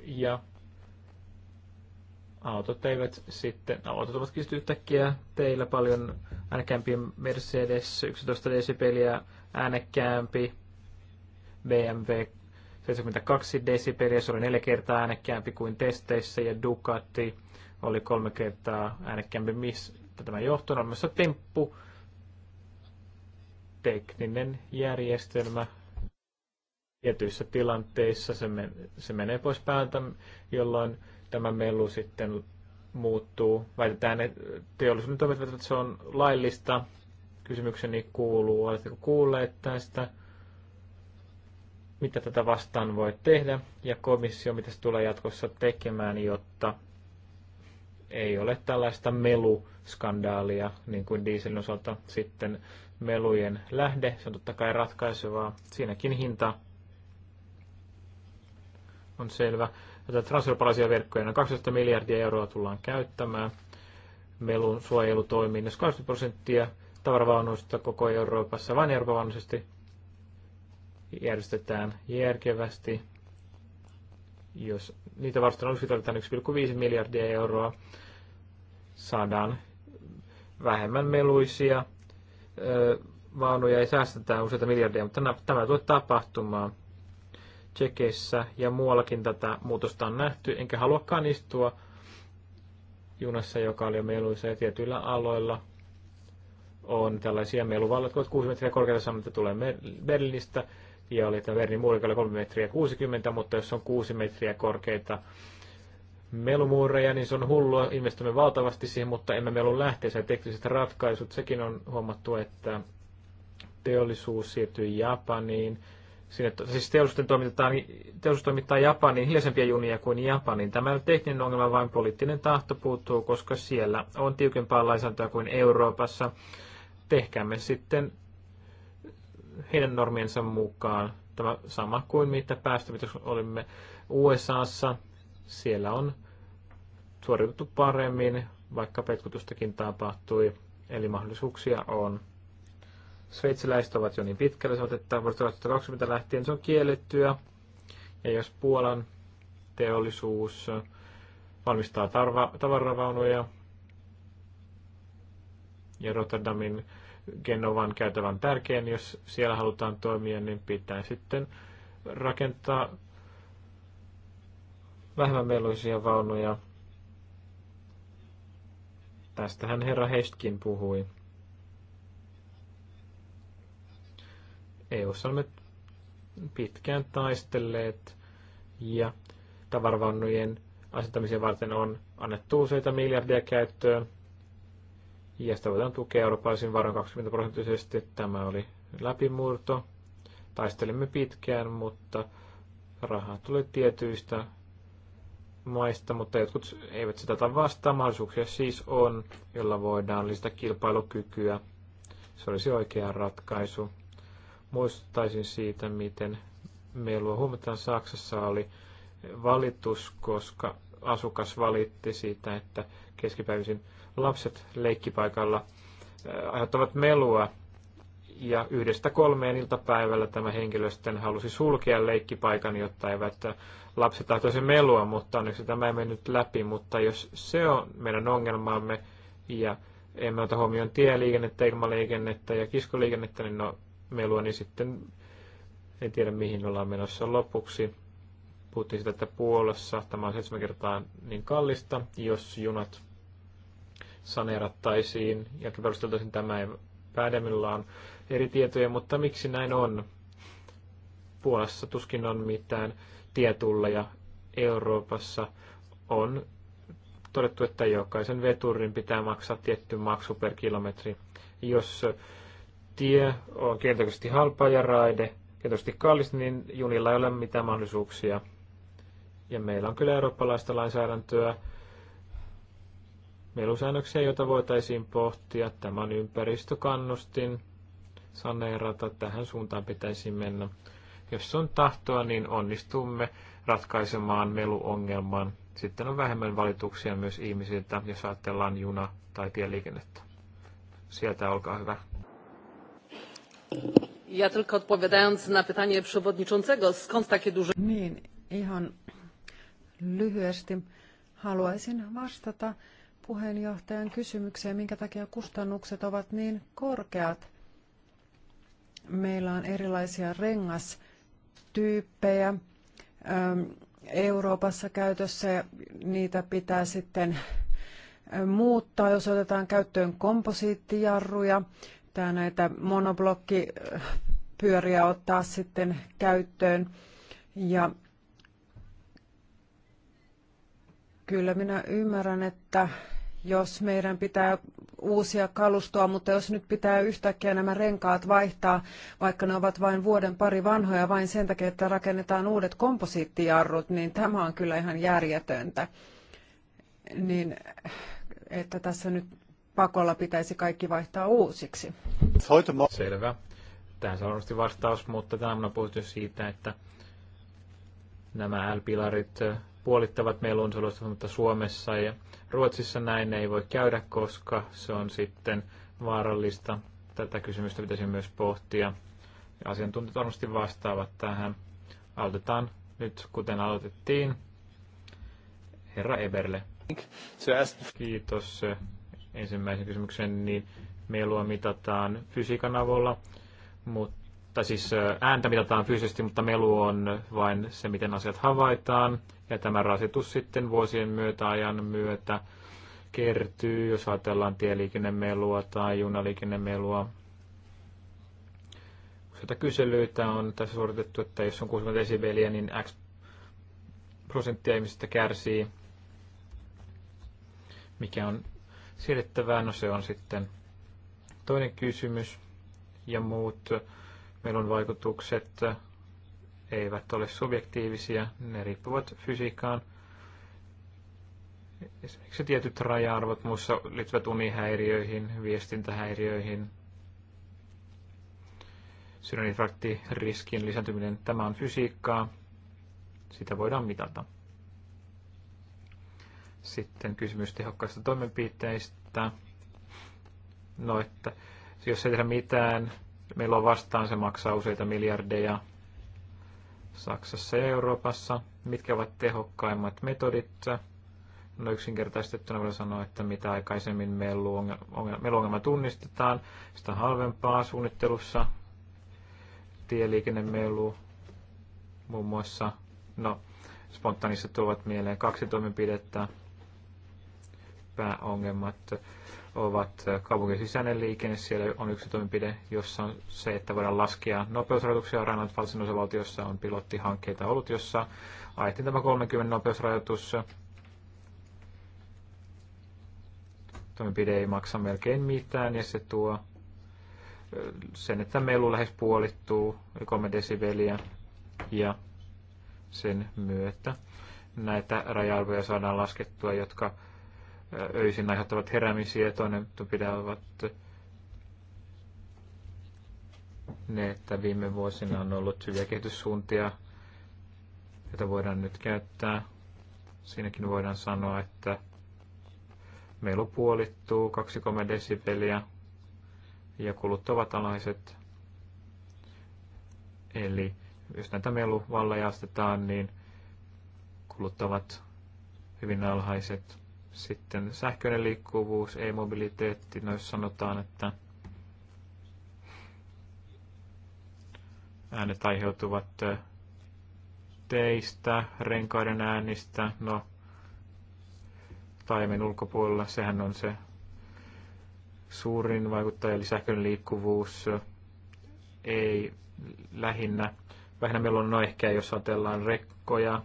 ja autot eivät sitten, no, autot ovat sitten siis yhtäkkiä teillä paljon äänekkäämpi Mercedes 11 desibeliä, äänekkäämpi BMW 72 desibeliä, se oli neljä kertaa äänekkäämpi kuin testeissä ja Ducati oli kolme kertaa äänekkäämpi, mistä tämä johtuu. On myös temppu, tekninen järjestelmä, tietyissä tilanteissa se, men, se menee pois päältä, jolloin tämä melu sitten muuttuu. Väitetään, että teollisuuden toimijat että se on laillista. Kysymykseni kuuluu, oletteko kuulleet tästä? mitä tätä vastaan voi tehdä, ja komissio, mitä se tulee jatkossa tekemään, jotta ei ole tällaista meluskandaalia, niin kuin dieselin osalta sitten melujen lähde. Se on totta kai ratkaisevaa. Siinäkin hinta on selvä. Tätä transferpalaisia verkkoja noin 12 miljardia euroa tullaan käyttämään melun suojelutoimiin. Jos 20 prosenttia tavaravaunuista koko Euroopassa vain Euroopan järjestetään järkevästi. Jos niitä vastaan uskitellaan 1,5 miljardia euroa, saadaan vähemmän meluisia vaunuja ei säästetä useita miljardia, mutta tämä tulee tapahtumaan. Tsekeissä ja muuallakin tätä muutosta on nähty, enkä haluakaan istua junassa, joka oli jo meluissa ja tietyillä aloilla on tällaisia meluvallat, ovat 6 metriä korkeita sanon, että tulee Berliinistä ja oli tämä Verni muurikalle 3 metriä 60, mutta jos on 6 metriä korkeita melumuureja, niin se on hullua, investoimme valtavasti siihen, mutta emme melun lähteessä ja tekniset ratkaisut, sekin on huomattu, että teollisuus siirtyy Japaniin, Sinne, siis teollisuus teollisuus toimittaa Japaniin hiljaisempia junia kuin Japaniin. Tämä ei ole tekninen ongelma, vaan poliittinen tahto puuttuu, koska siellä on tiukempaa lainsäädäntöä kuin Euroopassa. Tehkäämme sitten heidän normiensa mukaan. Tämä sama kuin mitä päästömitys olimme USAssa. Siellä on suoriuduttu paremmin, vaikka petkutustakin tapahtui, eli mahdollisuuksia on. Sveitsiläiset ovat jo niin pitkällä, sanot, että vuodesta 2020 lähtien se on kiellettyä. Ja jos Puolan teollisuus valmistaa tarva, tavaravaunuja ja Rotterdamin Genovan käytävän tärkein, jos siellä halutaan toimia, niin pitää sitten rakentaa vähemmän meluisia vaunuja. Tästähän herra Hestkin puhui. EU olemme pitkään taistelleet ja tavaravaunujen asentamisia varten on annettu useita miljardia käyttöön ja sitä voidaan tukea eurooppalaisin varoin 20 prosenttisesti. Tämä oli läpimurto. Taistelimme pitkään, mutta rahaa tuli tietyistä maista, mutta jotkut eivät sitä ota vastaan. Mahdollisuuksia siis on, jolla voidaan lisätä kilpailukykyä. Se olisi oikea ratkaisu. Muistaisin siitä, miten melua huomataan Saksassa oli valitus, koska asukas valitti siitä, että keskipäivisin Lapset leikkipaikalla aiheuttavat melua ja yhdestä kolmeen iltapäivällä tämä henkilö sitten halusi sulkea leikkipaikan, jotta eivät lapset tahtoisi melua, mutta onneksi tämä ei mennyt läpi. Mutta jos se on meidän ongelmamme ja emme ota huomioon tieliikennettä, ilmaliikennettä ja kiskoliikennettä, niin no melua, niin sitten en tiedä mihin ollaan menossa lopuksi. Puhuttiin sitä, että Puolassa tämä on seitsemän kertaa niin kallista, jos junat saneerattaisiin ja perusteltaisiin tämä ei päädemillä on eri tietoja, mutta miksi näin on? Puolassa tuskin on mitään tietulla ja Euroopassa on todettu, että jokaisen veturin pitää maksaa tietty maksu per kilometri. Jos tie on kieltävästi halpa ja raide kieltävästi kallis, niin junilla ei ole mitään mahdollisuuksia. Ja meillä on kyllä eurooppalaista lainsäädäntöä, melusäännöksiä, joita voitaisiin pohtia. Tämä on ympäristökannustin saneerata. Tähän suuntaan pitäisi mennä. Jos on tahtoa, niin onnistumme ratkaisemaan meluongelman. Sitten on vähemmän valituksia myös ihmisiltä, jos ajatellaan juna- tai tieliikennettä. Sieltä olkaa hyvä. Ja tylko odpowiadając na pytanie przewodniczącego, skąd takie duże... Niin, ihan lyhyesti haluaisin vastata puheenjohtajan kysymykseen, minkä takia kustannukset ovat niin korkeat. Meillä on erilaisia rengastyyppejä ähm, Euroopassa käytössä ja niitä pitää sitten äh, muuttaa, jos otetaan käyttöön komposiittijarruja tai näitä monoblokkipyöriä ottaa sitten käyttöön. Ja kyllä minä ymmärrän, että jos meidän pitää uusia kalustoa, mutta jos nyt pitää yhtäkkiä nämä renkaat vaihtaa, vaikka ne ovat vain vuoden pari vanhoja vain sen takia, että rakennetaan uudet komposiittijarrut, niin tämä on kyllä ihan järjetöntä. Niin, että tässä nyt pakolla pitäisi kaikki vaihtaa uusiksi. Selvä. Tähän on vastaus, mutta tämä on puhuttu siitä, että nämä L-pilarit puolittavat melunsulosta, mutta Suomessa ja Ruotsissa näin ei voi käydä, koska se on sitten vaarallista. Tätä kysymystä pitäisi myös pohtia. Asiantuntijat varmasti vastaavat tähän. Aloitetaan nyt, kuten aloitettiin. Herra Eberle. Kiitos eh, ensimmäisen kysymyksen. Niin melua mitataan fysiikan avulla, mutta siis eh, ääntä mitataan fyysisesti, mutta melu on vain se, miten asiat havaitaan. Ja tämä rasitus sitten vuosien myötä, ajan myötä kertyy, jos ajatellaan tieliikennemelua tai junaliikennemelua. Useita kyselyitä on tässä suoritettu, että jos on 60 desibeliä, niin X prosenttia ihmisistä kärsii. Mikä on siirrettävää. No se on sitten toinen kysymys. Ja muut, meillä on vaikutukset eivät ole subjektiivisia, ne riippuvat fysiikkaan. Esimerkiksi tietyt raja-arvot muissa liittyvät unihäiriöihin, viestintähäiriöihin, sydäninfarktiriskin lisääntyminen. Tämä on fysiikkaa, sitä voidaan mitata. Sitten kysymys tehokkaista toimenpiteistä. No, että jos ei tehdä mitään, meillä on vastaan, se maksaa useita miljardeja – Saksassa ja Euroopassa, mitkä ovat tehokkaimmat metodit. No yksinkertaistettuna voi sanoa, että mitä aikaisemmin meluongelma tunnistetaan, sitä halvempaa suunnittelussa. Tieliikennemelu muun muassa, no spontaanissa tuovat mieleen kaksi toimenpidettä, pääongelmat ovat kaupungin sisäinen liikenne. Siellä on yksi toimenpide, jossa on se, että voidaan laskea nopeusrajoituksia. Rannan pfalzin osavaltiossa on pilottihankkeita ollut, jossa aihtiin tämä 30 nopeusrajoitus. Toimenpide ei maksa melkein mitään ja se tuo sen, että melu lähes puolittuu yli 3 desibeliä ja sen myötä näitä raja-arvoja saadaan laskettua, jotka öisin aiheuttavat heräämisiä, toinen pidävät ne, että viime vuosina on ollut hyviä kehityssuuntia, joita voidaan nyt käyttää. Siinäkin voidaan sanoa, että melu puolittuu 2,3 desibeliä ja kulut ovat alaiset. Eli jos näitä meluvalleja astetaan, niin kulut ovat hyvin alhaiset. Sitten sähköinen liikkuvuus, e-mobiliteetti, noissa sanotaan, että äänet aiheutuvat teistä, renkaiden äänistä, no taimen ulkopuolella, sehän on se suurin vaikuttaja, eli sähkön liikkuvuus ei lähinnä. Vähän meillä on no ehkä, jos ajatellaan rekkoja,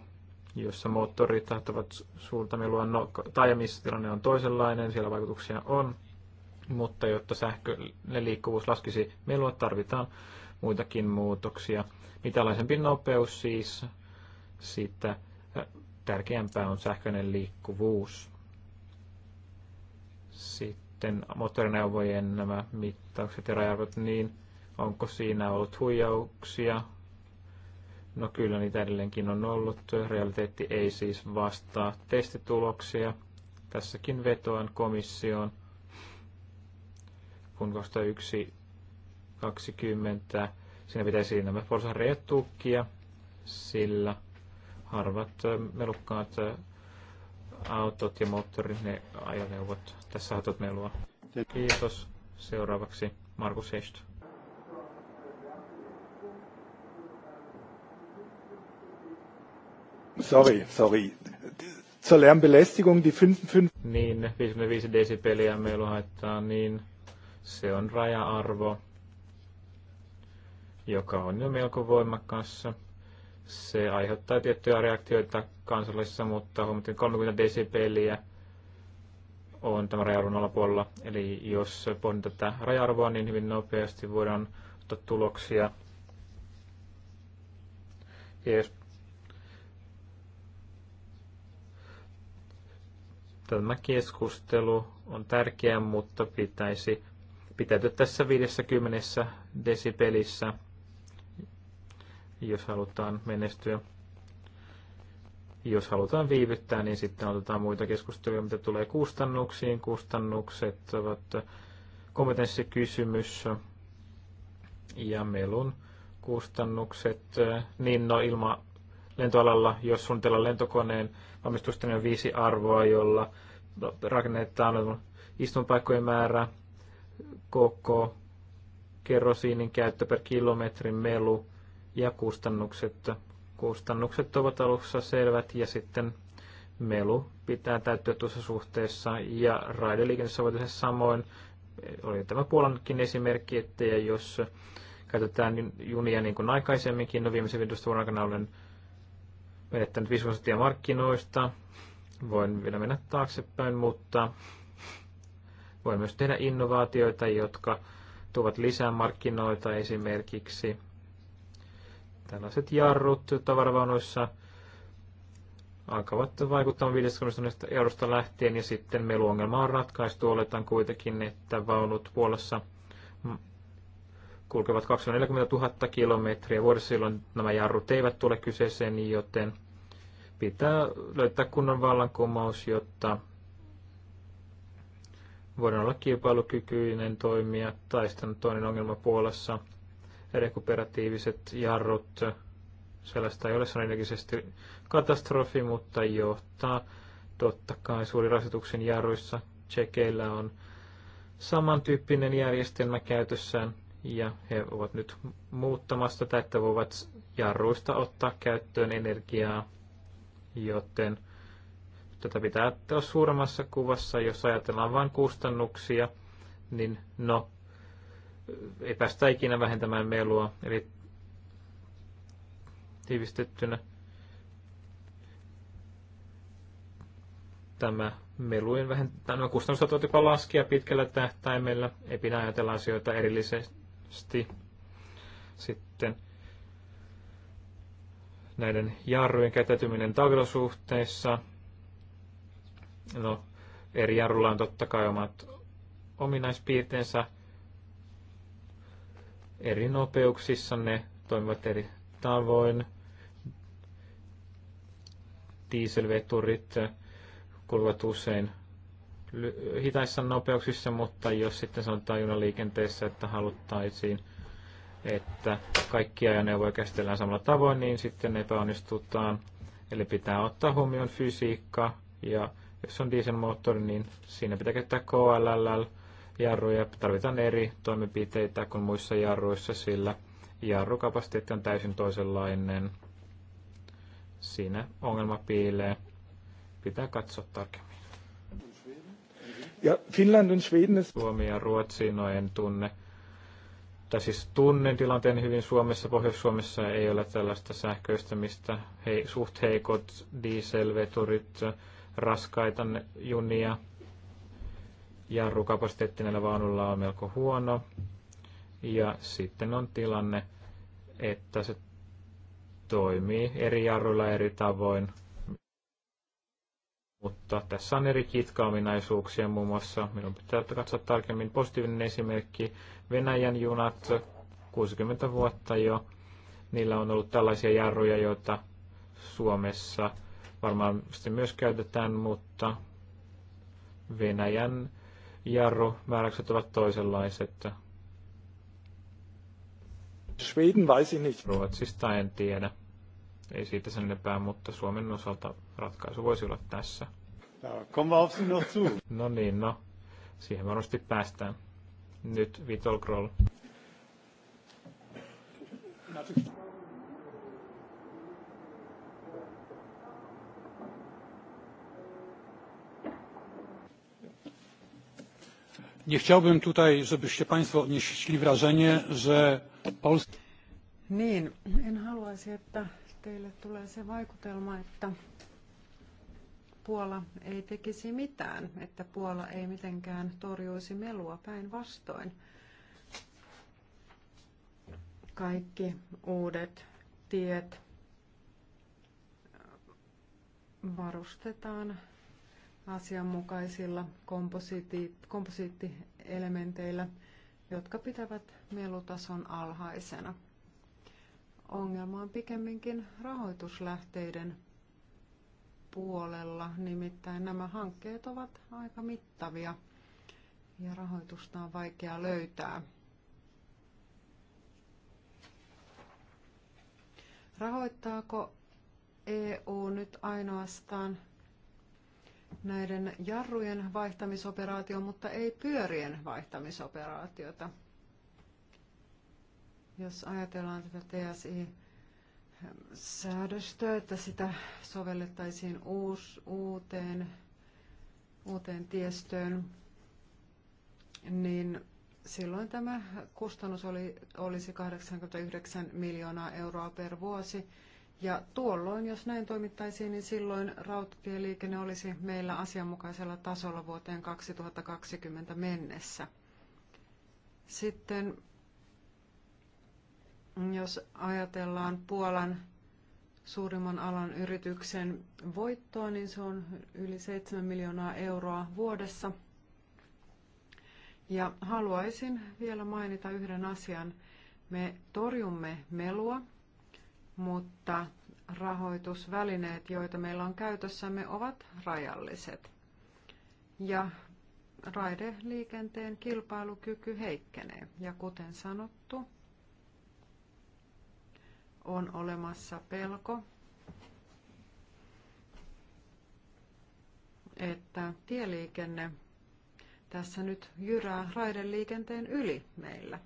jossa moottoritahat ovat suuntamilua. No, taajamissa tilanne on toisenlainen, siellä vaikutuksia on, mutta jotta sähköinen liikkuvuus laskisi melua, tarvitaan muitakin muutoksia. Mitalaisempi nopeus siis, sitä tärkeämpää on sähköinen liikkuvuus. Sitten moottorineuvojen nämä mittaukset ja rajarvot, niin onko siinä ollut huijauksia, No kyllä niitä edelleenkin on ollut. Realiteetti ei siis vastaa testituloksia. Tässäkin vetoan komissioon. Kun 1.20. siinä pitäisi nämä porsareet tukkia, sillä harvat melukkaat autot ja moottorit, ne ajoneuvot tässä autot melua. Kiitos. Seuraavaksi Markus Hecht. Sorry, sorry. Zur Lärmbelästigung, die 55... Niin, 55 Dezibeliä meillä haittaa, niin se on raja-arvo, joka on jo melko voimakkaassa. Se aiheuttaa tiettyjä reaktioita kansallisissa, mutta huomattiin 30 desibeliä on tämä raja-arvon alapuolella. Eli jos on tätä raja-arvoa, niin hyvin nopeasti voidaan ottaa tuloksia. Ja jos Tämä keskustelu on tärkeä, mutta pitäisi pitäytyä tässä 50 desibelissä, jos halutaan menestyä. Jos halutaan viivyttää, niin sitten otetaan muita keskusteluja, mitä tulee kustannuksiin. Kustannukset ovat kompetenssikysymys ja melun kustannukset. Niin no ilma lentoalalla, jos suunnitellaan lentokoneen valmistusten on viisi arvoa, jolla rakennetaan istunpaikkojen määrä, koko, kerosiinin käyttö per kilometrin melu ja kustannukset. Kustannukset ovat alussa selvät ja sitten melu pitää täyttyä tuossa suhteessa ja raideliikenteessä voi tehdä samoin. Oli tämä Puolankin esimerkki, että jos käytetään junia niin kuin aikaisemminkin, no viimeisen 15 vuoden aikana olen menettänyt 5 prosenttia markkinoista. Voin vielä mennä taaksepäin, mutta voin myös tehdä innovaatioita, jotka tuovat lisää markkinoita esimerkiksi. Tällaiset jarrut tavaravaunoissa alkavat vaikuttamaan 50 eurosta lähtien ja sitten meluongelma on ratkaistu. Oletan kuitenkin, että vaunut Puolassa kulkevat 240 000 kilometriä vuodessa, silloin nämä jarrut eivät tule kyseeseen, joten pitää löytää kunnon vallankumous, jotta voidaan olla kilpailukykyinen toimija, taistan toinen ongelma Puolassa, rekuperatiiviset jarrut, sellaista ei ole, se katastrofi, mutta johtaa totta kai suuri rasituksen jarruissa. Tsekeillä on samantyyppinen järjestelmä käytössään, ja he ovat nyt muuttamassa tätä, että voivat jarruista ottaa käyttöön energiaa, joten tätä pitää ottaa suuremmassa kuvassa, jos ajatellaan vain kustannuksia, niin no, ei päästä ikinä vähentämään melua, eli tiivistettynä tämä melujen vähentää, no kustannustasot jopa laskea pitkällä tähtäimellä, ei pidä ajatella asioita erillisesti sti. Sitten näiden jarrujen käyttäytyminen taglosuhteissa. No, eri jarrulla on totta kai omat ominaispiirteensä. Eri nopeuksissa ne toimivat eri tavoin. Dieselveturit kuluvat usein hitaissa nopeuksissa, mutta jos sitten sanotaan junaliikenteessä, että haluttaisiin, että kaikki ajoneuvoja käsitellään samalla tavoin, niin sitten epäonnistutaan. Eli pitää ottaa huomioon fysiikka ja jos on dieselmoottori, niin siinä pitää käyttää KLL jarruja. Tarvitaan eri toimenpiteitä kuin muissa jarruissa, sillä jarrukapasiteetti on täysin toisenlainen. Siinä ongelma piilee. Pitää katsoa tarkemmin. Ja Finland und Sweden ist... Suomi ja Ruotsi, no en tunne. Tai siis tunnen tilanteen hyvin Suomessa, Pohjois-Suomessa ei ole tällaista sähköistämistä. Hei, suht heikot dieselveturit, raskaita junia, jarrukapasiteetti näillä vaunulla on melko huono. Ja sitten on tilanne, että se toimii eri jarruilla eri tavoin. Mutta tässä on eri kitkaominaisuuksia muun muassa. Minun pitää katsoa tarkemmin positiivinen esimerkki. Venäjän junat 60 vuotta jo. Niillä on ollut tällaisia jarruja, joita Suomessa varmaan myös käytetään, mutta Venäjän jarrumääräykset ovat toisenlaiset. Sweden weiß ich nicht. Ruotsista en tiedä. Ei siitä sen enempää, mutta Suomen osalta ratkaisu voisi olla tässä. No niin, no. Siihen varmasti päästään. Nyt Vitol Kroll. Nie chciałbym tutaj, żebyście Państwo odnieśli wrażenie, że Polska... Niin, en haluaisi, että teille tulee se vaikutelma, että Puola ei tekisi mitään, että Puola ei mitenkään torjuisi melua päinvastoin. Kaikki uudet tiet varustetaan asianmukaisilla komposiitti, komposiittielementeillä, jotka pitävät melutason alhaisena. Ongelma on pikemminkin rahoituslähteiden puolella, nimittäin nämä hankkeet ovat aika mittavia ja rahoitusta on vaikea löytää. Rahoittaako EU nyt ainoastaan näiden jarrujen vaihtamisoperaatio, mutta ei pyörien vaihtamisoperaatiota? Jos ajatellaan tätä TSI, säädöstöä että sitä sovellettaisiin uus, uuteen, uuteen tiestöön, niin silloin tämä kustannus oli, olisi 89 miljoonaa euroa per vuosi. Ja tuolloin, jos näin toimittaisiin, niin silloin rautatieliikenne olisi meillä asianmukaisella tasolla vuoteen 2020 mennessä. Sitten jos ajatellaan Puolan suurimman alan yrityksen voittoa, niin se on yli 7 miljoonaa euroa vuodessa. Ja haluaisin vielä mainita yhden asian. Me torjumme melua, mutta rahoitusvälineet, joita meillä on käytössämme, ovat rajalliset. Ja raideliikenteen kilpailukyky heikkenee. Ja kuten sanottu, on olemassa pelko, että tieliikenne tässä nyt jyrää raideliikenteen yli meillä.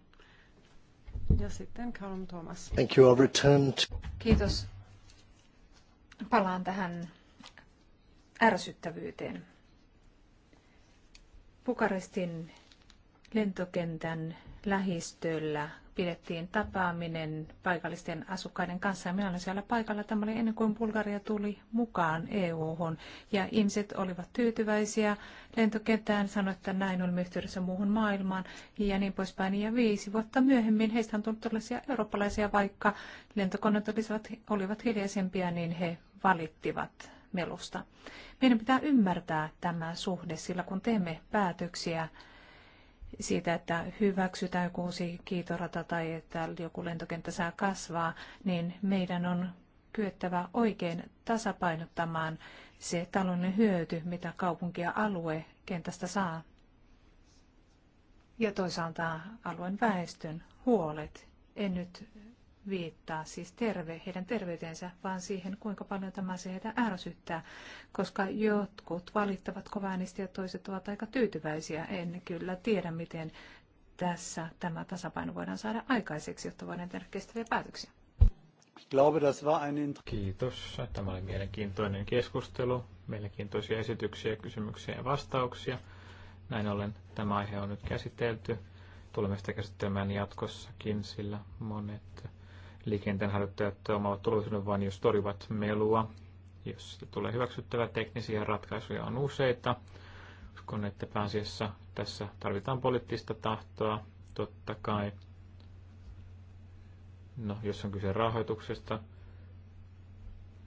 Ja sitten Callum Thomas. Thank you, I'll return to... Kiitos. Palaan tähän ärsyttävyyteen. Bukarestin lentokentän lähistöllä pidettiin tapaaminen paikallisten asukkaiden kanssa. Ja minä olin siellä paikalla. Tämä oli ennen kuin Bulgaria tuli mukaan EU-hun. Ja ihmiset olivat tyytyväisiä lentokentään sanoivat, että näin on yhteydessä muuhun maailmaan ja niin poispäin. Ja viisi vuotta myöhemmin heistä on tullut tällaisia eurooppalaisia, vaikka lentokoneet olisivat, olivat hiljaisempia, niin he valittivat melusta. Meidän pitää ymmärtää tämä suhde, sillä kun teemme päätöksiä, siitä, että hyväksytään joku uusi kiitorata tai että joku lentokenttä saa kasvaa, niin meidän on kyettävä oikein tasapainottamaan se taloudellinen hyöty, mitä kaupunki ja alue kentästä saa. Ja toisaalta alueen väestön huolet. En nyt viittaa siis terve, heidän terveytensä, vaan siihen, kuinka paljon tämä se heitä ärsyttää, koska jotkut valittavat kovaäänistä ja toiset ovat aika tyytyväisiä. En kyllä tiedä, miten tässä tämä tasapaino voidaan saada aikaiseksi, jotta voidaan tehdä kestäviä päätöksiä. Kiitos. Tämä oli mielenkiintoinen keskustelu, mielenkiintoisia esityksiä, kysymyksiä ja vastauksia. Näin ollen tämä aihe on nyt käsitelty. Tulemme sitä käsittelemään jatkossakin, sillä monet liikenteen harjoittajat omaavat turvallisuuden, vain jos torjuvat melua, jos tulee hyväksyttävä teknisiä ratkaisuja on useita. Uskon, että pääasiassa tässä tarvitaan poliittista tahtoa, totta kai. No, jos on kyse rahoituksesta.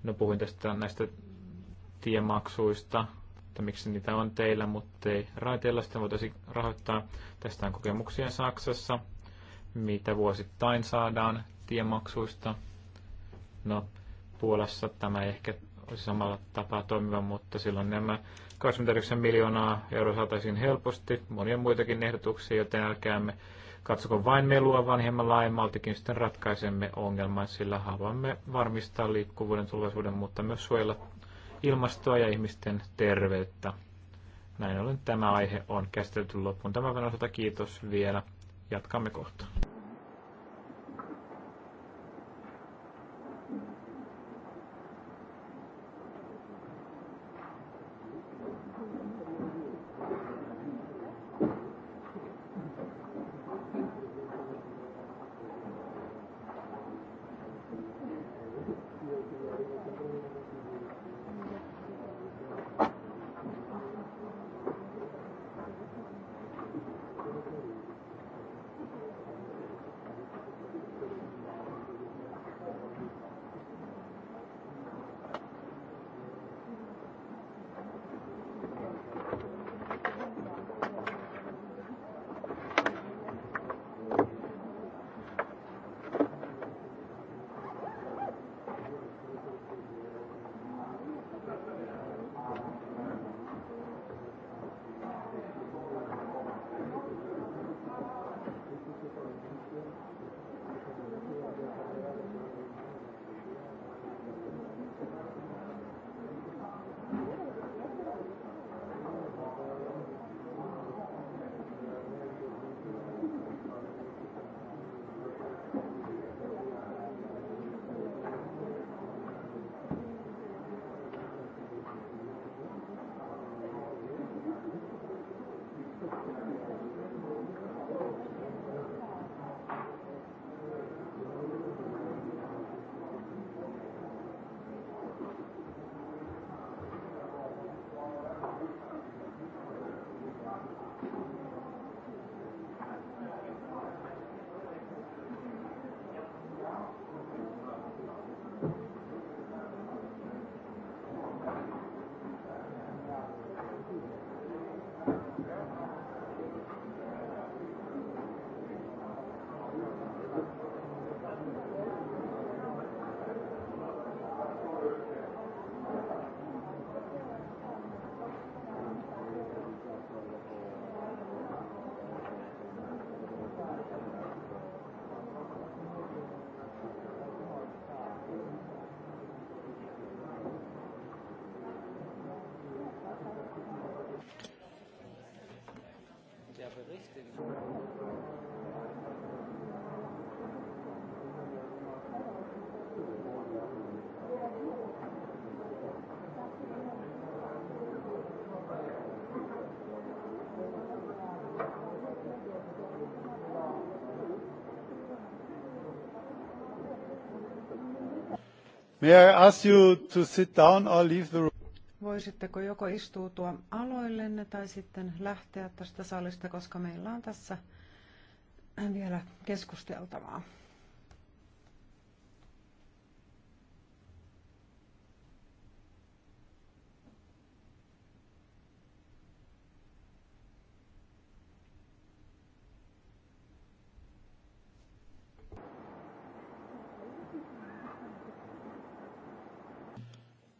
No, puhuin tästä näistä tiemaksuista, että miksi niitä on teillä, mutta ei raiteilla sitä voitaisiin rahoittaa. Tästä on kokemuksia Saksassa, mitä vuosittain saadaan tiemaksuista. No, Puolassa tämä ehkä olisi samalla tapaa toimiva, mutta silloin nämä 29 miljoonaa euroa saataisiin helposti. Monia muitakin ehdotuksia, joten älkäämme katsoko vain melua hieman laajemmaltikin, sitten ratkaisemme ongelman, sillä haluamme varmistaa liikkuvuuden tulevaisuuden, mutta myös suojella ilmastoa ja ihmisten terveyttä. Näin ollen tämä aihe on käsitelty loppuun tämän osalta. Kiitos vielä. Jatkamme kohta. Bericht, May I ask you to sit down or leave the room? Voisitteko joko istuutua tänne tai sitten lähteä tästä salista, koska meillä on tässä vielä keskusteltavaa.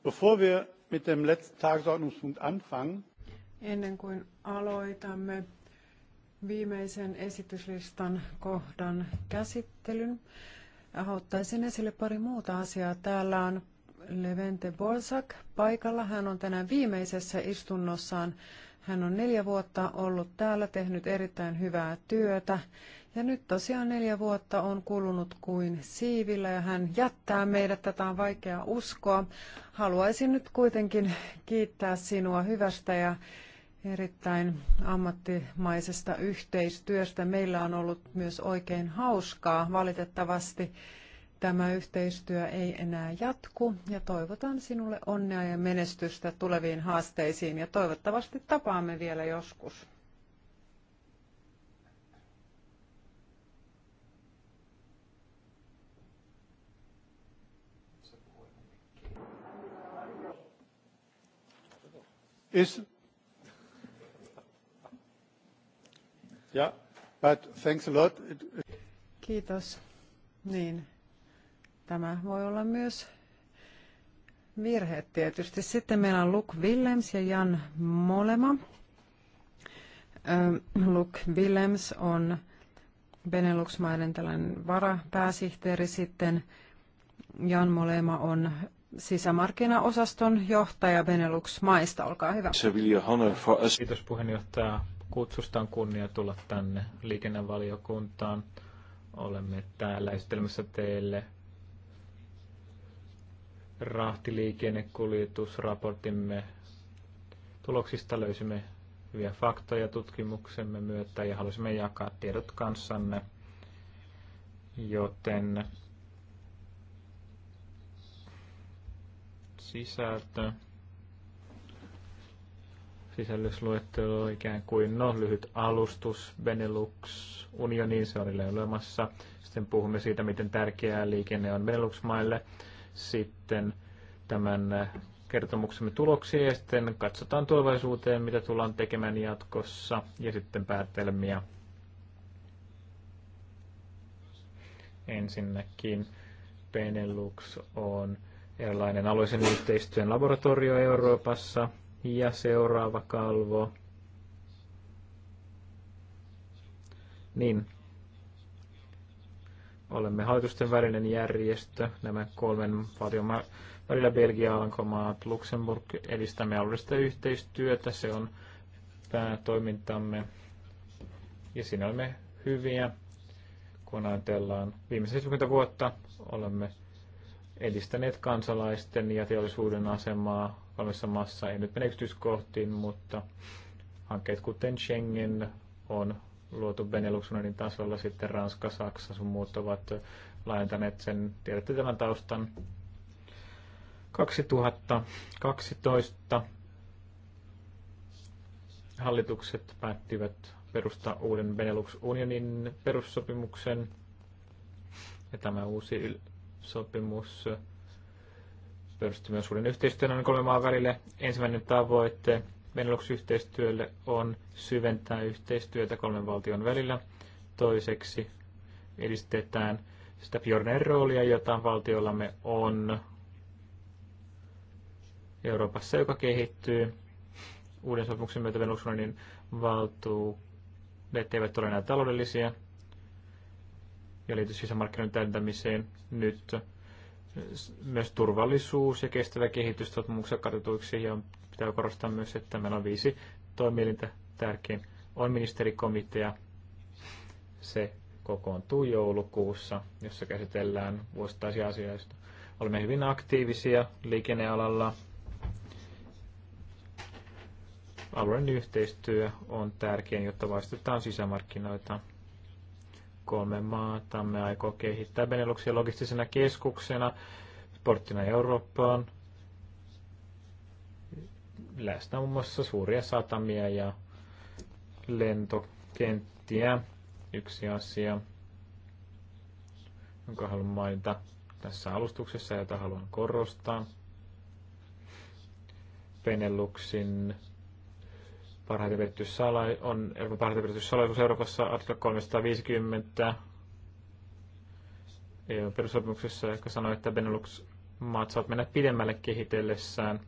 bevor wir mit dem letzten tagesordnungspunkt anfangen Ennen kuin aloitamme viimeisen esityslistan kohdan käsittelyn, ottaisin esille pari muuta asiaa. Täällä on Levente Bolsak paikalla. Hän on tänään viimeisessä istunnossaan. Hän on neljä vuotta ollut täällä, tehnyt erittäin hyvää työtä. Ja nyt tosiaan neljä vuotta on kulunut kuin siivillä ja hän jättää meidät. Tätä on vaikea uskoa. Haluaisin nyt kuitenkin kiittää sinua hyvästä ja erittäin ammattimaisesta yhteistyöstä. Meillä on ollut myös oikein hauskaa. Valitettavasti tämä yhteistyö ei enää jatku ja toivotan sinulle onnea ja menestystä tuleviin haasteisiin ja toivottavasti tapaamme vielä joskus. Is Yeah, but thanks a lot. Kiitos. Niin, tämä voi olla myös virhe tietysti. Sitten meillä on Luke Willems ja Jan Molema. Luke Willems on Benelux-maiden tällainen varapääsihteeri sitten. Jan Molema on sisämarkkinaosaston johtaja Benelux-maista. Olkaa hyvä. Kiitos puheenjohtaja kutsusta. On kunnia tulla tänne liikennevaliokuntaan. Olemme täällä esittelemässä teille rahtiliikennekuljetusraportimme tuloksista löysimme hyviä faktoja tutkimuksemme myötä ja halusimme jakaa tiedot kanssanne, joten sisältö sisällysluettelo ikään kuin, no lyhyt alustus Benelux unioniin, se on olemassa. Sitten puhumme siitä, miten tärkeää liikenne on Benelux-maille. Sitten tämän kertomuksemme tuloksia ja sitten katsotaan tulevaisuuteen, mitä tullaan tekemään jatkossa ja sitten päätelmiä. Ensinnäkin Benelux on erilainen alueisen yhteistyön laboratorio Euroopassa – ja seuraava kalvo. Niin. Olemme hallitusten välinen järjestö. Nämä kolmen valtion välillä Belgia, Alankomaat, Luxemburg edistämme alueellista yhteistyötä. Se on päätoimintamme. Ja siinä olemme hyviä, kun ajatellaan viimeiset 70 vuotta olemme edistäneet kansalaisten ja teollisuuden asemaa valmissa maassa. Ei nyt mene yksityiskohtiin, mutta hankkeet kuten Schengen on luotu benelux tasolla, sitten Ranska, Saksa sun muut ovat laajentaneet sen, tiedätte tämän taustan. 2012 hallitukset päättivät perustaa uuden Benelux-unionin perussopimuksen. Ja tämä uusi sopimus perustuu myös yhteistyön on kolme maan välille. Ensimmäinen tavoite Benelux-yhteistyölle on syventää yhteistyötä kolmen valtion välillä. Toiseksi edistetään sitä Björnen roolia, jota valtiollamme on Euroopassa, joka kehittyy. Uuden sopimuksen myötä Venäjän valtuudet eivät ole enää taloudellisia, ja liittyy sisämarkkinoiden täydentämiseen nyt äh, myös turvallisuus ja kestävä kehitys tutkimuksessa katsotuiksi ja pitää korostaa myös, että meillä on viisi toimielintä tärkein. On ministerikomitea, se kokoontuu joulukuussa, jossa käsitellään vuosittaisia asioista. Olemme hyvin aktiivisia liikennealalla. Alueen yhteistyö on tärkein, jotta vaistetaan sisämarkkinoita kolme maatamme aikoo kehittää Beneluxia logistisena keskuksena, porttina Eurooppaan. Läsnä muun muassa suuria satamia ja lentokenttiä. Yksi asia, jonka haluan mainita tässä alustuksessa, jota haluan korostaa. Beneluxin parhaiten pidetty salai, on Euroopan parhaiten pidetty salaisuus Euroopassa artikla 350 EU perussopimuksessa, joka sanoi, että Benelux-maat saavat mennä pidemmälle kehitellessään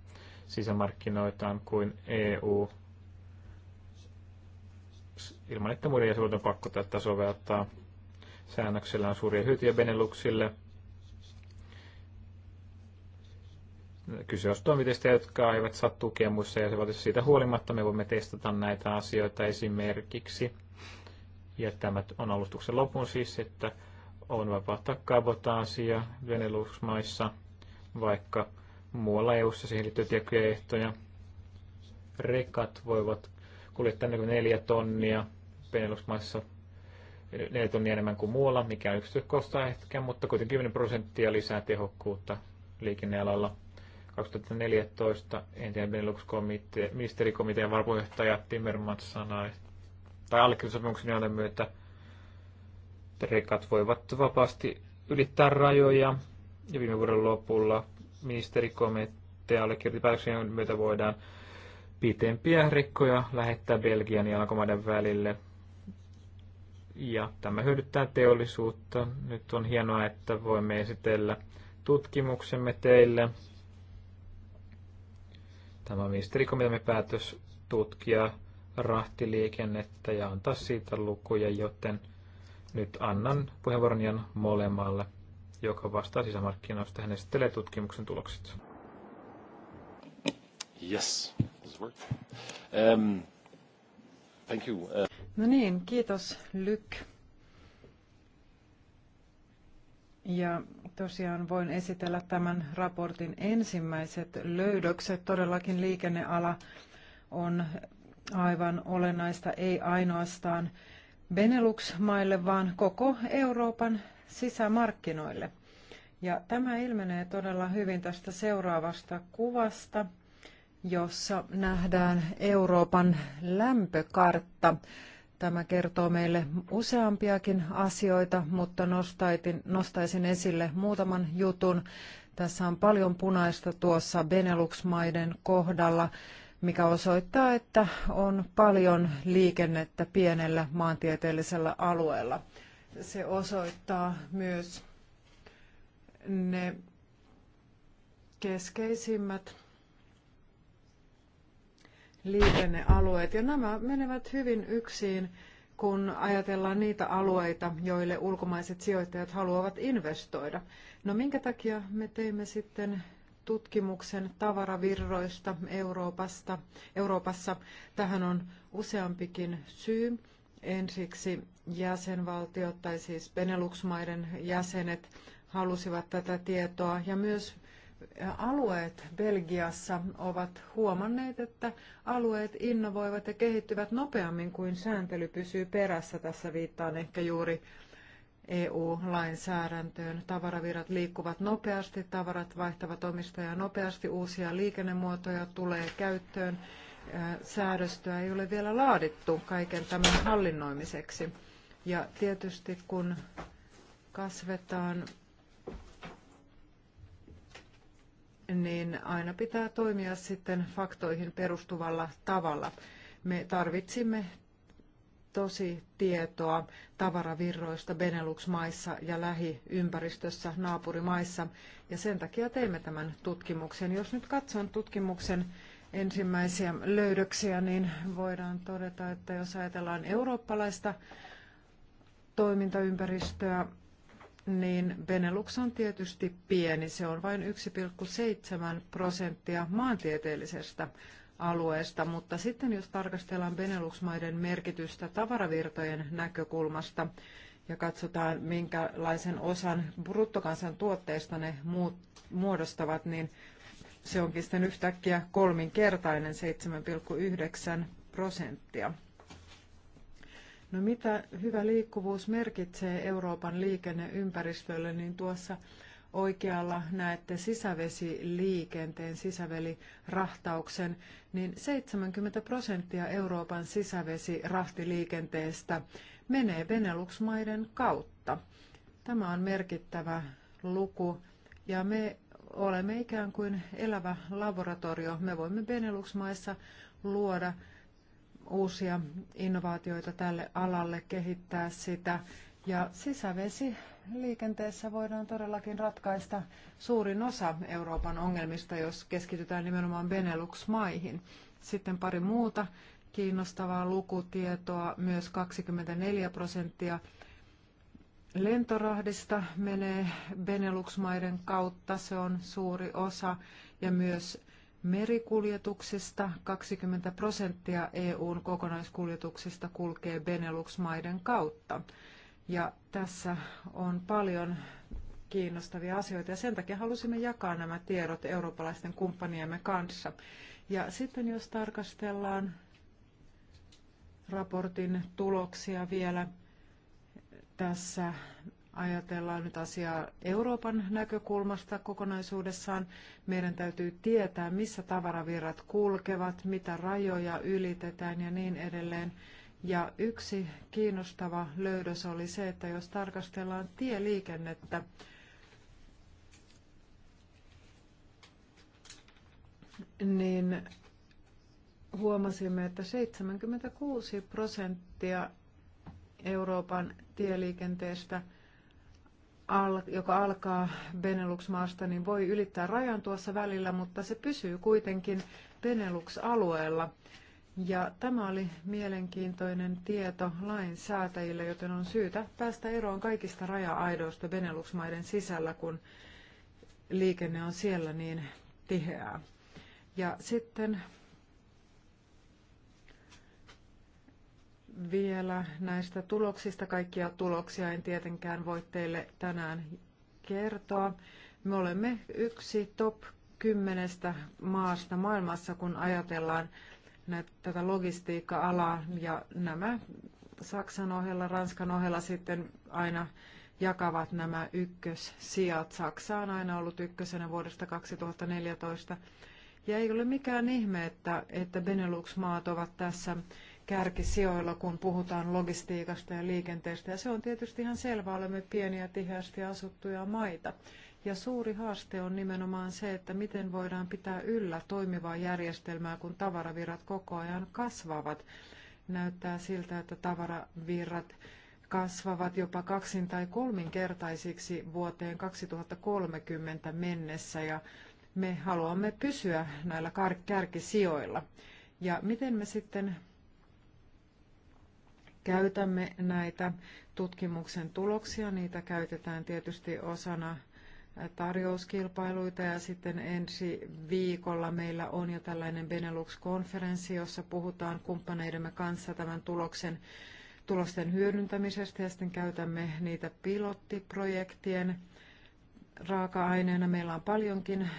sisämarkkinoitaan kuin EU ilman, että muiden jäsenvaltioiden pakko tätä soveltaa. Säännöksellä on suuria hyötyjä Beneluxille – Kyse on toimenpiteistä, jotka eivät saa tukea muissa jäsenvaltioissa. Siitä huolimatta me voimme testata näitä asioita esimerkiksi. Ja tämä on alustuksen lopun siis, että on vapaata kabotaasia venelux maissa vaikka muualla EU-ssa siihen liittyy tiettyjä ehtoja. Rekat voivat kuljettaa 4 tonnia venelux maissa 4 tonnia enemmän kuin muualla, mikä on yksityiskohtaa ehkä, mutta kuitenkin 10 prosenttia lisää tehokkuutta liikennealalla 2014 entinen ministerikomitean varapuheenjohtaja Timmermans sanoi, tai allekirjoitusopimuksen joiden myötä rekat voivat vapaasti ylittää rajoja. Ja viime vuoden lopulla ministerikomitea allekirjoitti päätöksen, myötä voidaan pitempiä rekkoja lähettää Belgian ja alkomaiden välille. Ja tämä hyödyttää teollisuutta. Nyt on hienoa, että voimme esitellä tutkimuksemme teille. Tämä ministerikomiteamme päätös tutkia rahtiliikennettä ja antaa siitä lukuja, joten nyt annan puheenvuoron Jan molemmalle, joka vastaa sisämarkkinoista. Hän esittelee tutkimuksen tulokset. Yes, this works. Um, thank you. Uh... No niin, kiitos Lyk. Ja tosiaan voin esitellä tämän raportin ensimmäiset löydökset. Todellakin liikenneala on aivan olennaista ei ainoastaan Benelux-maille, vaan koko Euroopan sisämarkkinoille. Ja tämä ilmenee todella hyvin tästä seuraavasta kuvasta, jossa nähdään Euroopan lämpökartta. Tämä kertoo meille useampiakin asioita, mutta nostaisin esille muutaman jutun. Tässä on paljon punaista tuossa Benelux-maiden kohdalla, mikä osoittaa, että on paljon liikennettä pienellä maantieteellisellä alueella. Se osoittaa myös ne keskeisimmät liikennealueet. Ja nämä menevät hyvin yksiin, kun ajatellaan niitä alueita, joille ulkomaiset sijoittajat haluavat investoida. No minkä takia me teimme sitten tutkimuksen tavaravirroista Euroopasta. Euroopassa tähän on useampikin syy. Ensiksi jäsenvaltiot tai siis Benelux-maiden jäsenet halusivat tätä tietoa ja myös alueet Belgiassa ovat huomanneet, että alueet innovoivat ja kehittyvät nopeammin kuin sääntely pysyy perässä. Tässä viittaan ehkä juuri EU-lainsäädäntöön. Tavaravirrat liikkuvat nopeasti, tavarat vaihtavat omistajaa nopeasti, uusia liikennemuotoja tulee käyttöön. Säädöstöä ei ole vielä laadittu kaiken tämän hallinnoimiseksi. Ja tietysti kun kasvetaan niin aina pitää toimia sitten faktoihin perustuvalla tavalla. Me tarvitsimme tosi tietoa tavaravirroista Benelux-maissa ja lähiympäristössä, naapurimaissa, ja sen takia teimme tämän tutkimuksen. Jos nyt katson tutkimuksen ensimmäisiä löydöksiä, niin voidaan todeta, että jos ajatellaan eurooppalaista toimintaympäristöä, niin Benelux on tietysti pieni. Se on vain 1,7 prosenttia maantieteellisestä alueesta, mutta sitten jos tarkastellaan Benelux-maiden merkitystä tavaravirtojen näkökulmasta ja katsotaan, minkälaisen osan bruttokansantuotteista ne muut muodostavat, niin se onkin sitten yhtäkkiä kolminkertainen 7,9 prosenttia. No mitä hyvä liikkuvuus merkitsee Euroopan liikenneympäristölle, niin tuossa oikealla näette sisävesiliikenteen, sisävelirahtauksen, niin 70 prosenttia Euroopan sisävesirahtiliikenteestä menee Benelux-maiden kautta. Tämä on merkittävä luku ja me olemme ikään kuin elävä laboratorio. Me voimme Benelux-maissa luoda uusia innovaatioita tälle alalle, kehittää sitä. Ja sisävesi liikenteessä voidaan todellakin ratkaista suurin osa Euroopan ongelmista, jos keskitytään nimenomaan Benelux-maihin. Sitten pari muuta kiinnostavaa lukutietoa. Myös 24 prosenttia lentorahdista menee Benelux-maiden kautta. Se on suuri osa. Ja myös Merikuljetuksista 20 prosenttia EUn kokonaiskuljetuksista kulkee Benelux-maiden kautta. Ja tässä on paljon kiinnostavia asioita ja sen takia halusimme jakaa nämä tiedot eurooppalaisten kumppaniemme kanssa. Ja sitten jos tarkastellaan raportin tuloksia vielä tässä ajatellaan nyt asiaa Euroopan näkökulmasta kokonaisuudessaan, meidän täytyy tietää, missä tavaravirrat kulkevat, mitä rajoja ylitetään ja niin edelleen. Ja yksi kiinnostava löydös oli se, että jos tarkastellaan tieliikennettä, niin huomasimme, että 76 prosenttia Euroopan tieliikenteestä – joka alkaa Benelux-maasta, niin voi ylittää rajan tuossa välillä, mutta se pysyy kuitenkin Benelux-alueella. Ja tämä oli mielenkiintoinen tieto lainsäätäjille, joten on syytä päästä eroon kaikista raja-aidoista Benelux-maiden sisällä, kun liikenne on siellä niin tiheää. Ja sitten vielä näistä tuloksista. Kaikkia tuloksia en tietenkään voi teille tänään kertoa. Me olemme yksi top kymmenestä maasta maailmassa, kun ajatellaan näitä, tätä logistiikka-alaa ja nämä Saksan ohella, Ranskan ohella sitten aina jakavat nämä ykkössijat. Saksa on aina ollut ykkösenä vuodesta 2014. Ja ei ole mikään ihme, että, että Benelux-maat ovat tässä kärkisijoilla, kun puhutaan logistiikasta ja liikenteestä. Ja se on tietysti ihan selvä, olemme pieniä, tiheästi asuttuja maita. Ja suuri haaste on nimenomaan se, että miten voidaan pitää yllä toimivaa järjestelmää, kun tavaravirrat koko ajan kasvavat. Näyttää siltä, että tavaravirrat kasvavat jopa kaksin tai kolminkertaisiksi vuoteen 2030 mennessä ja me haluamme pysyä näillä kärkisijoilla. Ja miten me sitten käytämme näitä tutkimuksen tuloksia. Niitä käytetään tietysti osana tarjouskilpailuita ja sitten ensi viikolla meillä on jo tällainen Benelux-konferenssi, jossa puhutaan kumppaneidemme kanssa tämän tuloksen, tulosten hyödyntämisestä ja sitten käytämme niitä pilottiprojektien raaka-aineena. Meillä on paljonkin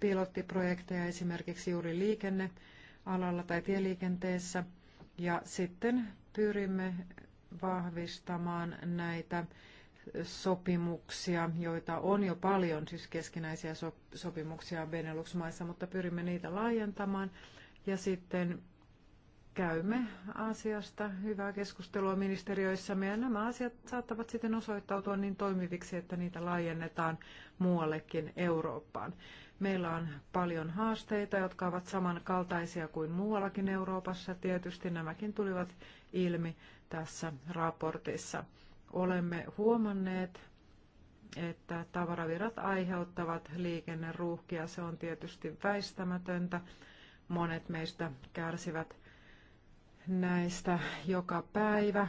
pilottiprojekteja esimerkiksi juuri liikennealalla tai tieliikenteessä ja sitten pyrimme vahvistamaan näitä sopimuksia, joita on jo paljon, siis keskinäisiä sopimuksia Benelux-maissa, mutta pyrimme niitä laajentamaan. Ja sitten käymme asiasta hyvää keskustelua ministeriöissämme ja nämä asiat saattavat sitten osoittautua niin toimiviksi, että niitä laajennetaan muuallekin Eurooppaan. Meillä on paljon haasteita, jotka ovat samankaltaisia kuin muuallakin Euroopassa. Tietysti nämäkin tulivat ilmi tässä raportissa. Olemme huomanneet, että tavaravirrat aiheuttavat liikenneruuhkia. Se on tietysti väistämätöntä. Monet meistä kärsivät näistä joka päivä.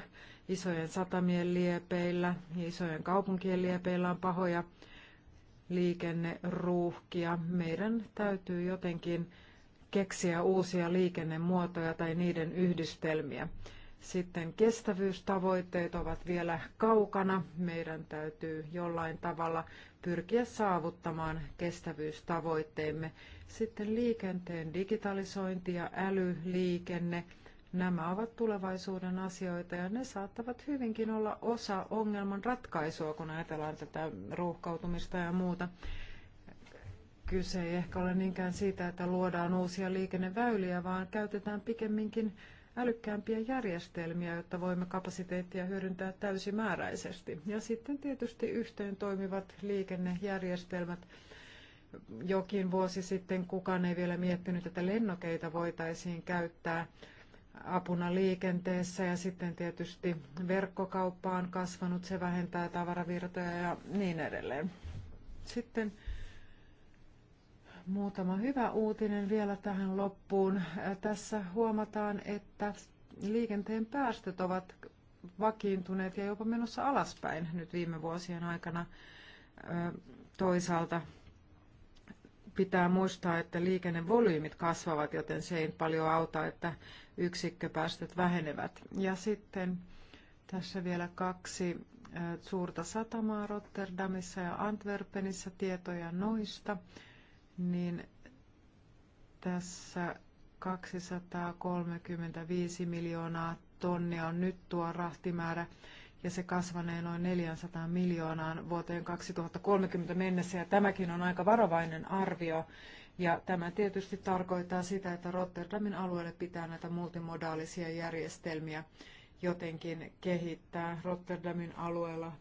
Isojen satamien liepeillä, isojen kaupunkien liepeillä on pahoja liikenneruuhkia. Meidän täytyy jotenkin keksiä uusia liikennemuotoja tai niiden yhdistelmiä. Sitten kestävyystavoitteet ovat vielä kaukana. Meidän täytyy jollain tavalla pyrkiä saavuttamaan kestävyystavoitteemme. Sitten liikenteen digitalisointi ja älyliikenne. Nämä ovat tulevaisuuden asioita ja ne saattavat hyvinkin olla osa ongelman ratkaisua, kun ajatellaan tätä ruuhkautumista ja muuta. Kyse ei ehkä ole niinkään siitä, että luodaan uusia liikenneväyliä, vaan käytetään pikemminkin älykkäämpiä järjestelmiä, jotta voimme kapasiteettia hyödyntää täysimääräisesti. Ja sitten tietysti yhteen toimivat liikennejärjestelmät. Jokin vuosi sitten kukaan ei vielä miettinyt, että lennokeita voitaisiin käyttää apuna liikenteessä ja sitten tietysti verkkokauppa on kasvanut, se vähentää tavaravirtoja ja niin edelleen. Sitten Muutama hyvä uutinen vielä tähän loppuun. Tässä huomataan, että liikenteen päästöt ovat vakiintuneet ja jopa menossa alaspäin nyt viime vuosien aikana. Toisaalta pitää muistaa, että liikennevolyymit kasvavat, joten se ei paljon auta, että yksikköpäästöt vähenevät. Ja sitten tässä vielä kaksi suurta satamaa Rotterdamissa ja Antwerpenissä tietoja noista niin tässä 235 miljoonaa tonnia on nyt tuo rahtimäärä ja se kasvanee noin 400 miljoonaan vuoteen 2030 mennessä ja tämäkin on aika varovainen arvio. Ja tämä tietysti tarkoittaa sitä, että Rotterdamin alueelle pitää näitä multimodaalisia järjestelmiä jotenkin kehittää. Rotterdamin alueella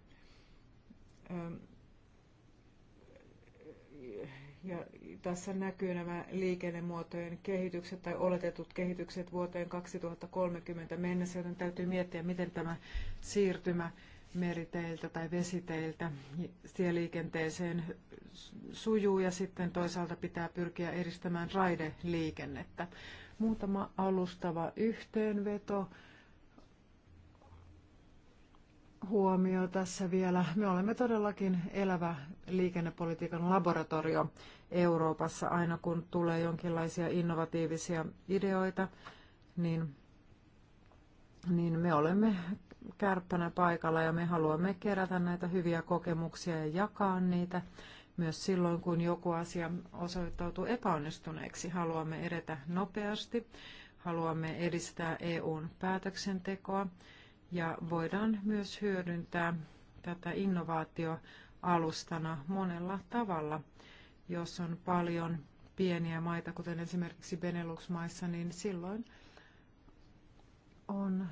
ja tässä näkyy nämä liikennemuotojen kehitykset tai oletetut kehitykset vuoteen 2030 mennessä, joten täytyy miettiä, miten tämä siirtymä meriteiltä tai vesiteiltä tieliikenteeseen sujuu ja sitten toisaalta pitää pyrkiä edistämään raideliikennettä. Muutama alustava yhteenveto huomio tässä vielä. Me olemme todellakin elävä liikennepolitiikan laboratorio Euroopassa. Aina kun tulee jonkinlaisia innovatiivisia ideoita, niin, niin me olemme kärppänä paikalla ja me haluamme kerätä näitä hyviä kokemuksia ja jakaa niitä. Myös silloin, kun joku asia osoittautuu epäonnistuneeksi, haluamme edetä nopeasti, haluamme edistää EUn päätöksentekoa ja voidaan myös hyödyntää tätä innovaatioalustana monella tavalla. Jos on paljon pieniä maita, kuten esimerkiksi Benelux-maissa, niin silloin on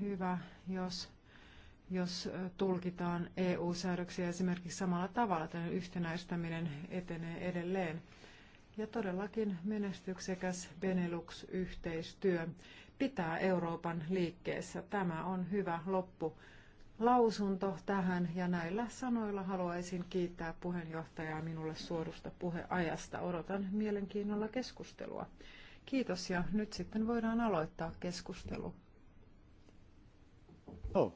hyvä, jos, jos tulkitaan EU-säädöksiä esimerkiksi samalla tavalla. Tämä yhtenäistäminen etenee edelleen. Ja todellakin menestyksekäs Benelux-yhteistyö pitää Euroopan liikkeessä. Tämä on hyvä loppu lausunto tähän ja näillä sanoilla haluaisin kiittää puheenjohtajaa minulle suodusta puheajasta. Odotan mielenkiinnolla keskustelua. Kiitos ja nyt sitten voidaan aloittaa keskustelu. Oh.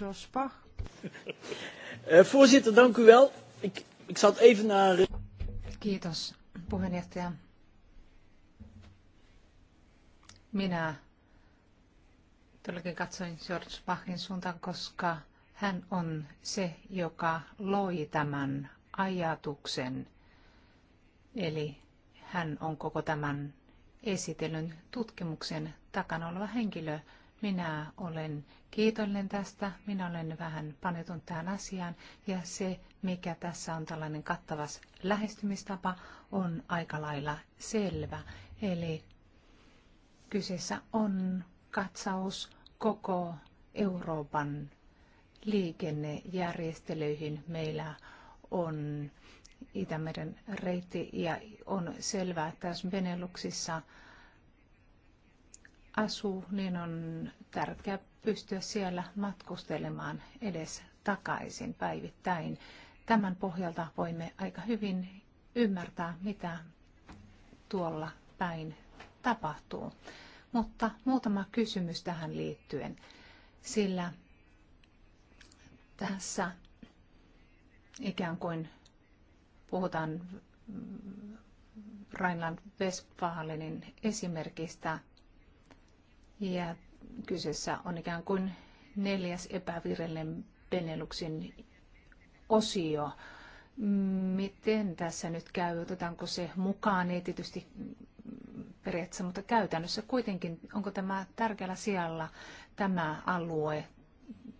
Josh eh, Bach. Voorzitter, dank u wel. Ik, ik zat even naar... Kiitos puheenjohtaja. Minä todellakin katsoin George Bachin suuntaan, koska hän on se, joka loi tämän ajatuksen. Eli hän on koko tämän esitellyn tutkimuksen takana oleva henkilö. Minä olen kiitollinen tästä, minä olen vähän panetun tähän asiaan ja se, mikä tässä on tällainen kattavas lähestymistapa, on aika lailla selvä. Eli Kyseessä on katsaus koko Euroopan liikennejärjestelyihin. Meillä on Itämeren reitti ja on selvää, että jos Beneluxissa asuu, niin on tärkeää pystyä siellä matkustelemaan edes takaisin päivittäin. Tämän pohjalta voimme aika hyvin ymmärtää, mitä tuolla päin tapahtuu. Mutta muutama kysymys tähän liittyen, sillä tässä ikään kuin puhutaan Rainland westfalenin esimerkistä ja kyseessä on ikään kuin neljäs epävirellinen Beneluxin osio. Miten tässä nyt käy? Otetaanko se mukaan? Ei tietysti periaatteessa, mutta käytännössä kuitenkin, onko tämä tärkeällä sijalla tämä alue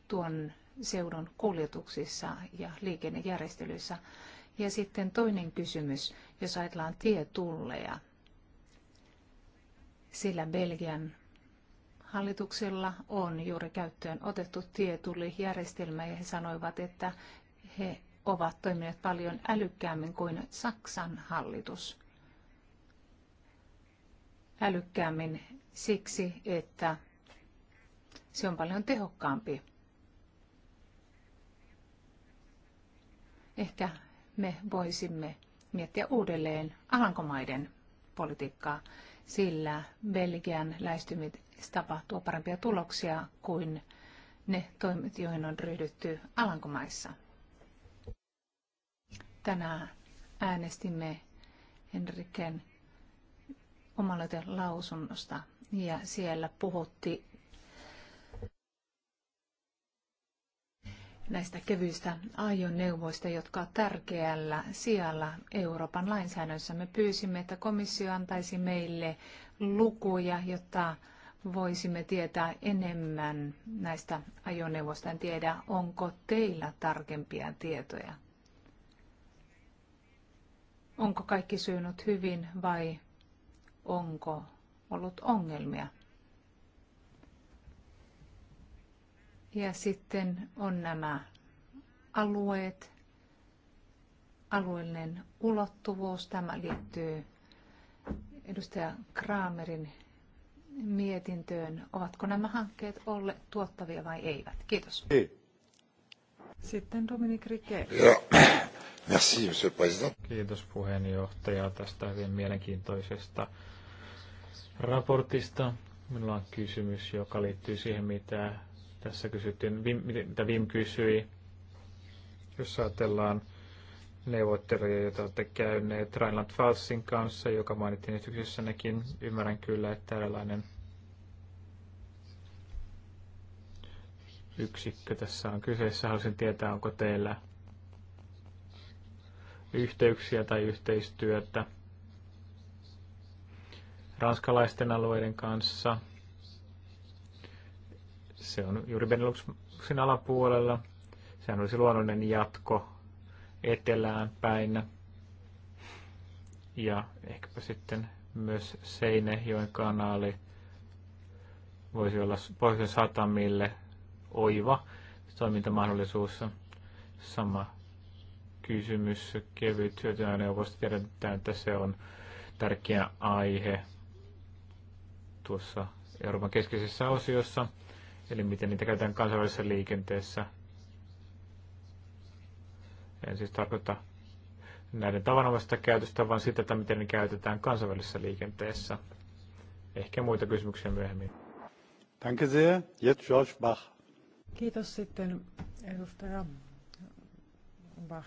tuon seudun kuljetuksissa ja liikennejärjestelyissä? Ja sitten toinen kysymys, jos ajatellaan tietulleja, sillä Belgian hallituksella on juuri käyttöön otettu tietullijärjestelmä ja he sanoivat, että he ovat toimineet paljon älykkäämmin kuin Saksan hallitus älykkäämmin siksi, että se on paljon tehokkaampi. Ehkä me voisimme miettiä uudelleen Alankomaiden politiikkaa, sillä Belgian lähestymistapa tuo parempia tuloksia kuin ne toimet, joihin on ryhdytty Alankomaissa. Tänään äänestimme Henriken omaloite lausunnosta ja siellä puhutti näistä kevyistä ajoneuvoista, jotka ovat tärkeällä sijalla Euroopan lainsäädännössä. Me pyysimme, että komissio antaisi meille lukuja, jotta voisimme tietää enemmän näistä ajoneuvoista. En tiedä, onko teillä tarkempia tietoja. Onko kaikki syynyt hyvin vai onko ollut ongelmia. Ja sitten on nämä alueet, alueellinen ulottuvuus. Tämä liittyy edustaja Kramerin mietintöön. Ovatko nämä hankkeet olleet tuottavia vai eivät? Kiitos. Sitten Dominik Rike. Merci, monsieur Kiitos puheenjohtaja tästä hyvin mielenkiintoisesta raportista. Minulla on kysymys, joka liittyy siihen, mitä tässä kysyttiin, mitä Vim kysyi. Jos ajatellaan neuvotteluja, joita olette käyneet Rheinland Falsin kanssa, joka mainittiin esityksessännekin, ymmärrän kyllä, että tällainen yksikkö tässä on kyseessä. Haluaisin tietää, onko teillä yhteyksiä tai yhteistyötä ranskalaisten alueiden kanssa. Se on juuri Beneluxin alapuolella. Sehän olisi luonnollinen jatko etelään päin. Ja ehkäpä sitten myös Seinejoen kanaali voisi olla pohjoisen satamille oiva toimintamahdollisuus. Sama kysymys kevyt hyötyajoneuvoista. Tiedetään, että se on tärkeä aihe tuossa Euroopan keskisessä osiossa, eli miten niitä käytetään kansainvälisessä liikenteessä. En siis tarkoita näiden tavanomaisesta käytöstä, vaan sitä, että miten ne käytetään kansainvälisessä liikenteessä. Ehkä muita kysymyksiä myöhemmin. Danke sehr. Jetzt George Bach. Kiitos sitten edustaja Bach.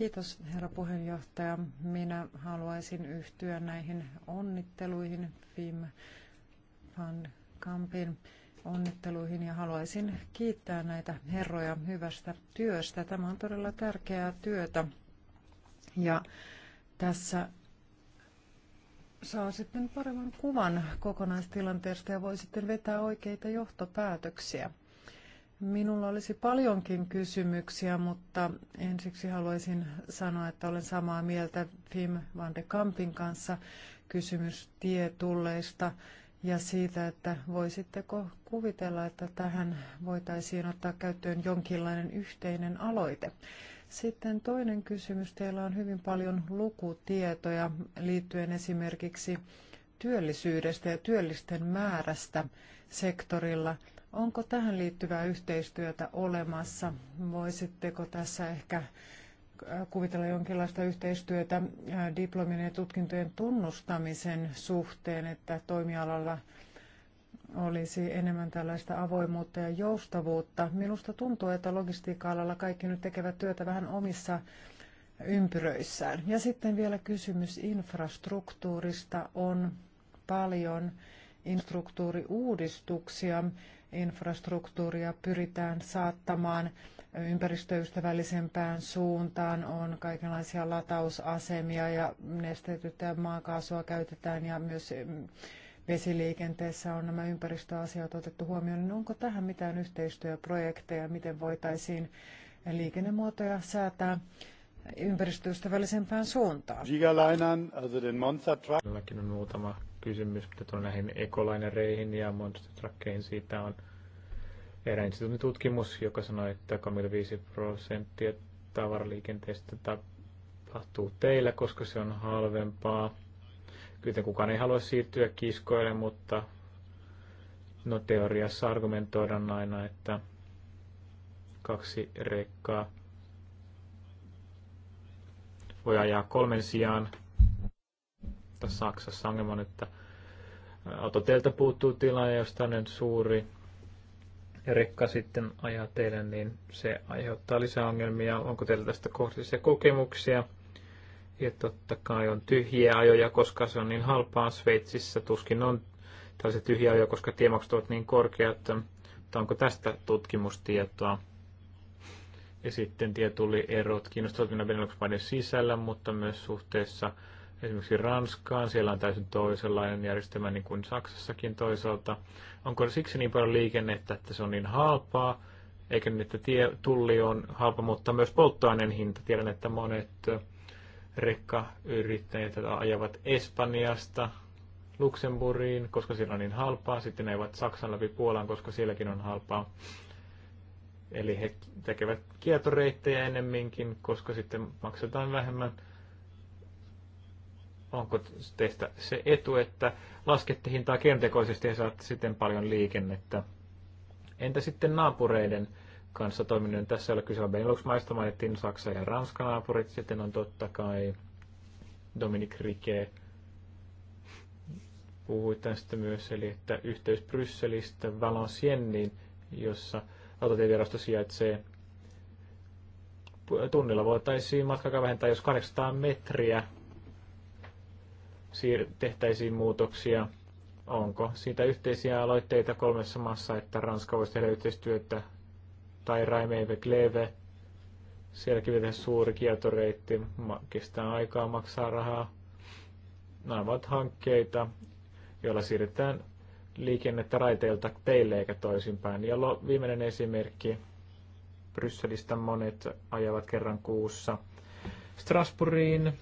Kiitos, herra puheenjohtaja. Minä haluaisin yhtyä näihin onnitteluihin fim van Kampin onnitteluihin ja haluaisin kiittää näitä herroja hyvästä työstä. Tämä on todella tärkeää työtä ja tässä saa sitten paremman kuvan kokonaistilanteesta ja voi sitten vetää oikeita johtopäätöksiä. Minulla olisi paljonkin kysymyksiä, mutta ensiksi haluaisin sanoa, että olen samaa mieltä Fim van de Kampin kanssa kysymys tietulleista ja siitä, että voisitteko kuvitella, että tähän voitaisiin ottaa käyttöön jonkinlainen yhteinen aloite. Sitten toinen kysymys. Teillä on hyvin paljon lukutietoja liittyen esimerkiksi työllisyydestä ja työllisten määrästä sektorilla – Onko tähän liittyvää yhteistyötä olemassa? Voisitteko tässä ehkä äh, kuvitella jonkinlaista yhteistyötä äh, diplomien ja tutkintojen tunnustamisen suhteen, että toimialalla olisi enemmän tällaista avoimuutta ja joustavuutta. Minusta tuntuu, että logistiikka-alalla kaikki nyt tekevät työtä vähän omissa ympyröissään. Ja sitten vielä kysymys infrastruktuurista on paljon infrastruktuuriuudistuksia, infrastruktuuria pyritään saattamaan ympäristöystävällisempään suuntaan. On kaikenlaisia latausasemia ja nesteytettyä maakaasua käytetään ja myös mm, vesiliikenteessä on nämä ympäristöasiat otettu huomioon. Niin onko tähän mitään yhteistyöprojekteja, miten voitaisiin liikennemuotoja säätää ympäristöystävällisempään suuntaan. Gigalainan, also den Monster Truck. on muutama kysymys, mitä tuon näihin ekolainereihin ja Monster siitä on erään tutkimus, joka sanoi, että 35 prosenttia tavaraliikenteestä tapahtuu teillä, koska se on halvempaa. Kyllä kukaan ei halua siirtyä kiskoille, mutta no teoriassa argumentoidaan aina, että kaksi rekkaa voi ajaa kolmen sijaan. Tässä Saksassa ongelma on, että autoteiltä puuttuu tilaa ja jos tämmöinen suuri rekka sitten ajaa teille, niin se aiheuttaa lisää ongelmia. Onko teillä tästä kohtaisia kokemuksia? Ja totta kai on tyhjiä ajoja, koska se on niin halpaa Sveitsissä. Tuskin on tällaisia tyhjiä ajoja, koska tiemaksut ovat niin korkeat. Mutta onko tästä tutkimustietoa? Ja sitten tietullierot kiinnostavat minä Benelux-maiden sisällä, mutta myös suhteessa esimerkiksi Ranskaan. Siellä on täysin toisenlainen järjestelmä niin kuin Saksassakin toisaalta. Onko siksi niin paljon liikennettä, että se on niin halpaa, eikä niin että tie, tulli on halpa, mutta myös polttoaineen hinta. Tiedän, että monet rekkayrittäjät ajavat Espanjasta Luxemburgiin, koska siellä on niin halpaa. Sitten ne ajavat Saksan läpi Puolaan, koska sielläkin on halpaa. Eli he tekevät kiertoreittejä enemminkin, koska sitten maksetaan vähemmän. Onko teistä se etu, että laskette hintaa kiertekoisesti ja saatte sitten paljon liikennettä? Entä sitten naapureiden kanssa toiminen? Tässä ei ole kyse Benelux-maista, mainittiin Saksa ja Ranska naapurit. Sitten on totta kai Dominic Rike puhui tästä myös, eli että yhteys Brysselistä Valenciennin, jossa – rautatievirasto sijaitsee. Tunnilla voitaisiin matkakaan vähentää, jos 800 metriä tehtäisiin muutoksia. Onko siitä yhteisiä aloitteita kolmessa maassa, että Ranska voisi tehdä yhteistyötä tai Raimeve Kleve? Sielläkin tehdä suuri kiertoreitti, kestää aikaa, maksaa rahaa. Nämä ovat hankkeita, joilla siirretään liikennettä raiteilta teille eikä toisinpäin. Ja viimeinen esimerkki. Brysselistä monet ajavat kerran kuussa Strasbourgiin.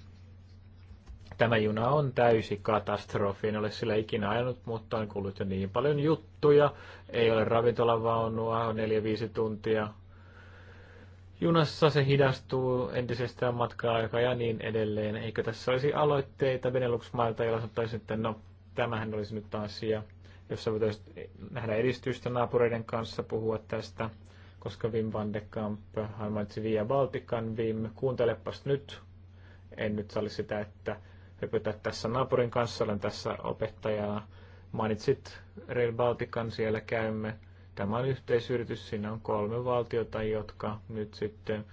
Tämä juna on täysi katastrofi. En ole sillä ikinä ajanut, mutta on kuullut jo niin paljon juttuja. Ei ole ravintolavaunua, on 4-5 tuntia junassa se hidastuu entisestään matkaa-aika ja niin edelleen. Eikö tässä olisi aloitteita Benelux-mailta, joilla sanottaisiin, että no, tämähän olisi nyt asia, jossa voitaisiin nähdä edistystä naapureiden kanssa puhua tästä, koska Wim van de Kamp hän mainitsi Via Baltikan. Wim, kuuntelepas nyt. En nyt salli sitä, että hypytä tässä naapurin kanssa, olen tässä opettajana. Mainitsit Rail Baltikan, siellä käymme. Tämä on yhteisyritys, siinä on kolme valtiota, jotka nyt sitten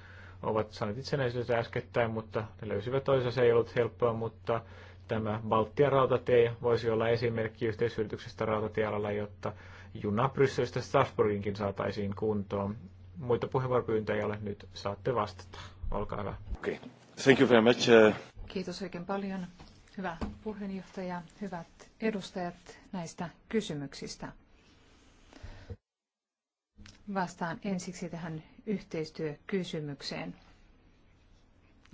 ovat saaneet itsenäisyyttä äskettäin, mutta ne löysivät toisensa, se ei ollut helppoa, mutta Tämä Baltian rautatie voisi olla esimerkki yhteisyrityksestä rautatiealalla, jotta juna Brysselistä Strasbourginkin saataisiin kuntoon. Muita puheenvuoropyyntöjä ole nyt, saatte vastata. Olkaa hyvä. Okay. Thank you very much. Uh, Kiitos oikein paljon. Hyvä puheenjohtaja, hyvät edustajat näistä kysymyksistä. Vastaan ensiksi tähän yhteistyökysymykseen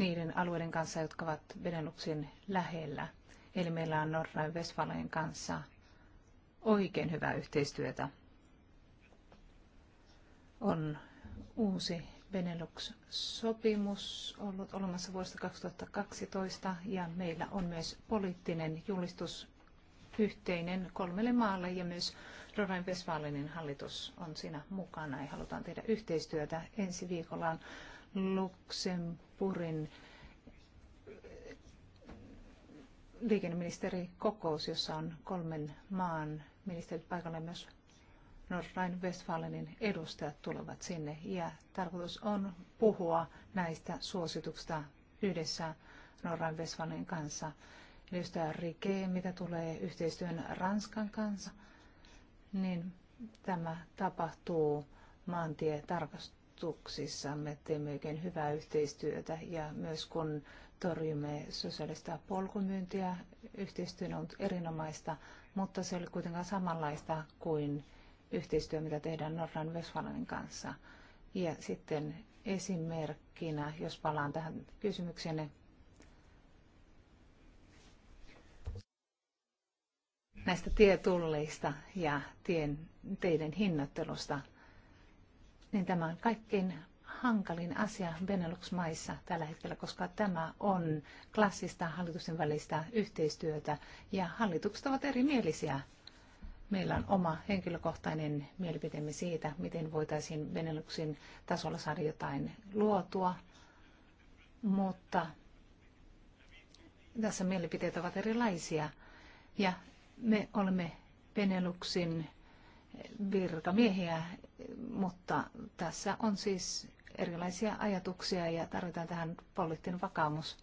niiden alueiden kanssa, jotka ovat Beneluxin lähellä. Eli meillä on Norra ja kanssa oikein hyvää yhteistyötä. On uusi Benelux-sopimus ollut olemassa vuodesta 2012 ja meillä on myös poliittinen julistus yhteinen kolmelle maalle ja myös Rorain Vesvalinin hallitus on siinä mukana ja halutaan tehdä yhteistyötä. Ensi viikolla on Luxemburgin kokous, jossa on kolmen maan ministerit paikalla myös Nordrhein Westfalenin edustajat tulevat sinne ja tarkoitus on puhua näistä suosituksista yhdessä Nordrhein Westfalenin kanssa. Edustaja Rike, mitä tulee yhteistyön Ranskan kanssa, niin tämä tapahtuu maantietarkastuksessa ehdotuksissamme teemme oikein hyvää yhteistyötä ja myös kun torjumme sosiaalista polkumyyntiä, yhteistyö on ollut erinomaista, mutta se oli kuitenkaan samanlaista kuin yhteistyö, mitä tehdään Norran Westfalenin kanssa. Ja sitten esimerkkinä, jos palaan tähän kysymykseen, näistä tietulleista ja tien, teiden hinnoittelusta – niin tämä on kaikkein hankalin asia Benelux-maissa tällä hetkellä, koska tämä on klassista hallitusten välistä yhteistyötä ja hallitukset ovat erimielisiä. Meillä on oma henkilökohtainen mielipiteemme siitä, miten voitaisiin Beneluxin tasolla saada jotain luotua, mutta tässä mielipiteet ovat erilaisia ja me olemme Beneluxin virkamiehiä, mutta tässä on siis erilaisia ajatuksia ja tarvitaan tähän poliittinen vakaumus,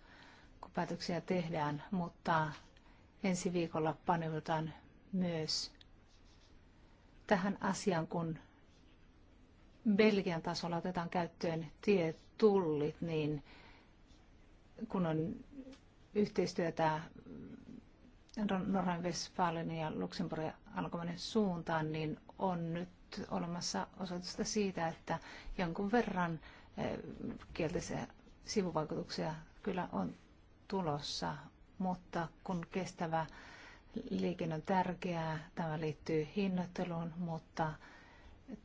kun päätöksiä tehdään, mutta ensi viikolla paneudutaan myös tähän asiaan, kun Belgian tasolla otetaan käyttöön tietullit, niin kun on yhteistyötä Norran-Westfalen ja Luxemburgin ja suuntaan, niin on nyt olemassa osoitusta siitä, että jonkun verran eh, kielteisiä sivuvaikutuksia kyllä on tulossa, mutta kun kestävä liikenne on tärkeää, tämä liittyy hinnoitteluun, mutta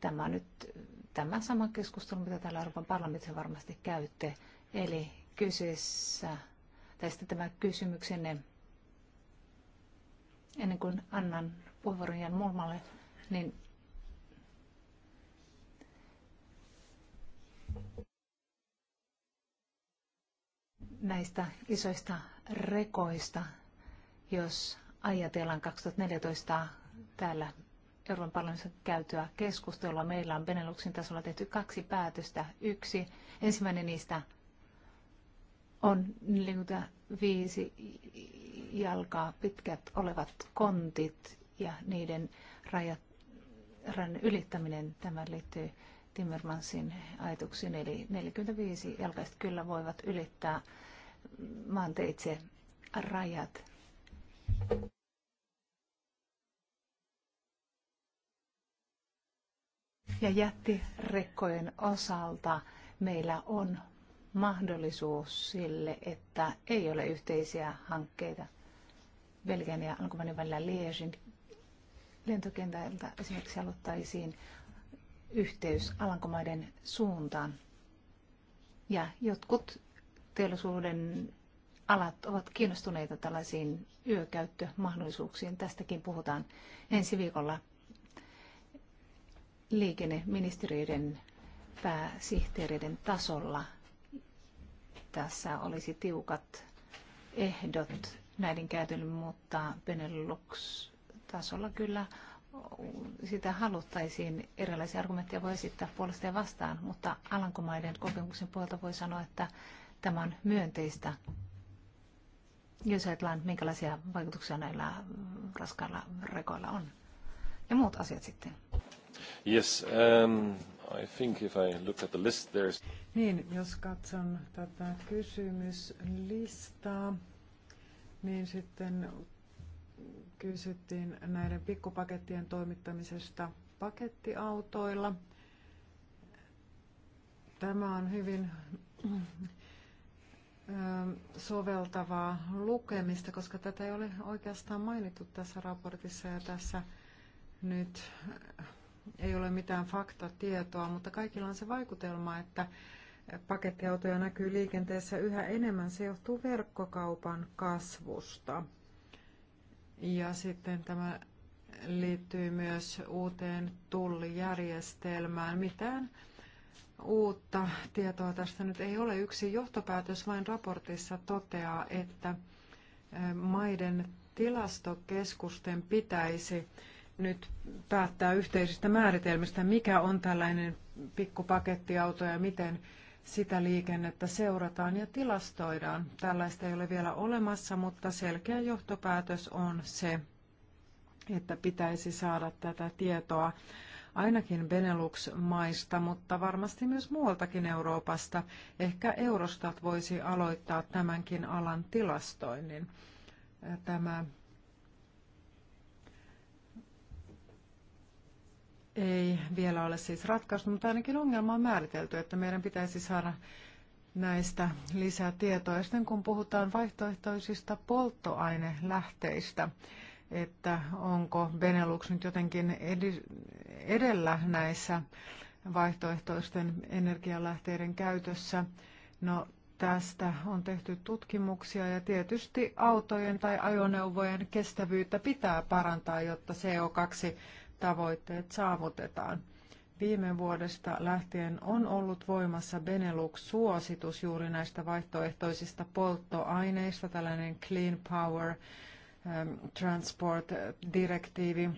tämä nyt tämä sama keskustelu, mitä täällä Euroopan parlamentissa varmasti käytte, eli kyseessä, tai sitten tämä kysymyksenne ennen kuin annan puheenvuoron Jan Mulmalle, niin näistä isoista rekoista, jos ajatellaan 2014 täällä Euroopan parlamentissa käytyä keskustelua. Meillä on Beneluxin tasolla tehty kaksi päätöstä. Yksi, ensimmäinen niistä on viisi jalkaa pitkät olevat kontit ja niiden rajat, rajan ylittäminen, tämä liittyy Timmermansin ajatuksiin, eli 45 jalkaiset kyllä voivat ylittää maanteitse rajat. Ja jättirekkojen osalta meillä on mahdollisuus sille, että ei ole yhteisiä hankkeita Belgian ja Alkumanin välillä Liegin lentokentältä esimerkiksi aloittaisiin yhteys Alankomaiden suuntaan. Ja jotkut teollisuuden alat ovat kiinnostuneita tällaisiin yökäyttömahdollisuuksiin. Tästäkin puhutaan ensi viikolla liikenneministeriöiden pääsihteereiden tasolla tässä olisi tiukat ehdot näiden käytölle, mutta Benelux-tasolla kyllä sitä haluttaisiin. Erilaisia argumentteja voi esittää puolesta ja vastaan, mutta Alankomaiden kokemuksen puolta voi sanoa, että tämä on myönteistä. Jos ajatellaan, minkälaisia vaikutuksia näillä raskailla rekoilla on. Ja muut asiat sitten. Yes, um... I think if I look at the list, there's... Niin, jos katson tätä kysymyslistaa, niin sitten kysyttiin näiden pikkupakettien toimittamisesta pakettiautoilla. Tämä on hyvin soveltavaa lukemista, koska tätä ei ole oikeastaan mainittu tässä raportissa ja tässä nyt ei ole mitään faktatietoa, mutta kaikilla on se vaikutelma, että pakettiautoja näkyy liikenteessä yhä enemmän. Se johtuu verkkokaupan kasvusta. Ja sitten tämä liittyy myös uuteen tullijärjestelmään. Mitään uutta tietoa tästä nyt ei ole. Yksi johtopäätös vain raportissa toteaa, että maiden tilastokeskusten pitäisi nyt päättää yhteisistä määritelmistä, mikä on tällainen pikkupakettiauto ja miten sitä liikennettä seurataan ja tilastoidaan. Tällaista ei ole vielä olemassa, mutta selkeä johtopäätös on se, että pitäisi saada tätä tietoa ainakin Benelux-maista, mutta varmasti myös muualtakin Euroopasta. Ehkä Eurostat voisi aloittaa tämänkin alan tilastoinnin. Tämä ei vielä ole siis ratkaistu, mutta ainakin ongelma on määritelty, että meidän pitäisi saada näistä lisää tietoa. Ja sitten kun puhutaan vaihtoehtoisista polttoainelähteistä, että onko Benelux nyt jotenkin edellä näissä vaihtoehtoisten energialähteiden käytössä. No tästä on tehty tutkimuksia ja tietysti autojen tai ajoneuvojen kestävyyttä pitää parantaa, jotta CO2 tavoitteet saavutetaan. Viime vuodesta lähtien on ollut voimassa Benelux-suositus juuri näistä vaihtoehtoisista polttoaineista, tällainen Clean Power ähm, Transport-direktiivi.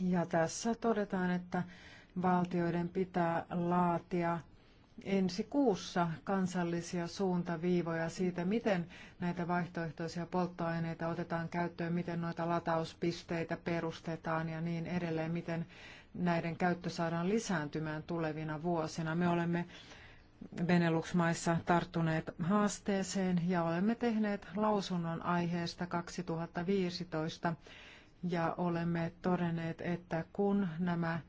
Ja tässä todetaan, että valtioiden pitää laatia ensi kuussa kansallisia suuntaviivoja siitä, miten näitä vaihtoehtoisia polttoaineita otetaan käyttöön, miten noita latauspisteitä perustetaan ja niin edelleen, miten näiden käyttö saadaan lisääntymään tulevina vuosina. Me olemme Benelux-maissa tarttuneet haasteeseen ja olemme tehneet lausunnon aiheesta 2015 ja olemme todenneet, että kun nämä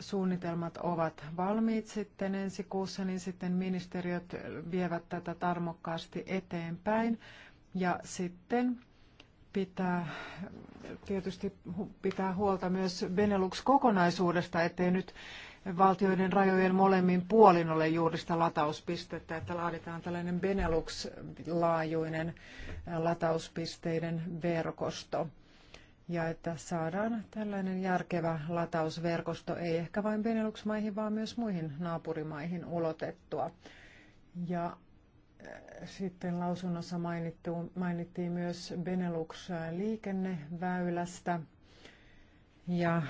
suunnitelmat ovat valmiit sitten ensi kuussa, niin sitten ministeriöt vievät tätä tarmokkaasti eteenpäin. Ja sitten pitää tietysti pitää huolta myös Benelux-kokonaisuudesta, ettei nyt valtioiden rajojen molemmin puolin ole juuri sitä latauspistettä, että laaditaan tällainen Benelux-laajuinen latauspisteiden verkosto ja että saadaan tällainen järkevä latausverkosto ei ehkä vain Benelux-maihin, vaan myös muihin naapurimaihin ulotettua. Ja äh, sitten lausunnossa mainittu, mainittiin myös Benelux-liikenneväylästä ja äh,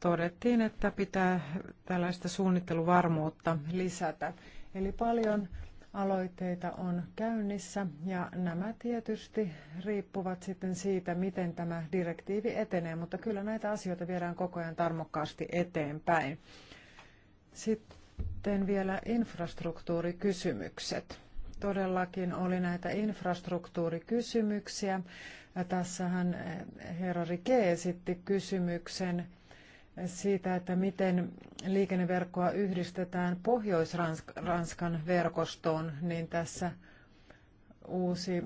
todettiin, että pitää tällaista suunnitteluvarmuutta lisätä. Eli paljon aloitteita on käynnissä ja nämä tietysti riippuvat sitten siitä, miten tämä direktiivi etenee, mutta kyllä näitä asioita viedään koko ajan tarmokkaasti eteenpäin. Sitten vielä infrastruktuurikysymykset. Todellakin oli näitä infrastruktuurikysymyksiä. Ja tässähän herra Rike esitti kysymyksen siitä, että miten liikenneverkkoa yhdistetään Pohjois-Ranskan verkostoon, niin tässä uusi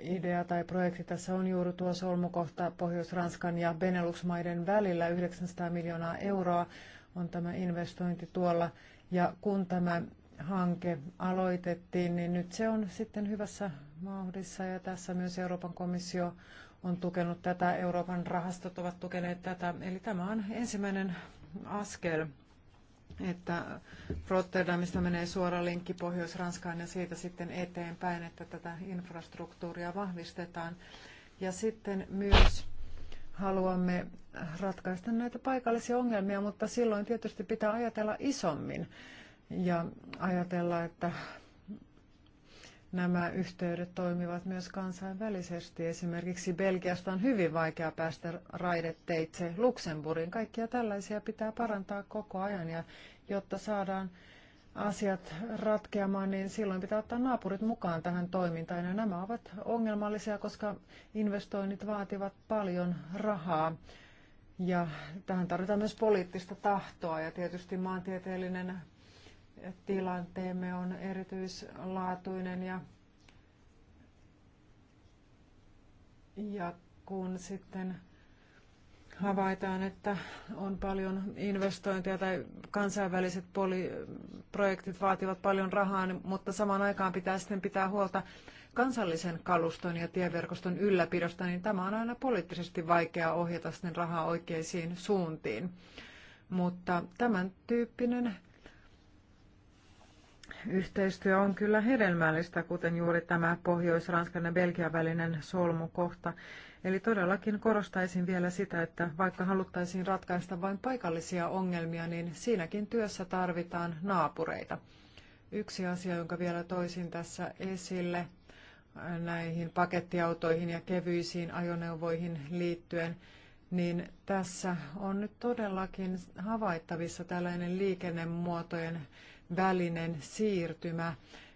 idea tai projekti tässä on juuri tuo solmukohta Pohjois-Ranskan ja Benelux-maiden välillä. 900 miljoonaa euroa on tämä investointi tuolla. Ja kun tämä hanke aloitettiin, niin nyt se on sitten hyvässä vauhdissa ja tässä myös Euroopan komissio on tukenut tätä, Euroopan rahastot ovat tukeneet tätä. Eli tämä on ensimmäinen askel, että Rotterdamista menee suora linkki Pohjois-Ranskaan ja siitä sitten eteenpäin, että tätä infrastruktuuria vahvistetaan. Ja sitten myös haluamme ratkaista näitä paikallisia ongelmia, mutta silloin tietysti pitää ajatella isommin ja ajatella, että nämä yhteydet toimivat myös kansainvälisesti. Esimerkiksi Belgiasta on hyvin vaikea päästä raideteitse Luxemburgin. Kaikkia tällaisia pitää parantaa koko ajan ja jotta saadaan asiat ratkeamaan, niin silloin pitää ottaa naapurit mukaan tähän toimintaan. Ja nämä ovat ongelmallisia, koska investoinnit vaativat paljon rahaa. Ja tähän tarvitaan myös poliittista tahtoa ja tietysti maantieteellinen tilanteemme on erityislaatuinen ja, ja kun sitten havaitaan, että on paljon investointia tai kansainväliset poli- projektit vaativat paljon rahaa, niin, mutta samaan aikaan pitää sitten pitää huolta kansallisen kaluston ja tieverkoston ylläpidosta, niin tämä on aina poliittisesti vaikea ohjata sitten rahaa oikeisiin suuntiin. Mutta tämän tyyppinen yhteistyö on kyllä hedelmällistä, kuten juuri tämä Pohjois-Ranskan ja Belgian välinen solmukohta. Eli todellakin korostaisin vielä sitä, että vaikka haluttaisiin ratkaista vain paikallisia ongelmia, niin siinäkin työssä tarvitaan naapureita. Yksi asia, jonka vielä toisin tässä esille näihin pakettiautoihin ja kevyisiin ajoneuvoihin liittyen, niin tässä on nyt todellakin havaittavissa tällainen liikennemuotojen välinen siirtymä,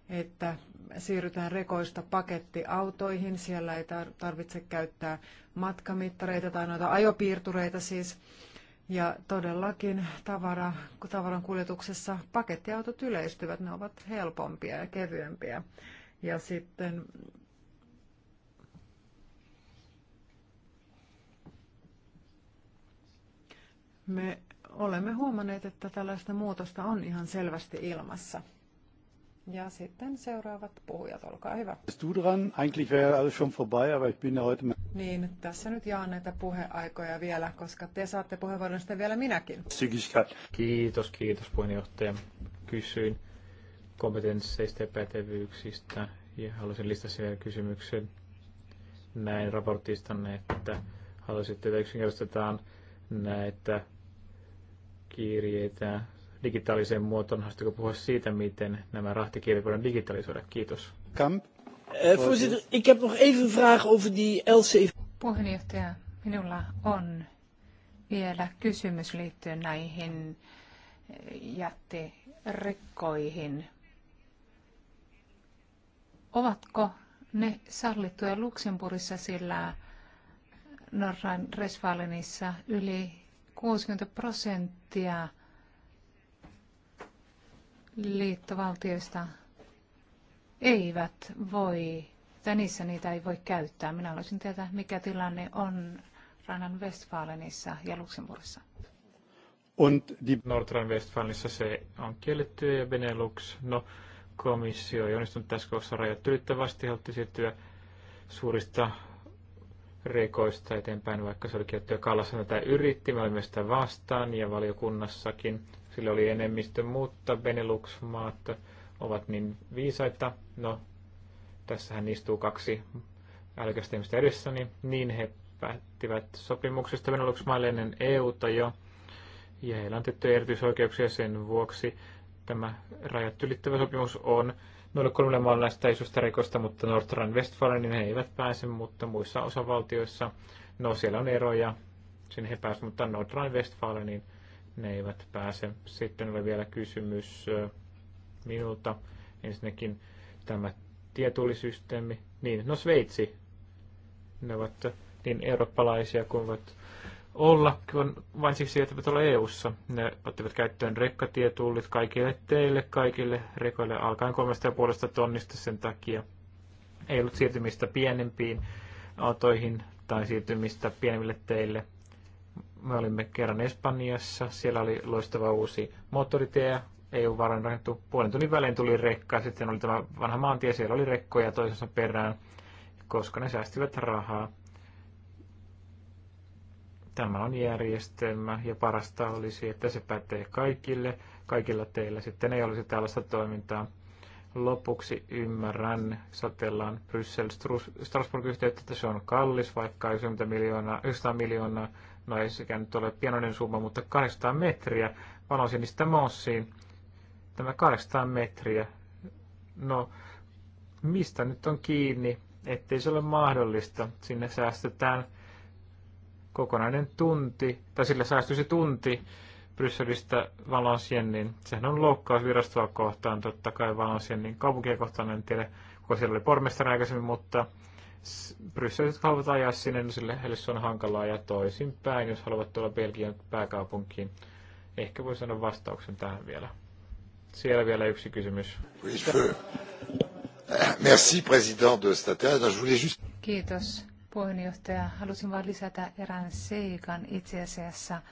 että siirrytään rekoista pakettiautoihin. Siellä ei tarvitse käyttää matkamittareita tai noita ajopiirtureita siis. Ja todellakin tavara, tavaran kuljetuksessa pakettiautot yleistyvät, ne ovat helpompia ja kevyempiä. Ja sitten me olemme huomanneet, että tällaista muutosta on ihan selvästi ilmassa. Ja sitten seuraavat puhujat, olkaa hyvä. Niin, tässä nyt jaan näitä puheaikoja vielä, koska te saatte puheenvuoron sitten vielä minäkin. Kiitos, kiitos puheenjohtaja. Kysyin kompetensseista ja pätevyyksistä ja haluaisin listata siellä kysymyksen näin raportistanne, että haluaisitte, että yksinkertaistetaan näitä rahtikirjeitä digitaaliseen muotoon. Haluaisitko puhua siitä, miten nämä rahtikirjeet voidaan digitalisoida? Kiitos. Kamp. Eh, voorzitter, ik heb nog even een vraag over die LC. Puheenjohtaja, minulla on vielä kysymys liittyen näihin eh, jättirekkoihin. Ovatko ne sallittuja Luxemburgissa, sillä Norran Resvalenissa yli 60 prosenttia liittovaltioista eivät voi, tai niissä niitä ei voi käyttää. Minä haluaisin tietää, mikä tilanne on Rannan Westfalenissa ja Luxemburgissa. Und die Nordrhein-Westfalenissa se on kielletty ja Benelux, no komissio ei onnistunut tässä kohdassa rajat haluttiin siirtyä suurista rekoista eteenpäin, vaikka se oli kiellettyä Kallassa tätä yritti. Me myös sitä vastaan ja valiokunnassakin sillä oli enemmistö, mutta Benelux-maat ovat niin viisaita. No, tässähän istuu kaksi älykästä ihmistä edessäni, niin, niin he päättivät sopimuksesta Benelux-maille ennen EUta jo. Ja heillä on tiettyjä erityisoikeuksia sen vuoksi. Tämä rajat ylittävä sopimus on noille kolmelle maalle näistä isosta rikosta, mutta Nordrhein Westfalenin niin he eivät pääse, mutta muissa osavaltioissa, no siellä on eroja, sinne he pääsevät, mutta Nordrhein Westfalenin ne eivät pääse. Sitten oli vielä kysymys minulta. Ensinnäkin tämä tietullisysteemi. Niin, no Sveitsi. Ne ovat niin eurooppalaisia kuin ovat olla, kun vain siksi, että eivät EU-ssa. Ne ottivat käyttöön rekkatietullit kaikille teille, kaikille rekoille alkaen 3,5 tonnista sen takia. Ei ollut siirtymistä pienempiin autoihin tai siirtymistä pienemmille teille. Me olimme kerran Espanjassa, siellä oli loistava uusi moottoritie, EU-varoin rakennettu puolen tunnin välein tuli rekka, sitten oli tämä vanha maantie, siellä oli rekkoja toisensa perään, koska ne säästivät rahaa. Tämä on järjestelmä ja parasta olisi, että se pätee kaikille. Kaikilla teillä sitten ei olisi tällaista toimintaa. Lopuksi ymmärrän, satellaan Bryssel Strasbourg yhteyttä, että se on kallis, vaikka 100 miljoonaa, 100 miljoonaa, no ei sekään nyt ole pienoinen summa, mutta 800 metriä. Panosin niistä Mossiin. Tämä 800 metriä, no mistä nyt on kiinni, ettei se ole mahdollista. Sinne säästetään kokonainen tunti, tai sillä säästyisi tunti Brysselistä Valenciennin. Sehän on loukkaus virastoa kohtaan, totta kai Valenciennin kaupunkien kohtaan, en tiedä, kun siellä oli pormestari aikaisemmin, mutta Brysselistä haluavat ajaa sinne, niin sille heille se on hankalaa ja toisinpäin, jos haluavat tulla Belgian pääkaupunkiin. Ehkä voi sanoa vastauksen tähän vielä. Siellä vielä yksi kysymys. Merci, président de Stater. Kiitos puheenjohtaja. Halusin vain lisätä erään seikan. Itse asiassa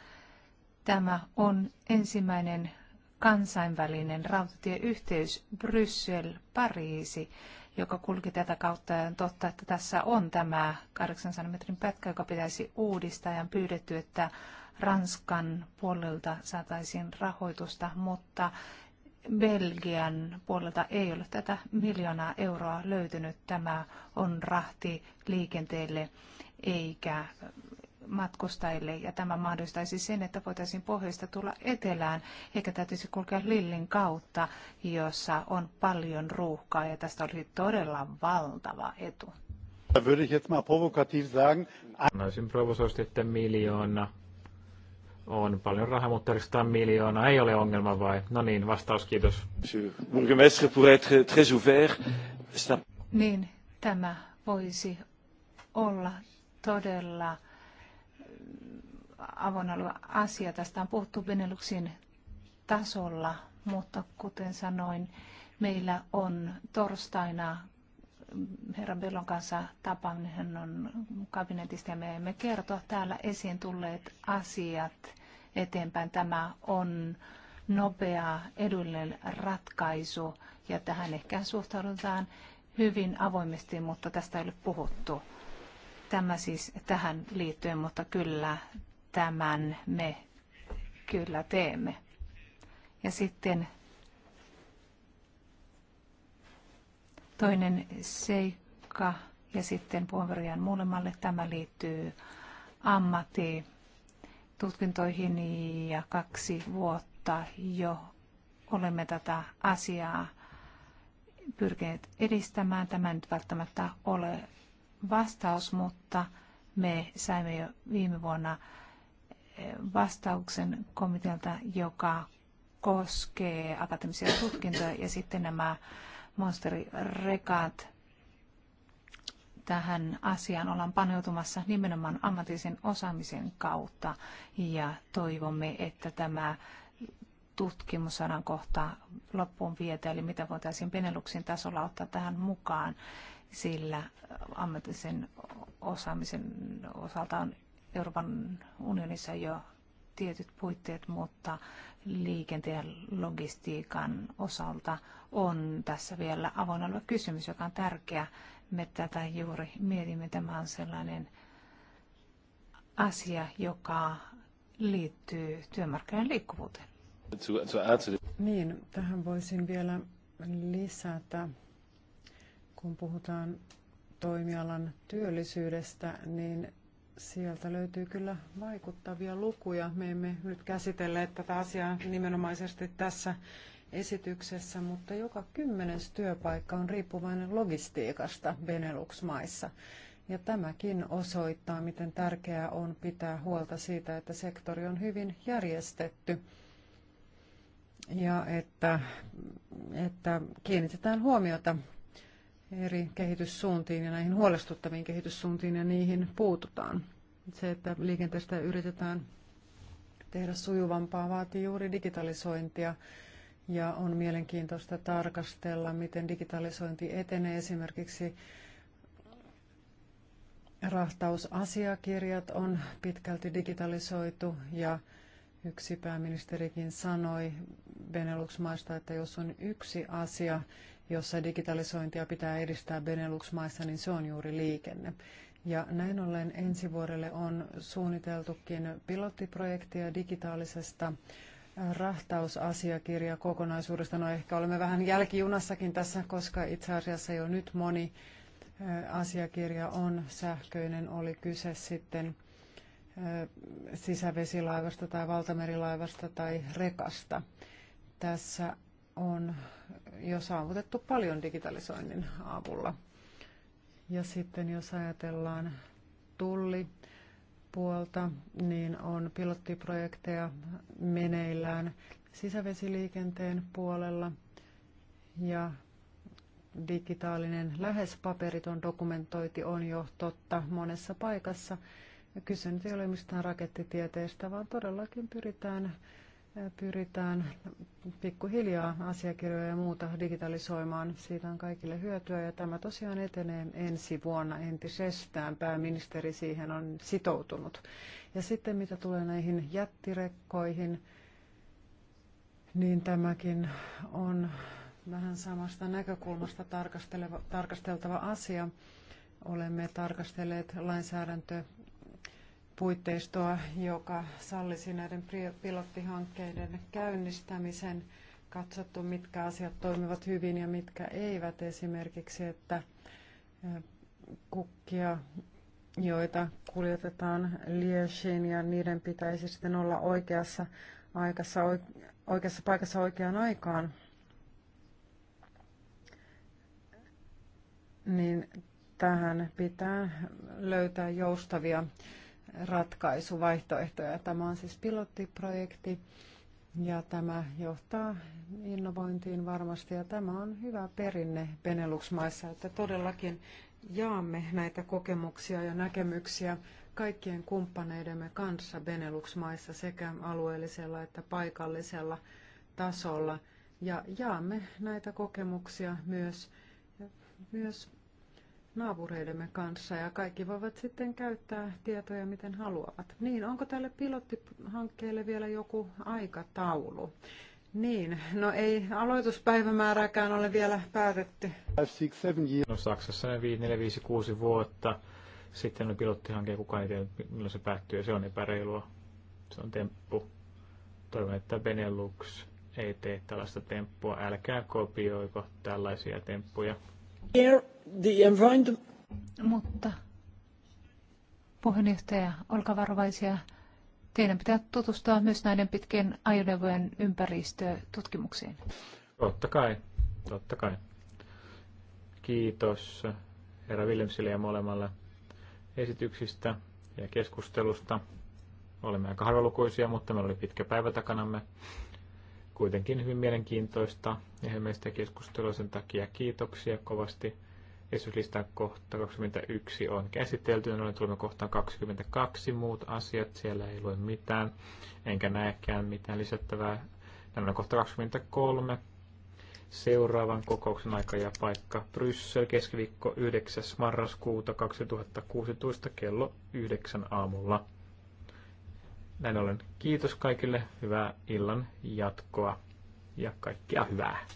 tämä on ensimmäinen kansainvälinen rautatieyhteys Bryssel-Pariisi, joka kulki tätä kautta. Ja on totta, että tässä on tämä 800 metrin pätkä, joka pitäisi uudistaa ja on pyydetty, että Ranskan puolelta saataisiin rahoitusta, mutta Belgian puolelta ei ole tätä miljoonaa euroa löytynyt. Tämä on rahti liikenteelle eikä matkustajille ja tämä mahdollistaisi sen, että voitaisiin pohjoista tulla etelään eikä täytyisi kulkea Lillin kautta, jossa on paljon ruuhkaa ja tästä olisi todella valtava etu. Sanoisin provosoisti, että miljoona on paljon rahaa, mutta 900 miljoonaa ei ole ongelma vai? No niin, vastaus kiitos. Niin, tämä voisi olla todella äh, avon asia. Tästä on puhuttu Beneluxin tasolla, mutta kuten sanoin, meillä on torstaina herra Bellon kanssa tapaaminen, hän on kabinetista ja me emme kertoa täällä esiin tulleet asiat eteenpäin. Tämä on nopea, edullinen ratkaisu ja tähän ehkä suhtaudutaan hyvin avoimesti, mutta tästä ei ole puhuttu. Tämä siis tähän liittyen, mutta kyllä tämän me kyllä teemme. Ja sitten Toinen seikka ja sitten puheenvuorojan molemmalle tämä liittyy ammattitutkintoihin ja kaksi vuotta jo olemme tätä asiaa pyrkineet edistämään. Tämä nyt välttämättä ole vastaus, mutta me saimme jo viime vuonna eh, vastauksen komitealta, joka koskee akateemisia tutkintoja ja sitten nämä maasterirekat. Tähän asiaan ollaan paneutumassa nimenomaan ammatillisen osaamisen kautta ja toivomme, että tämä saadaan kohta loppuun vietä, eli mitä voitaisiin peneluksin tasolla ottaa tähän mukaan, sillä ammatillisen osaamisen osalta on Euroopan unionissa jo tietyt puitteet, mutta liikenteen logistiikan osalta on tässä vielä avoin oleva kysymys, joka on tärkeä. Me tätä juuri mietimme. Tämä on sellainen asia, joka liittyy työmarkkinoiden liikkuvuuteen. Niin, tähän voisin vielä lisätä, kun puhutaan toimialan työllisyydestä, niin Sieltä löytyy kyllä vaikuttavia lukuja. Me emme nyt käsitelleet tätä asiaa nimenomaisesti tässä esityksessä, mutta joka kymmenes työpaikka on riippuvainen logistiikasta Benelux-maissa. Ja tämäkin osoittaa, miten tärkeää on pitää huolta siitä, että sektori on hyvin järjestetty ja että, että kiinnitetään huomiota eri kehityssuuntiin ja näihin huolestuttaviin kehityssuuntiin ja niihin puututaan. Se, että liikenteestä yritetään tehdä sujuvampaa, vaatii juuri digitalisointia. Ja on mielenkiintoista tarkastella, miten digitalisointi etenee esimerkiksi rahtausasiakirjat on pitkälti digitalisoitu ja yksi pääministerikin sanoi Benelux-maista, että jos on yksi asia, jossa digitalisointia pitää edistää Benelux-maissa, niin se on juuri liikenne. Ja näin ollen ensi vuodelle on suunniteltukin pilottiprojektia digitaalisesta rahtausasiakirja kokonaisuudesta. No ehkä olemme vähän jälkijunassakin tässä, koska itse asiassa jo nyt moni asiakirja on sähköinen, oli kyse sitten sisävesilaivasta tai valtamerilaivasta tai rekasta. Tässä on jo saavutettu paljon digitalisoinnin avulla. Ja sitten jos ajatellaan tulli puolta, niin on pilottiprojekteja meneillään sisävesiliikenteen puolella ja digitaalinen lähes paperiton dokumentointi on jo totta monessa paikassa. Kyse nyt ei ole mistään rakettitieteestä, vaan todellakin pyritään pyritään pikkuhiljaa asiakirjoja ja muuta digitalisoimaan. Siitä on kaikille hyötyä ja tämä tosiaan etenee ensi vuonna entisestään. Pääministeri siihen on sitoutunut. Ja sitten mitä tulee näihin jättirekkoihin, niin tämäkin on vähän samasta näkökulmasta tarkasteltava asia. Olemme tarkastelleet lainsäädäntö puitteistoa, joka sallisi näiden pilottihankkeiden käynnistämisen, katsottu, mitkä asiat toimivat hyvin ja mitkä eivät. Esimerkiksi, että kukkia, joita kuljetetaan Liesiin ja niiden pitäisi sitten olla oikeassa, aikassa, oikeassa paikassa oikeaan aikaan, niin tähän pitää löytää joustavia ratkaisuvaihtoehtoja. Tämä on siis pilottiprojekti ja tämä johtaa innovointiin varmasti ja tämä on hyvä perinne Benelux-maissa, että todellakin jaamme näitä kokemuksia ja näkemyksiä kaikkien kumppaneidemme kanssa Benelux-maissa sekä alueellisella että paikallisella tasolla. Ja jaamme näitä kokemuksia myös, myös naapureidemme kanssa ja kaikki voivat sitten käyttää tietoja miten haluavat. Niin, onko tälle pilottihankkeelle vielä joku aikataulu? Niin, no ei aloituspäivämäärääkään ole vielä päätetty. No Saksassa ne 4, 5, 6 vuotta. Sitten on pilottihanke, kukaan ei tiedä milloin se päättyy ja se on epäreilua. Se on temppu. Toivon, että Benelux ei tee tällaista temppua. Älkää kopioiko tällaisia temppuja. Mutta puheenjohtaja, olkaa varovaisia. Teidän pitää tutustua myös näiden pitkien ajoneuvojen ympäristötutkimuksiin. Totta kai, totta kai. Kiitos herra Willemsille ja molemmalle esityksistä ja keskustelusta. Olemme aika harvalukuisia, mutta meillä oli pitkä päivä takanamme kuitenkin hyvin mielenkiintoista ja helmeistä keskustelua sen takia. Kiitoksia kovasti. Esityslistan kohta 21 on käsitelty ja no, noin tulemme kohtaan 22 muut asiat. Siellä ei lue mitään, enkä näekään mitään lisättävää. Tämä on kohta 23. Seuraavan kokouksen aika ja paikka Bryssel keskiviikko 9. marraskuuta 2016 kello 9 aamulla. Näin ollen kiitos kaikille, hyvää illan jatkoa ja kaikkea hyvää.